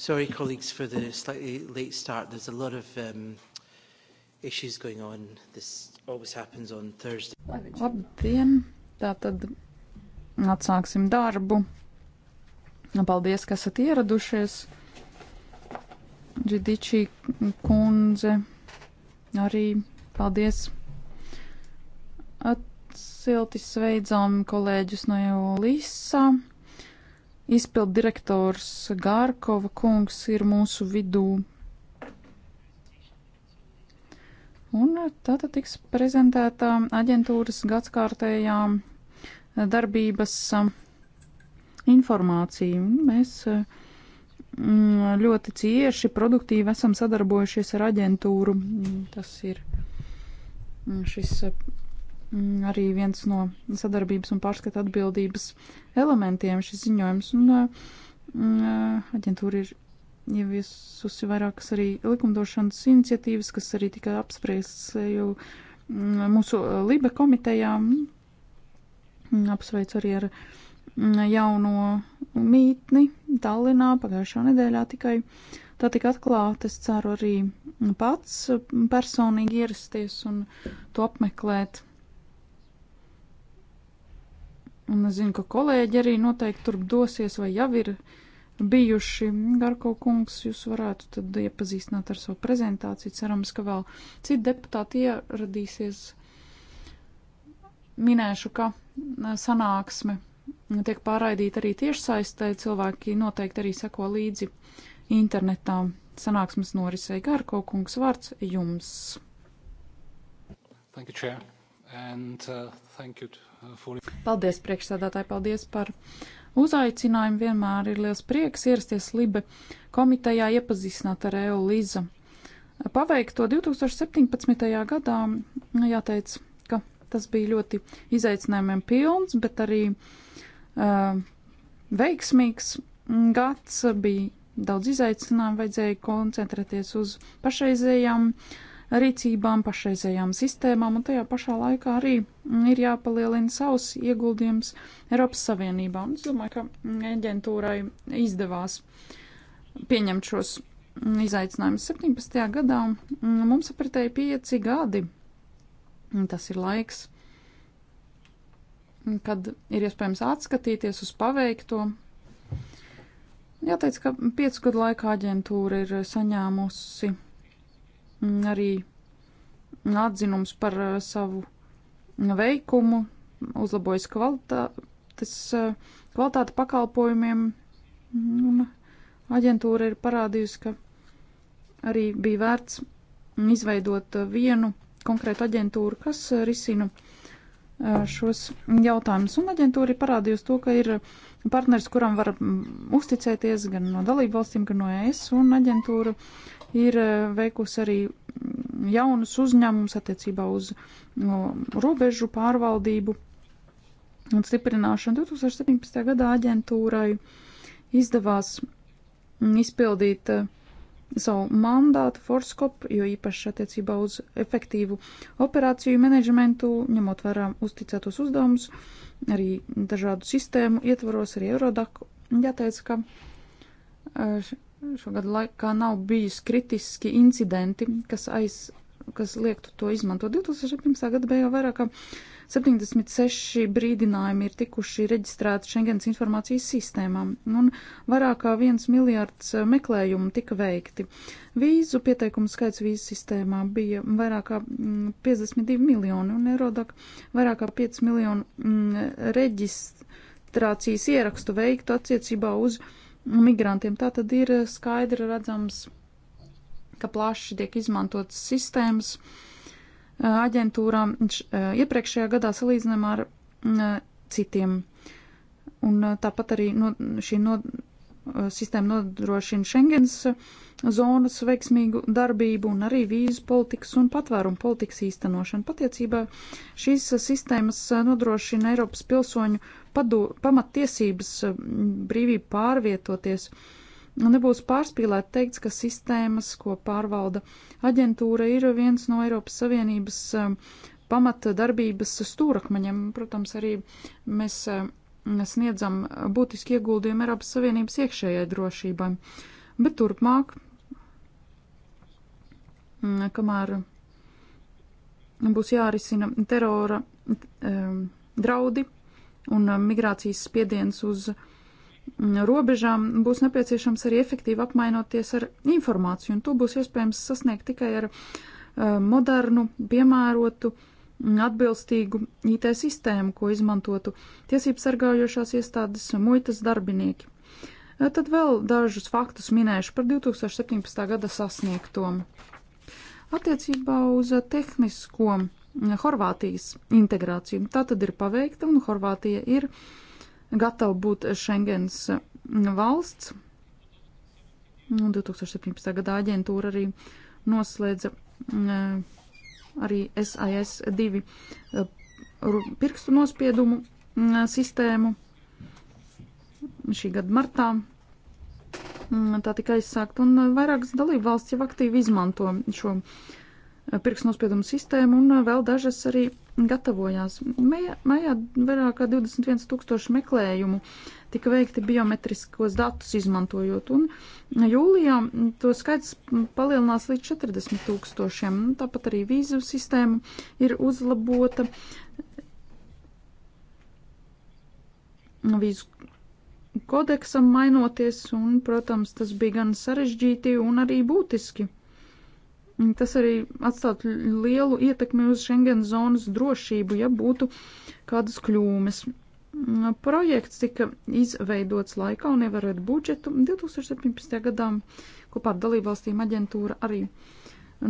Sorry, colleagues, for the slightly late start. There's a lot of um, issues going on. This always happens on Thursday. Labdien! Tātad atsāksim darbu. Paldies, ka esat ieradušies. Džidičī kundze arī paldies. Atsilti sveicām kolēģus no Lisa. Izpildu direktors Gārkova kungs ir mūsu vidū. Un tātad tiks prezentēta aģentūras gadskārtējā darbības um, informācija. Mēs um, ļoti cieši, produktīvi esam sadarbojušies ar aģentūru. Tas ir um, šis Mm, arī viens no sadarbības un pārskata atbildības elementiem šis ziņojums. Un uh, mm, uh, aģentūra ir ieviesusi vairākas arī likumdošanas iniciatīvas, kas arī tika apspriestas uh, jau mm, mūsu Libe komitejā. Apsveicu arī ar jauno mītni Tallinā pagājušā nedēļā tikai. Tā tika atklāta. Es ceru arī pats personīgi ierasties un to apmeklēt. Un es zinu, ka kolēģi arī noteikti tur dosies vai jau ir bijuši. Garko kungs, jūs varētu tad iepazīstināt ar savu prezentāciju. Cerams, ka vēl citi deputāti ieradīsies. Minēšu, ka sanāksme tiek pārraidīta arī tiešsaistē. Cilvēki noteikti arī seko līdzi internetā. Sanāksmes norisei Garko kungs vārds jums. Thank you, Chair. And uh, thank you to Paldies, priekšsādātāji, paldies par uzaicinājumu. Vienmēr ir liels prieks ierasties Libe komitejā iepazīstināt ar Eolīza paveikto 2017. gadā. Nu, jāteic, ka tas bija ļoti izaicinājumiem pilns, bet arī uh, veiksmīgs gads bija daudz izaicinājumu, vajadzēja koncentrēties uz pašreizējām uh, rīcībām, pašreizējām sistēmām, un tajā pašā laikā arī ir jāpalielina savs ieguldījums Eiropas Savienībā. Un es domāju, ka aģentūrai izdevās pieņemt šos izaicinājumus 17. gadā. Mums apritēja pieci gadi. Tas ir laiks, kad ir iespējams atskatīties uz paveikto, Jāteic, ka piecu gadu laikā aģentūra ir saņēmusi Mm, arī atzinums par uh, savu veikumu, uzlabojas kvalitātes, uh, kvalitāte pakalpojumiem, un aģentūra ir parādījusi, ka arī bija vērts izveidot uh, vienu konkrētu aģentūru, kas risina šos jautājumus. Un aģentūra ir parādījusi to, ka ir partners, kuram var mm, uzticēties gan no dalību valstīm, gan no ES, un aģentūra ir eh, veikusi arī mm, jaunus uzņēmumus attiecībā uz no, mm, robežu pārvaldību un stiprināšanu. 2017. gadā aģentūrai izdevās mm, izpildīt eh, savu mandātu Forskop, jo īpaši attiecībā uz efektīvu operāciju menedžmentu, ņemot vērā uzticētos uzdevumus, arī dažādu sistēmu ietvaros, arī Eurodak. Jāteic, ka eh, šo gadu laikā nav bijis kritiski incidenti, kas, aiz, kas liektu to izmantot. 2017. gada beigā vairāk kā 76 brīdinājumi ir tikuši reģistrēti Schengens informācijas sistēmām, un vairāk kā 1 miljārds meklējumu tika veikti. Vīzu pieteikumu skaits vīzu sistēmā bija vairāk kā 52 mm, miljoni, un erodāk vairāk kā 5 miljonu mm, reģistrācijas ierakstu veiktu attiecībā uz uh, migrantiem. Tā tad ir skaidri redzams, ka plaši tiek izmantotas sistēmas aģentūrām eh, iepriekšējā gadā salīdzinām ar mm, eh, citiem. Un eh, tāpat arī no, šī no, Uh, sistēma nodrošina Schengens uh, zonas veiksmīgu darbību un arī vīzu politikas un patvērumu politikas īstenošanu. Patiecībā šīs sistēmas uh, nodrošina Eiropas pilsoņu pamattiesības brīvību pārvietoties. Nebūs pārspīlēt teikt, ka sistēmas, ko pārvalda aģentūra, ir viens no Eiropas Savienības um, pamata darbības stūrakmeņiem. Protams, arī mēs um, sniedzam būtiski ieguldījumu Eiropas Savienības iekšējai drošībai. Bet turpmāk, mm, kamēr būs jārisina terora draudi un migrācijas spiediens uz mm, robežām, būs nepieciešams arī efektīvi apmainoties ar informāciju, un to būs iespējams sasniegt tikai ar eh, modernu, piemērotu, uh, atbilstīgu IT sistēmu, ko izmantotu tiesības sargājošās iestādes muitas darbinieki. E, tad vēl dažus faktus minēšu par 2017. gada sasniegtom. Attiecībā uz tehnisko Horvātijas integrāciju. Tā tad ir paveikta un Horvātija ir gatava būt Schengens valsts. 2017. gadā aģentūra arī noslēdza arī SIS 2 eh, pirkstu nospiedumu mm, sistēmu šī gada martā. Mm, tā tika aizsākt, un eh, vairākas dalību valsts jau aktīvi izmanto šo eh, pirkstu nospiedumu sistēmu, un vēl dažas arī gatavojās. Mējā vairāk kā 21 tūkstoši meklējumu uh, tika veikti biometriskos datus izmantojot, un jūlijā to skaits palielinās līdz 40 tūkstošiem. Nu, tāpat arī vīzu sistēma ir uzlabota. Vīzu kodeksam mainoties, un, protams, tas bija gan sarežģīti un arī būtiski. Tas arī atstātu lielu ietekmi uz Schengen zonas drošību, ja būtu kādas kļūmes. Projekts tika izveidots laikā un ievarot budžetu. 2017. gadā kopā ar dalībvalstīm aģentūra arī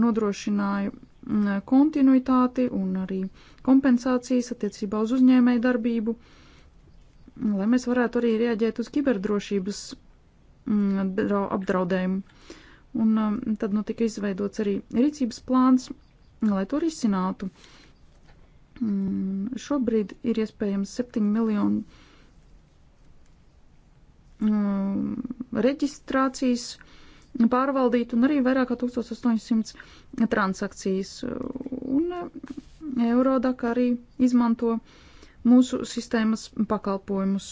nodrošināja mm, kontinuitāti un arī kompensācijas attiecībā uz uzņēmēju darbību, lai mēs varētu arī rieģēt uz kiberdrošības mm, apdraudējumu. Un mm, tad nu, tika izveidots arī rīcības plāns, lai to risinātu. Arī Mm, šobrīd ir iespējams 7 miljonu mm, reģistrācijas pārvaldīt un arī vairāk kā 1800 transakcijas. Un mm, Eurodak arī izmanto mūsu sistēmas pakalpojumus.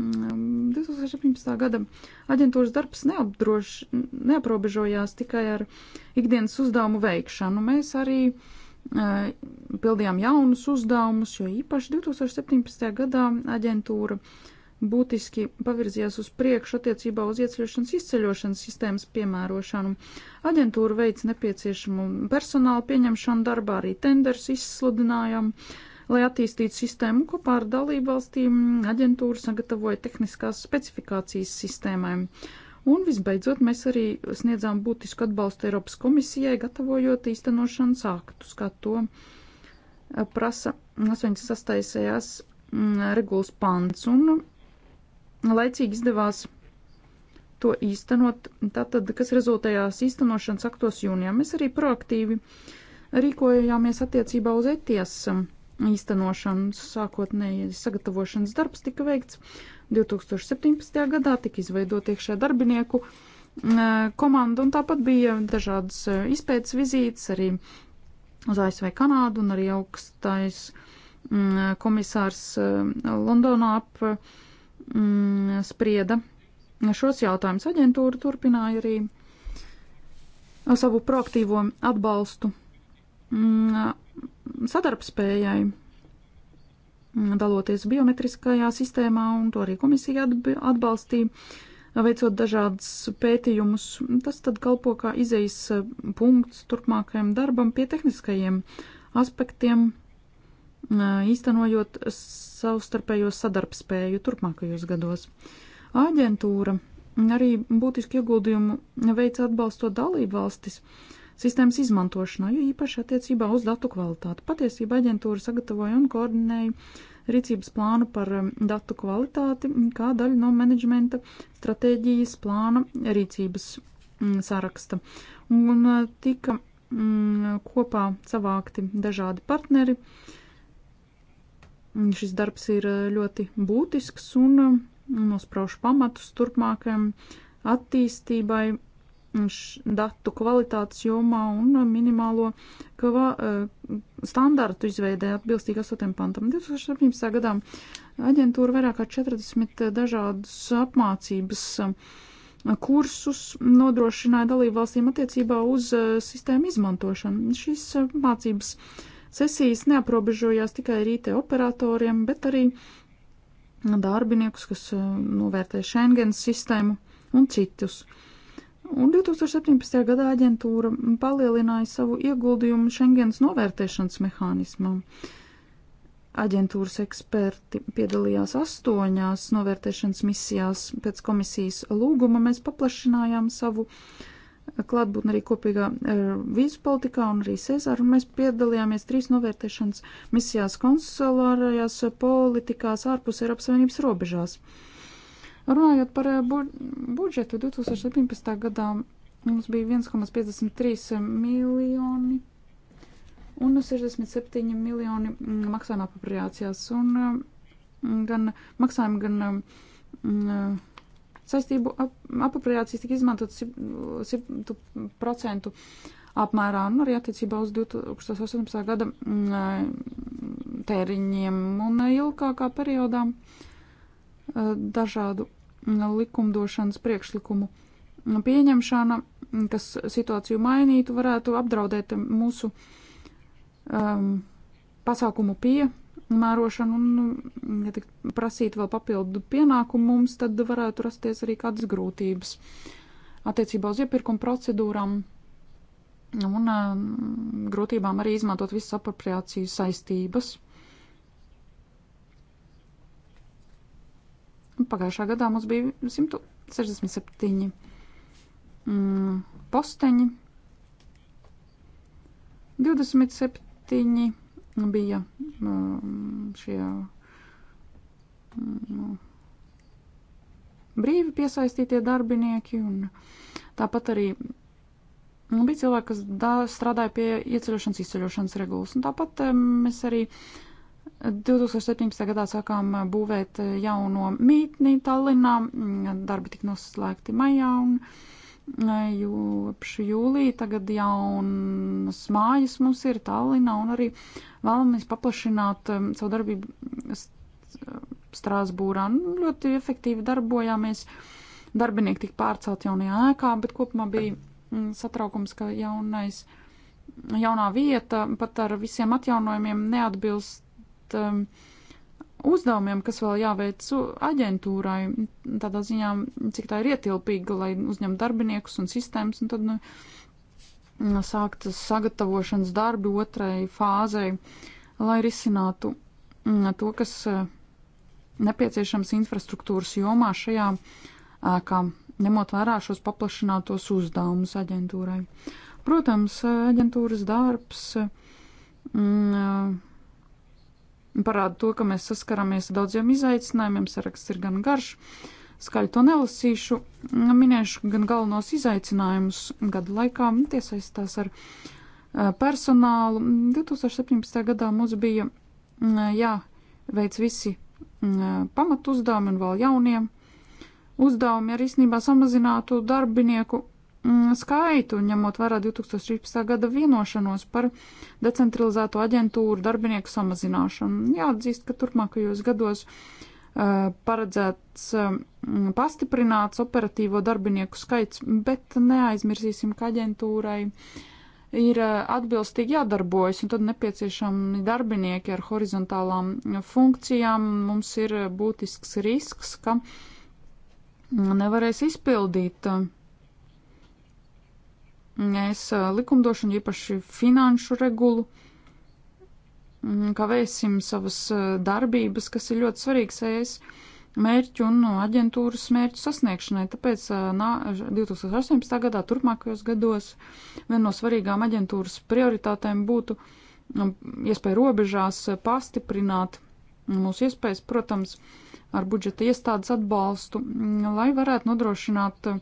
2017. gada aģentūras darbs neapdroš, neaprobežojās tikai ar ikdienas uzdevumu veikšanu. Mēs arī uh, Eh, pildījām jaunus uzdevumus, jo īpaši 2017. gadā aģentūra būtiski pavirzījās uz priekšu attiecībā uz ieceļošanas izceļošanas sistēmas piemērošanu. Aģentūra veic nepieciešamu personālu pieņemšanu darbā, arī tenders izsludinājām, lai attīstītu sistēmu kopā ar dalību valstīm. Aģentūra sagatavoja tehniskās specifikācijas sistēmai. Un visbeidzot, mēs arī sniedzām būtisku atbalstu Eiropas komisijai, gatavojot īstenošanas aktus, kā to eh, prasa 86. Mm, regulas pants, un laicīgi izdevās to īstenot, tātad, kas rezultējās īstenošanas aktos jūnijā. Mēs arī proaktīvi rīkojāmies attiecībā uz ETIAS mm, īstenošanu, sākotnēji sagatavošanas darbs tika veikts 2017. gadā tika izveidot iekšē darbinieku eh, komanda, un tāpat bija dažādas eh, izpētes vizītes arī uz ASV Kanādu un arī augstais mm, komisārs eh, Londonā ap mm, sprieda šos jautājumus. Aģentūra turpināja arī savu proaktīvo atbalstu mm, sadarbspējai Mm, daloties biometriskajā sistēmā, un to arī komisija atbalstīja, veicot dažādas pētījumus. Tas tad kalpo kā izejas eh, punkts turpmākajam darbam pie tehniskajiem aspektiem, eh, īstenojot savstarpējo sadarbspēju turpmākajos gados. Aģentūra arī būtisku ieguldījumu veica atbalstot dalību valstis sistēmas izmantošanā, jo īpaši attiecībā uz datu kvalitāti. Patiesībā aģentūra sagatavoja un koordinēja rīcības plānu par um, datu kvalitāti kā daļu no menedžmenta stratēģijas plāna rīcības saraksta. Un uh, tika mm, kopā savākti dažādi partneri. Šis darbs ir uh, ļoti būtisks un um, nospraušu pamatus turpmākajam attīstībai datu kvalitātes jomā un minimālo kva, eh, standartu izveidē atbilstīgi 8. pantam. 2017. gadā aģentūra vairāk kā 40 dažādus apmācības eh, kursus nodrošināja dalību valstīm attiecībā uz eh, sistēmu izmantošanu. Šīs mācības sesijas neaprobežojās tikai ar IT operatoriem, bet arī darbiniekus, kas novērtē Schengens sistēmu un citus. Uh, Un 2017. gadā aģentūra palielināja savu ieguldījumu Schengens novērtēšanas mehānismam. Aģentūras eksperti piedalījās astoņās novērtēšanas misijās. Pēc komisijas lūguma mēs paplašinājām savu klātbūtni arī kopīgā eh, vīzu politikā un arī Cezāru. Mēs piedalījāmies trīs novērtēšanas misijās konsulārajās politikās ārpus Eiropas Savienības robežās. Uh, Runājot par eh, bu budžetu, 2017. gadā mums bija 1,53 eh, miljoni un 67 miljoni mm, maksājuma apropriācijās. Un, eh, gan maksājumi, gan mm, saistību ap, apapriācijas tika izmantot 100% apmērā, un arī attiecībā uz 2018. gada mm, tēriņiem un ilgākā periodā. Uh, Uh, dažādu mm, likumdošanas priekšlikumu nu, pieņemšana, mm, kas situāciju mainītu, varētu apdraudēt mūsu um, pasākumu piemērošanu un mm, ja tik, prasīt vēl papildu pienākumu mums, tad varētu rasties arī kādas grūtības attiecībā uz iepirkuma procedūrām un um, grūtībām arī izmantot visas apropriācijas saistības. Pagājušā gadā mums bija 167 mm, posteņi, 27 bija mm, šie mm, nu, brīvi piesaistītie darbinieki, un tāpat arī mm, bija cilvēki, kas da, strādāja pie ieceļošanas, izceļošanas regulas, un tāpat mm, mēs arī uh, 2017. gadā sākām būvēt jauno mītni Tallinā, mm, darbi tika noslēgti maijā un jūpši jūlija tagad jaunas mājas mums ir Tallinā un arī vēlamies paplašināt savu darbību Strāsbūrā. Nu, ļoti efektīvi darbojāmies, darbinieki tika pārcelt jaunajā ēkā, bet kopumā bija mm, satraukums, ka jaunais jaunā vieta pat ar visiem atjaunojumiem neatbilst pret um, uzdevumiem, kas vēl jāveic aģentūrai, tādā ziņā, cik tā ir ietilpīga, lai uzņemtu darbiniekus un sistēmas, un tad nu, sākt sagatavošanas darbi otrai fāzei, lai risinātu mm, to, kas uh, nepieciešams infrastruktūras jomā šajā ēkā, uh, ņemot vērā šos paplašinātos uzdevumus aģentūrai. Protams, aģentūras darbs. Mm, uh, parāda to, ka mēs saskaramies ar daudziem izaicinājumiem. Saraksts ir gan garš, skaļi to nelasīšu. Minēšu gan galvenos izaicinājumus gada laikā, tie saistās ar personālu. 2017. gadā mums bija jāveic visi pamatu uzdevumi un vēl jaunie uzdevumi ar īstenībā samazinātu darbinieku Mm, skaitu, ņemot vērā 2013. gada vienošanos par decentralizēto aģentūru darbinieku samazināšanu. Jāatzīst, ka turpmākajos gados eh, paredzēts eh, mm, pastiprināts operatīvo darbinieku skaits, bet neaizmirsīsim, ka aģentūrai ir eh, atbilstīgi jādarbojas, un tad nepieciešami darbinieki ar horizontālām funkcijām. Mums ir būtisks risks, ka mm, nevarēs izpildīt uh, es likumdošanu, īpaši finanšu regulu, mm, kavēsim savas darbības, kas ir ļoti svarīgs ES mērķu un aģentūras mērķu sasniegšanai. Tāpēc nā, 2018. gadā, turpmākajos gados, viena no svarīgām aģentūras prioritātēm būtu nu, iespēja robežās pastiprināt mūsu iespējas, protams, ar budžeta iestādes atbalstu, mm, lai varētu nodrošināt uh,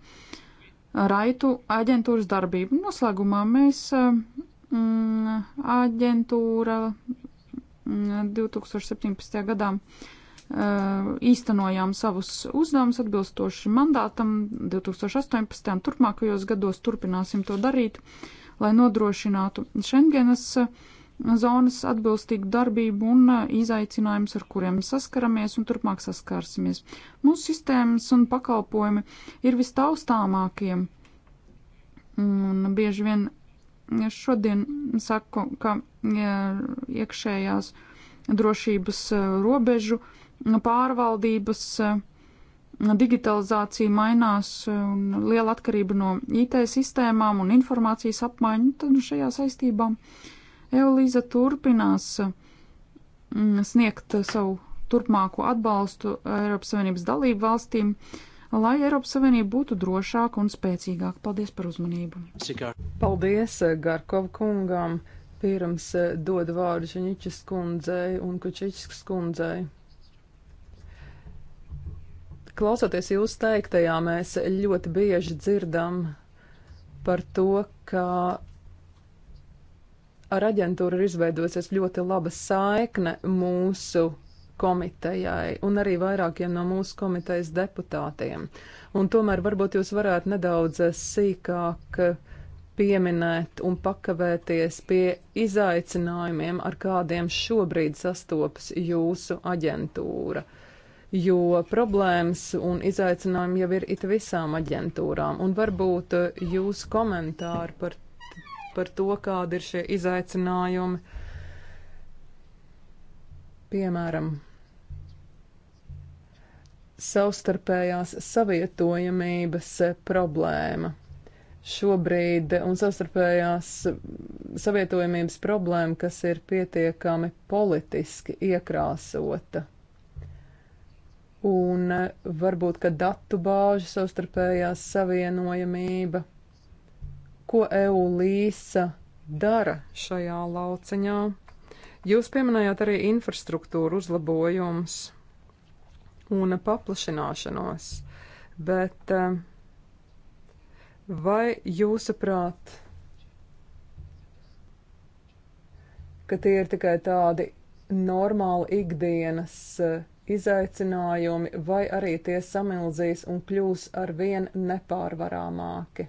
raitu aģentūras darbību. Noslēgumā mēs eh, mm, aģentūra 2017. Mm, gadā eh, īstenojām savus uzdevumus atbilstoši mandātam 2018. un turpmākajos gados turpināsim to darīt, lai nodrošinātu Schengenas uh, zonas atbilstīgu darbību un uh, izaicinājumus, ar kuriem saskaramies un turpmāk saskarsimies. Mūsu sistēmas un pakalpojumi ir vistaustāmākie. Un bieži vien es šodien saku, ka iekšējās drošības uh, robežu pārvaldības uh, digitalizācija mainās un liela atkarība no IT sistēmām un informācijas apmaiņu, tad šajā saistībā uh, Eulīza turpinās mm, sniegt savu turpmāko atbalstu Eiropas Savienības dalību valstīm, lai Eiropas Savienība būtu drošāka un spēcīgāka. Paldies par uzmanību! Paldies eh, Garkov kungam! Pirms eh, dod vārdu Žaņiķis kundzei un Kučiķis kundzei. Klausoties jūs teiktajā, mēs ļoti bieži dzirdam par to, ka Ar aģentūru ir izveidojusies ļoti laba saikne mūsu komitejai un arī vairākiem no mūsu komitejas deputātiem. Un tomēr varbūt jūs varētu nedaudz eh, sīkāk eh, pieminēt un pakavēties pie izaicinājumiem, ar kādiem šobrīd sastopas jūsu aģentūra. Jo problēmas un izaicinājumi jau ir it visām aģentūrām, un varbūt eh, jūsu komentāri par par to, kādi ir šie izaicinājumi. Piemēram, savstarpējās savietojamības problēma. Šobrīd un savstarpējās savietojamības problēma, kas ir pietiekami politiski iekrāsota. Un varbūt, ka datu bāžu savstarpējās savienojamība ko EULīsa dara šajā lauciņā. Jūs pieminējāt arī infrastruktūru uzlabojumus un paplašināšanos, bet eh, vai jūsuprāt, ka tie ir tikai tādi normāli ikdienas eh, izaicinājumi, vai arī tie samildzīs un kļūs ar vien nepārvarāmāki?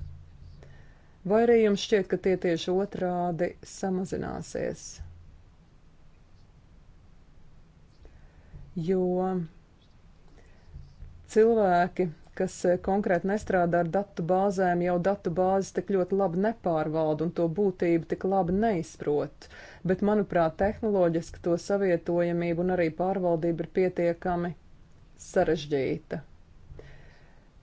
vai arī jums šķiet, ka tie tieši otrādi samazināsies? Jo cilvēki, kas eh, konkrēti nestrādā ar datu bāzēm, jau datu bāzes tik ļoti labi nepārvalda un to būtību tik labi neizprot. Bet, manuprāt, tehnoloģiski to savietojamība un arī pārvaldība ir pietiekami sarežģīta.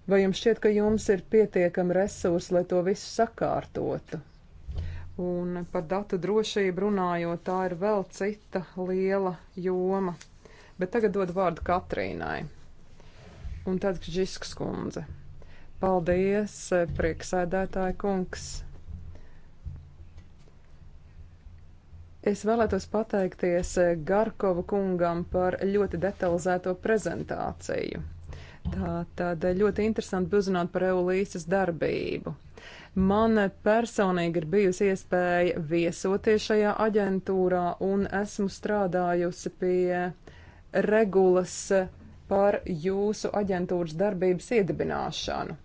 Vai jums šķiet, ka jums ir pietiekami resursi, lai to visu sakārtotu? Un par datu drošību runājot, tā ir vēl cita liela joma. Bet tagad dod vārdu Katrīnai. Un tad Žisks kundze. Paldies, prieksēdētāja kungs. Es vēlētos pateikties Garkova kungam par ļoti detalizēto prezentāciju. Tā tad ļoti interesanti bija uzzināt par Eulīsas darbību. Man personīgi ir bijusi iespēja viesoties šajā aģentūrā un esmu strādājusi pie regulas par jūsu aģentūras darbības iedibināšanu.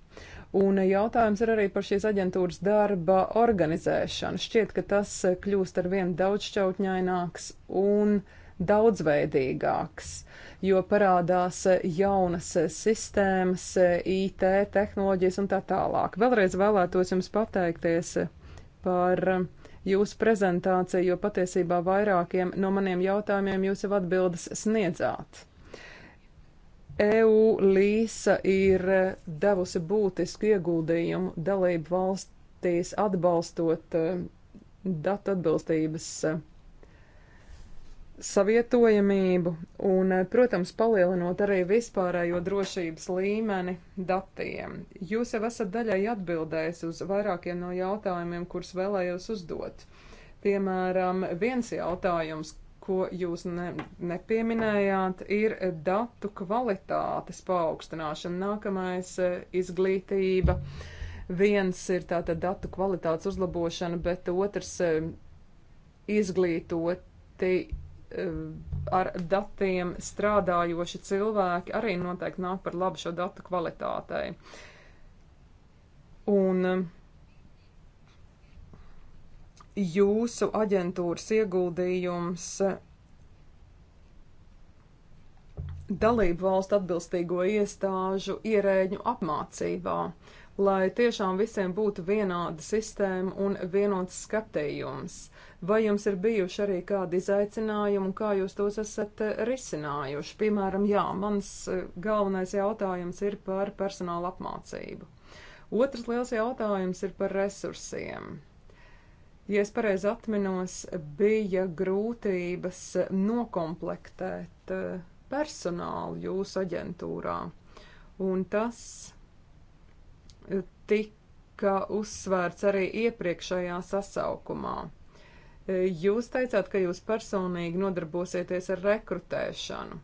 Un jautājums ir arī par šīs aģentūras darba organizēšanu. Šķiet, ka tas kļūst ar vien daudz šķautņaināks un daudzveidīgāks. Uh, jo parādās jaunas sistēmas, IT tehnoloģijas un tā tālāk. Vēlreiz vēlētos jums pateikties par jūsu prezentāciju, jo patiesībā vairākiem no maniem jautājumiem jūs jau atbildes sniedzāt. EU Līsa ir devusi būtisku ieguldījumu dalību valstīs atbalstot datu atbilstības uh, savietojamību un, eh, protams, palielinot arī vispārējo drošības līmeni datiem. Jūs jau esat daļai atbildējis uz vairākiem no jautājumiem, kurus vēlējos uzdot. Piemēram, viens jautājums, ko jūs ne, nepieminējāt, ir datu kvalitātes paaugstināšana. Nākamais eh, - izglītība. Viens ir tātad datu kvalitātes uzlabošana, bet otrs eh, - izglītoti Ehm, ar datiem strādājoši cilvēki arī noteikti nāk par labu šo datu kvalitātei. Un ehm, jūsu aģentūras ieguldījums ehm, dalību valstu atbilstīgo iestāžu ierēģu apmācībā. Uh, lai tiešām visiem būtu vienāda sistēma un vienots skatījums. Vai jums ir bijuši arī kādi izaicinājumi un kā jūs tos esat eh, risinājuši? Piemēram, jā, mans eh, galvenais jautājums ir par personāla apmācību. Otrs liels jautājums ir par resursiem. Ja es pareizi atminos, bija grūtības nokomplektēt eh, personālu jūsu aģentūrā. Un tas tika uzsvērts arī iepriekšējā sasaukumā. E, jūs teicāt, ka jūs personīgi nodarbosieties ar rekrutēšanu.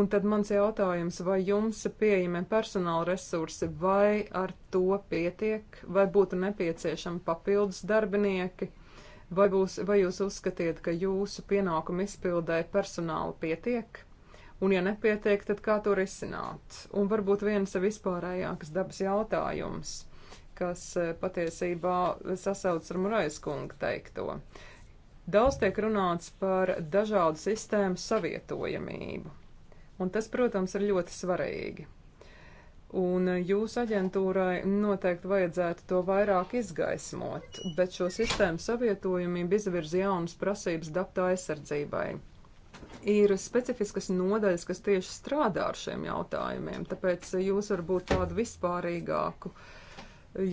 Un tad mans jautājums, vai jums pieejami personāla resursi, vai ar to pietiek, vai būtu nepieciešami papildus darbinieki, vai, būs, vai jūs uzskatiet, ka jūsu pienākumu izpildē personāla pietiek? un, ja nepietiek, tad kā to risināt? Un varbūt viens vispārējākas dabas jautājums, kas e, patiesībā sasauc ar Murais kunga teikto. Daudz tiek runāts par dažādu sistēmu savietojamību, un tas, protams, ir ļoti svarīgi. Un e, jūsu aģentūrai noteikti vajadzētu to vairāk izgaismot, bet šo sistēmu savietojamību izvirza jaunas prasības datu aizsardzībai ir specifiskas nodaļas, kas tieši strādā ar šiem jautājumiem, tāpēc jūs varbūt tādu vispārīgāku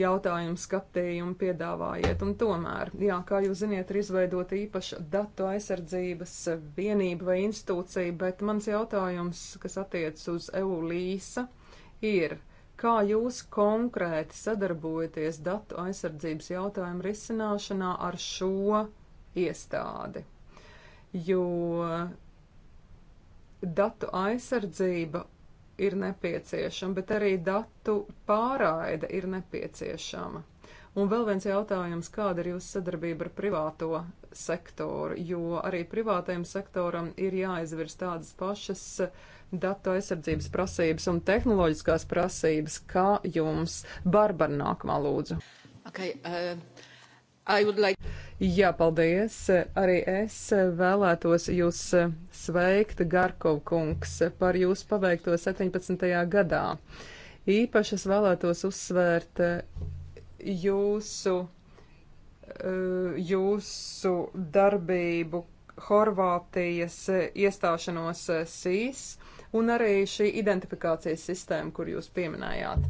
jautājumu skatījumu piedāvājiet. Un tomēr, jā, kā jūs ziniet, ir izveidota īpaša datu aizsardzības vienība vai institūcija, bet mans jautājums, kas attiec uz EU līsa, ir, kā jūs konkrēti sadarbojaties datu aizsardzības jautājumu risināšanā ar šo iestādi? jo datu aizsardzība ir nepieciešama, bet arī datu pārraide ir nepieciešama. Un vēl viens jautājums, kāda ir jūsu sadarbība ar privāto sektoru, jo arī privātajam sektoram ir jāizvirs tādas pašas datu aizsardzības prasības un tehnoloģiskās prasības, kā jums Barbara nākamā lūdzu. Okay, uh... Like... Jā, paldies. Arī es vēlētos jūs sveikt, Garkov kungs, par jūsu paveikto 17. gadā. Īpaši es vēlētos uzsvērt eh, jūsu, eh, jūsu darbību Horvātijas iestāšanos eh, SIS un arī šī identifikācijas sistēma, kur jūs pieminējāt.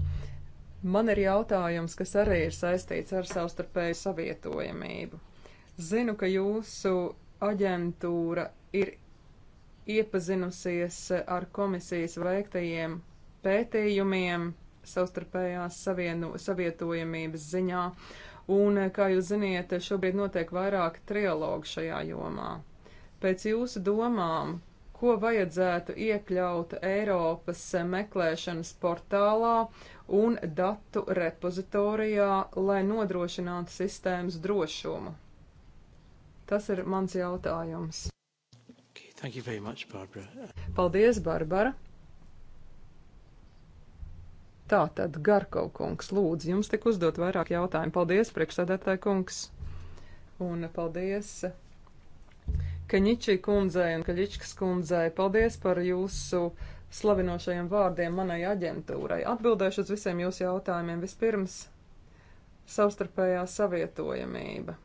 Man ir jautājums, kas arī ir saistīts ar savstarpēju savietojamību. Zinu, ka jūsu aģentūra ir iepazinusies ar komisijas veiktajiem pētījumiem savstarpējās savienu, savietojamības ziņā, un, kā jūs ziniet, šobrīd notiek vairāk trialogu šajā jomā. Pēc jūsu domām, ko vajadzētu iekļaut Eiropas meklēšanas portālā un datu repozitorijā, lai nodrošinātu sistēmas drošumu? Tas ir mans jautājums. Okay, much, Barbara. Paldies, Barbara! Tātad, Garkov kungs, lūdzu, jums tik uzdot vairāk jautājumu. Paldies, priekšsēdētāji kungs, un paldies Kaņiči kundzei un Kaļičkas kundzei. Paldies par jūsu slavinošajiem vārdiem manai aģentūrai. Atbildēšu uz visiem jūsu jautājumiem. Vispirms savstarpējā savietojamība.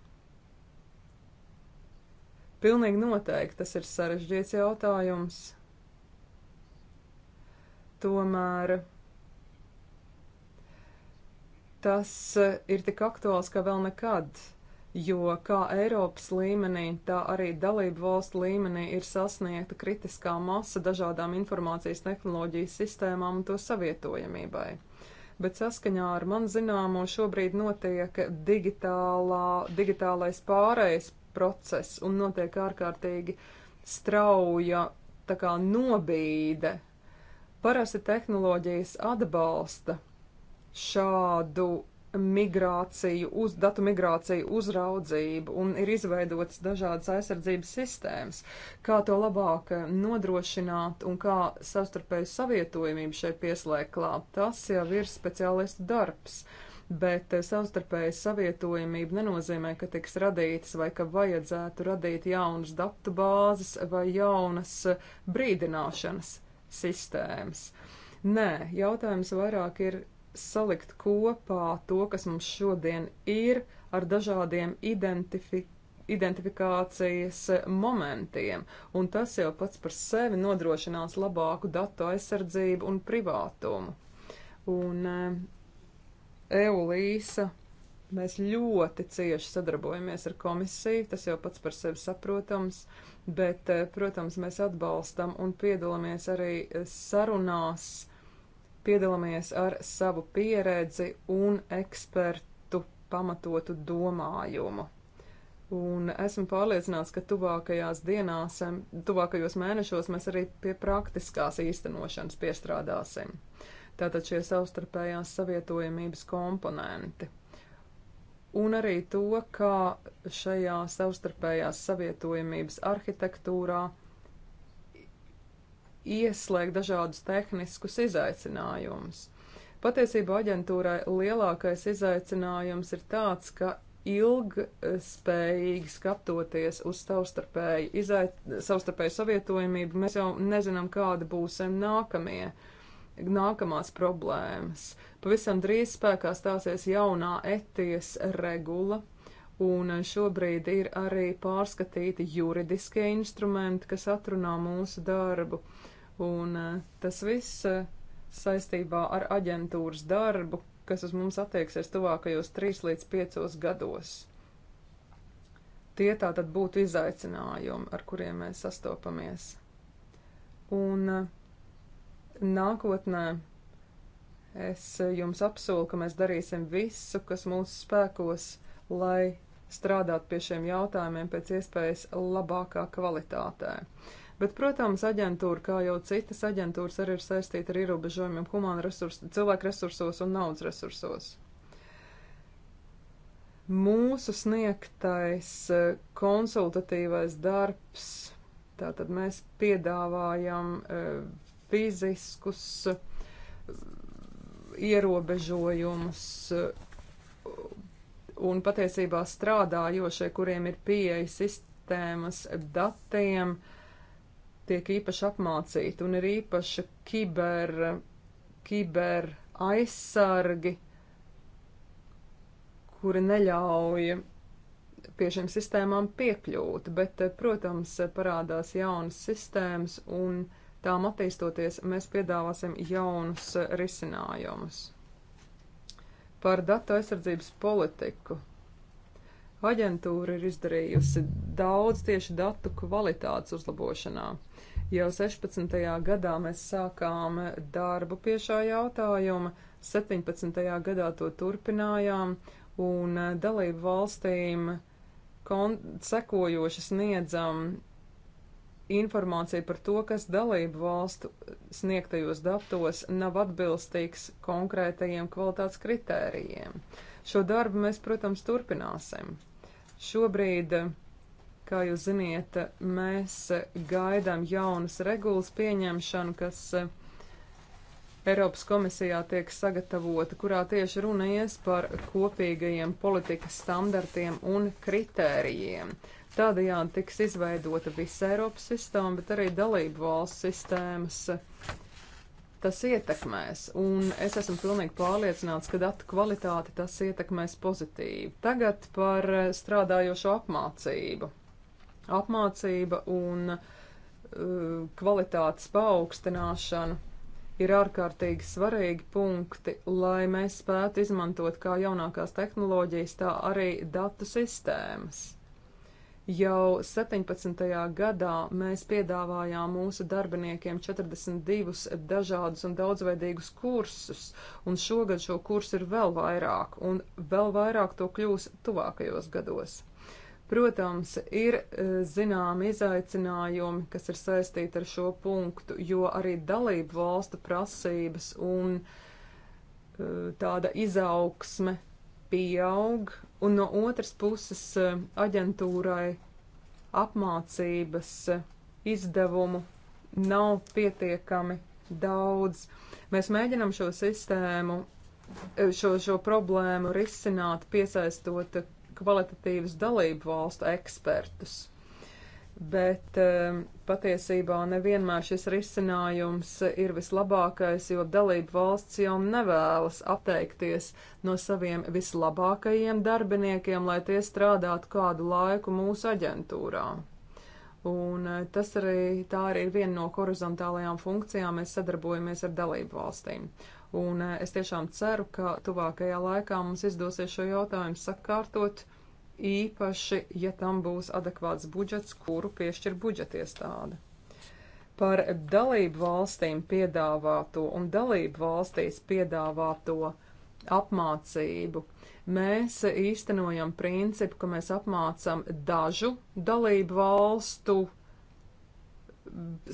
Pilnīgi noteikti tas ir sarežģīts jautājums. Tomēr tas ir tik aktuāls kā vēl nekad jo kā Eiropas līmenī, tā arī dalību valstu līmenī ir sasniegta kritiskā masa dažādām informācijas tehnoloģijas sistēmām un to savietojamībai. Bet saskaņā ar man zināmo šobrīd notiek digitālā, digitālais pārējais process un notiek ārkārtīgi strauja tā kā nobīde. Parasti tehnoloģijas atbalsta šādu migrāciju, uz datu migrāciju uzraudzību un ir izveidotas dažādas aizsardzības sistēmas. Kā to labāk nodrošināt un kā savstarpēju savietojumību šeit pieslēgt klāt, tas jau ir speciālistu darbs. Bet savstarpēja savietojamība nenozīmē, ka tiks radītas vai ka vajadzētu radīt jaunas datu bāzes vai jaunas brīdināšanas sistēmas. Nē, jautājums vairāk ir salikt kopā to, kas mums šodien ir, ar dažādiem identifi identifikācijas momentiem, un tas jau pats par sevi nodrošinās labāku datu aizsardzību un privātumu. Un eh, Eulīsa mēs ļoti cieši sadarbojamies ar komisiju, tas jau pats par sevi saprotams, bet, eh, protams, mēs atbalstam un piedalāmies arī eh, sarunās piedalāmies ar savu pieredzi un ekspertu pamatotu domājumu. Un esmu pārliecināts, ka tuvākajās dienās, tuvākajos mēnešos mēs arī pie praktiskās īstenošanas piestrādāsim. Tātad šie savstarpējās savietojamības komponenti. Un arī to, kā šajā savstarpējās savietojamības arhitektūrā ieslēgt dažādus tehniskus izaicinājumus. Patiesībā aģentūrai lielākais izaicinājums ir tāds, ka ilgspējīgi skatoties uz savstarpēju, izait, savstarpēju savietojamību, mēs jau nezinām, kāda būs nākamie, nākamās problēmas. Pavisam drīz spēkā stāsies jaunā etijas regula, un šobrīd ir arī pārskatīti juridiskie instrumenti, kas atrunā mūsu darbu. Uh, Un eh, tas viss eh, saistībā ar aģentūras darbu, kas uz mums attieksies tuvākajos 3 līdz 5 gados. Tie tā tad būtu izaicinājumi, ar kuriem mēs sastopamies. Un eh, nākotnē es jums apsolu, ka mēs darīsim visu, kas mūsu spēkos, lai strādātu pie šiem jautājumiem pēc iespējas labākā kvalitātē. Uh, Bet, protams, aģentūra, kā jau citas aģentūras, arī ir saistīta ar ierobežojumiem humāna resursu, cilvēku resursos un naudas resursos. Mūsu sniegtais eh, konsultatīvais darbs, tātad mēs piedāvājam eh, fiziskus eh, ierobežojumus un patiesībā strādājošie, kuriem ir pieeja sistēmas datiem, uh, tiek īpaši apmācīti un ir īpaša kiber, kiber aizsargi, kuri neļauj pie šiem sistēmām piekļūt, bet, protams, parādās jaunas sistēmas un tām attīstoties mēs piedāvāsim jaunus risinājumus. Par datu aizsardzības politiku aģentūra ir izdarījusi daudz tieši datu kvalitātes uzlabošanā. Jau 16. gadā mēs sākām darbu pie šā jautājuma, 17. gadā to turpinājām, un eh, dalību valstīm sekojoši sniedzam informāciju par to, kas dalību valstu sniegtajos datos nav atbilstīgs konkrētajiem kvalitātes kritērijiem. Šo darbu mēs, protams, turpināsim. Šobrīd Kā jūs ziniet, mēs gaidām jaunas regulas pieņemšanu, kas eh, Eiropas komisijā tiek sagatavota, kurā tieši runa ies par kopīgajiem politikas standartiem un kritērijiem. Tādējādi tiks izveidota visa Eiropas sistēma, bet arī dalību valsts sistēmas. Eh, tas ietekmēs, un es esmu pilnīgi pārliecināts, ka datu kvalitāti tas ietekmēs pozitīvi. Tagad par eh, strādājošo apmācību apmācība un uh, kvalitātes paaugstināšana ir ārkārtīgi svarīgi punkti, lai mēs spētu izmantot kā jaunākās tehnoloģijas, tā arī datu sistēmas. Jau 17. gadā mēs piedāvājām mūsu darbiniekiem 42 dažādus un daudzveidīgus kursus, un šogad šo kursu ir vēl vairāk, un vēl vairāk to kļūs tuvākajos gados. Protams, ir e, zināmi izaicinājumi, kas ir saistīti ar šo punktu, jo arī dalību valstu prasības un e, tāda izaugsme pieaug, un no otras puses e, aģentūrai apmācības izdevumu nav pietiekami daudz. Mēs mēģinam šo sistēmu, šo, šo problēmu risināt, piesaistot kvalitatīvus dalību valstu ekspertus. Bet um, patiesībā nevienmēr šis risinājums ir vislabākais, jo dalību valsts jau nevēlas atteikties no saviem vislabākajiem darbiniekiem, lai tie strādātu kādu laiku mūsu aģentūrā. Un uh, tas arī, tā arī ir viena no horizontālajām funkcijām. Mēs sadarbojamies ar dalību valstīm. Un eh, es tiešām ceru, ka tuvākajā laikā mums izdosies šo jautājumu sakārtot, īpaši, ja tam būs adekvāts budžets, kuru piešķir budžetiestāde. Par dalību valstīm piedāvāto un dalību valstīs piedāvāto apmācību. Mēs īstenojam principu, ka mēs apmācam dažu dalību valstu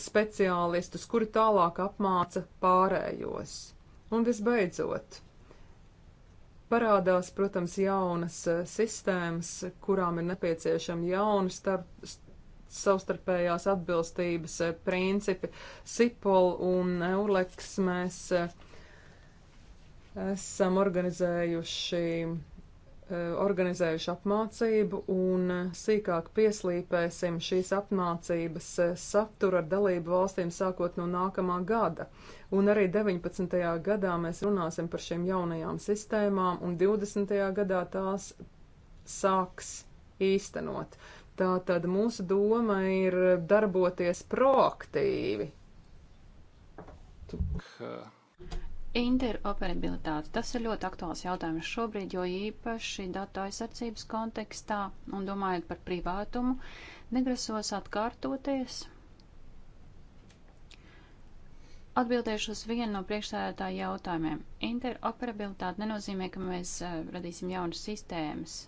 speciālistus, kuri tālāk apmāca pārējos. Un visbeidzot, parādās, protams, jaunas eh, sistēmas, kurām ir nepieciešama jauna starp, savstarpējās atbilstības eh, principi. Sipol un Euleks mēs eh, esam organizējuši Eh, organizējuši apmācību un sīkāk pieslīpēsim šīs apmācības eh, saturu ar dalību valstīm sākot no nākamā gada. Un arī 19. gadā mēs runāsim par šīm jaunajām sistēmām un 20. gadā tās sāks īstenot. Tātad mūsu doma ir darboties proaktīvi. Tuk. Eh, Interoperabilitāte. Tas ir ļoti aktuāls jautājums šobrīd, jo īpaši datu aizsardzības kontekstā un domājot par privātumu, negrasos atkārtoties. Atbildēšu uz vienu no priekšstādātāja jautājumiem. Interoperabilitāte nenozīmē, ka mēs eh, radīsim jaunas sistēmas.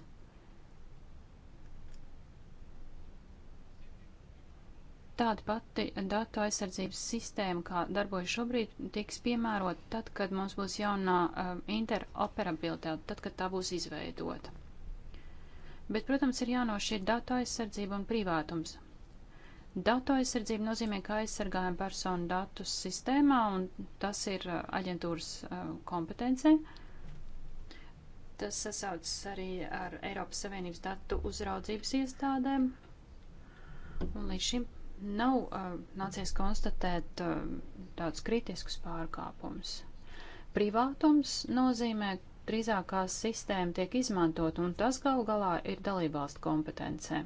Tāda pati datu aizsardzības sistēma, kā darbojas šobrīd, tiks piemērot tad, kad mums būs jaunā uh, interoperabilitāte, tad, kad tā būs izveidota. Bet, protams, ir jānošķir datu aizsardzība un privātums. Datu aizsardzība nozīmē, ka aizsargājam personu datus sistēmā, un tas ir uh, aģentūras uh, kompetencē. Tas sasaucas arī ar Eiropas Savienības datu uzraudzības iestādēm. Un līdz šim nav uh, nācies konstatēt uh, tādus kritiskus pārkāpumus. Privātums nozīmē, drīzāk kā sistēma tiek izmantot, un tas gal galā ir dalībvalstu kompetencē.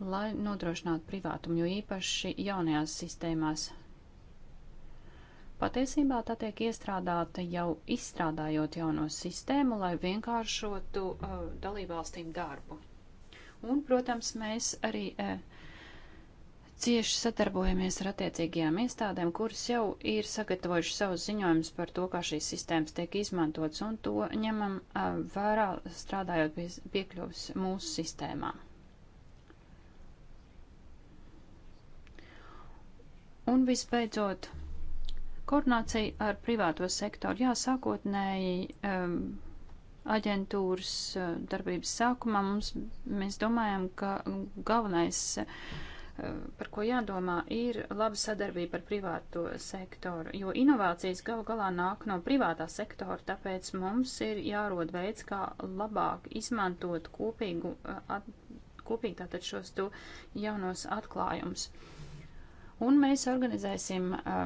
Lai nodrošinātu privātumu, jo īpaši jaunajās sistēmās. Patiesībā tā tiek iestrādāta jau izstrādājot jauno sistēmu, lai vienkāršotu uh, dalībvalstīm darbu. Un, protams, mēs arī uh, cieši sadarbojamies ar attiecīgajām iestādēm, kuras jau ir sagatavojuši savus ziņojumus par to, kā šīs sistēmas tiek izmantotas, un to ņemam vērā strādājot pie piekļuvas mūsu sistēmām. Un visbeidzot, koordinācija ar privāto sektoru. Jā, sākotnēji um, aģentūras uh, darbības sākumā mums, mēs domājam, ka galvenais uh, par ko jādomā, ir laba sadarbība ar privāto sektoru, jo inovācijas gal galā nāk no privātā sektora, tāpēc mums ir jārod veids, kā labāk izmantot kopīgu, at, kopīgi tātad šos tu jaunos atklājumus. Uh, Un mēs organizēsim uh,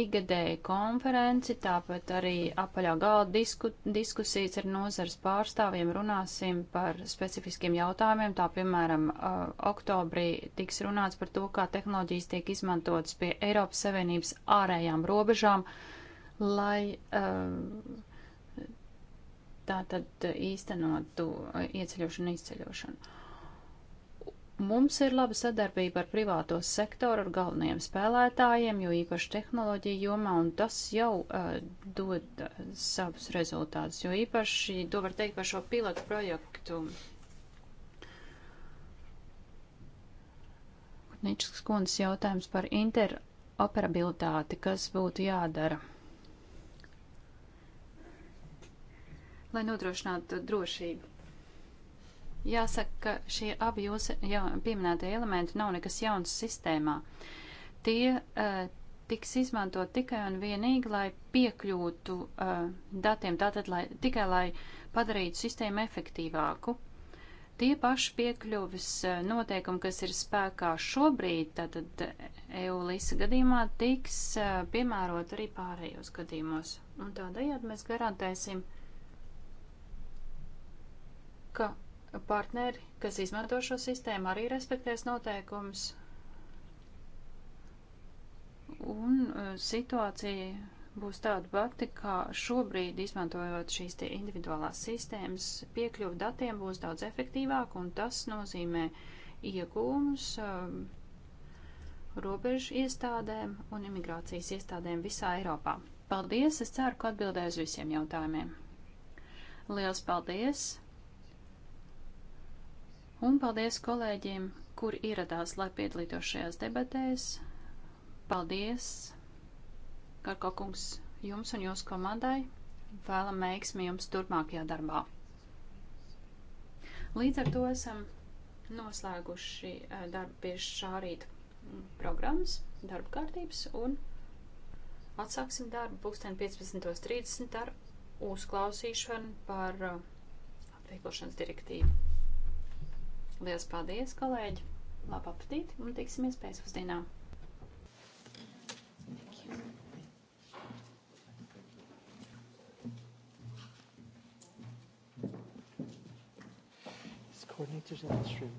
ikgadēju konferenci, tāpat arī apaļā galda disku, diskusijas ar nozars pārstāvjiem runāsim par specifiskiem jautājumiem. Tā piemēram, uh, oktobrī tiks runāts par to, kā tehnoloģijas tiek izmantotas pie Eiropas Savienības ārējām robežām, lai uh, tā tad īstenotu uh, ieceļošanu un izceļošanu. Mums ir laba sadarbība ar privāto sektoru, ar galvenajiem spēlētājiem, jo īpaši tehnoloģija jomā, un tas jau uh, dod uh, savus rezultātus, jo īpaši to var teikt par šo pilotu projektu. Nīčs kundzes jautājums par interoperabilitāti, kas būtu jādara. Lai nodrošinātu drošību. Jāsaka, ka šie abi jūs jā, pieminētie elementi nav nekas jauns sistēmā. Tie uh, tiks izmantot tikai un vienīgi, lai piekļūtu uh, datiem, tātad lai, tikai lai padarītu sistēmu efektīvāku. Tie paši piekļuvis eh, noteikumi, kas ir spēkā šobrīd, tātad EULISA gadījumā, tiks uh, piemērot arī pārējos gadījumos. Un tādējādi mēs garantēsim, ka partneri, kas izmanto šo sistēmu, arī respektēs noteikumus. Un uh, situācija būs tāda pati, kā šobrīd, izmantojot šīs individuālās sistēmas, piekļuva datiem būs daudz efektīvāk, un tas nozīmē iegūmus um, robežu iestādēm un imigrācijas iestādēm visā Eiropā. Paldies! Es ceru, ka atbildēju uz visiem jautājumiem. Liels paldies! Un paldies kolēģiem, kur ieradās, lai piedalītos šajās debatēs. Paldies, Karkokungs, jums un jūsu komandai. Vēlam veiksmi jums turpmākajā darbā. Līdz ar to esam noslēguši eh, darbu pie šā rīta programmas, darba kārtības un atsāksim darbu pulksten 15.30 ar uzklausīšanu par eh, apveiklošanas direktīvu. Lielas paldies, kolēģi! Labu apetīti un tiksimies pēcpusdienā! coordinators in this room.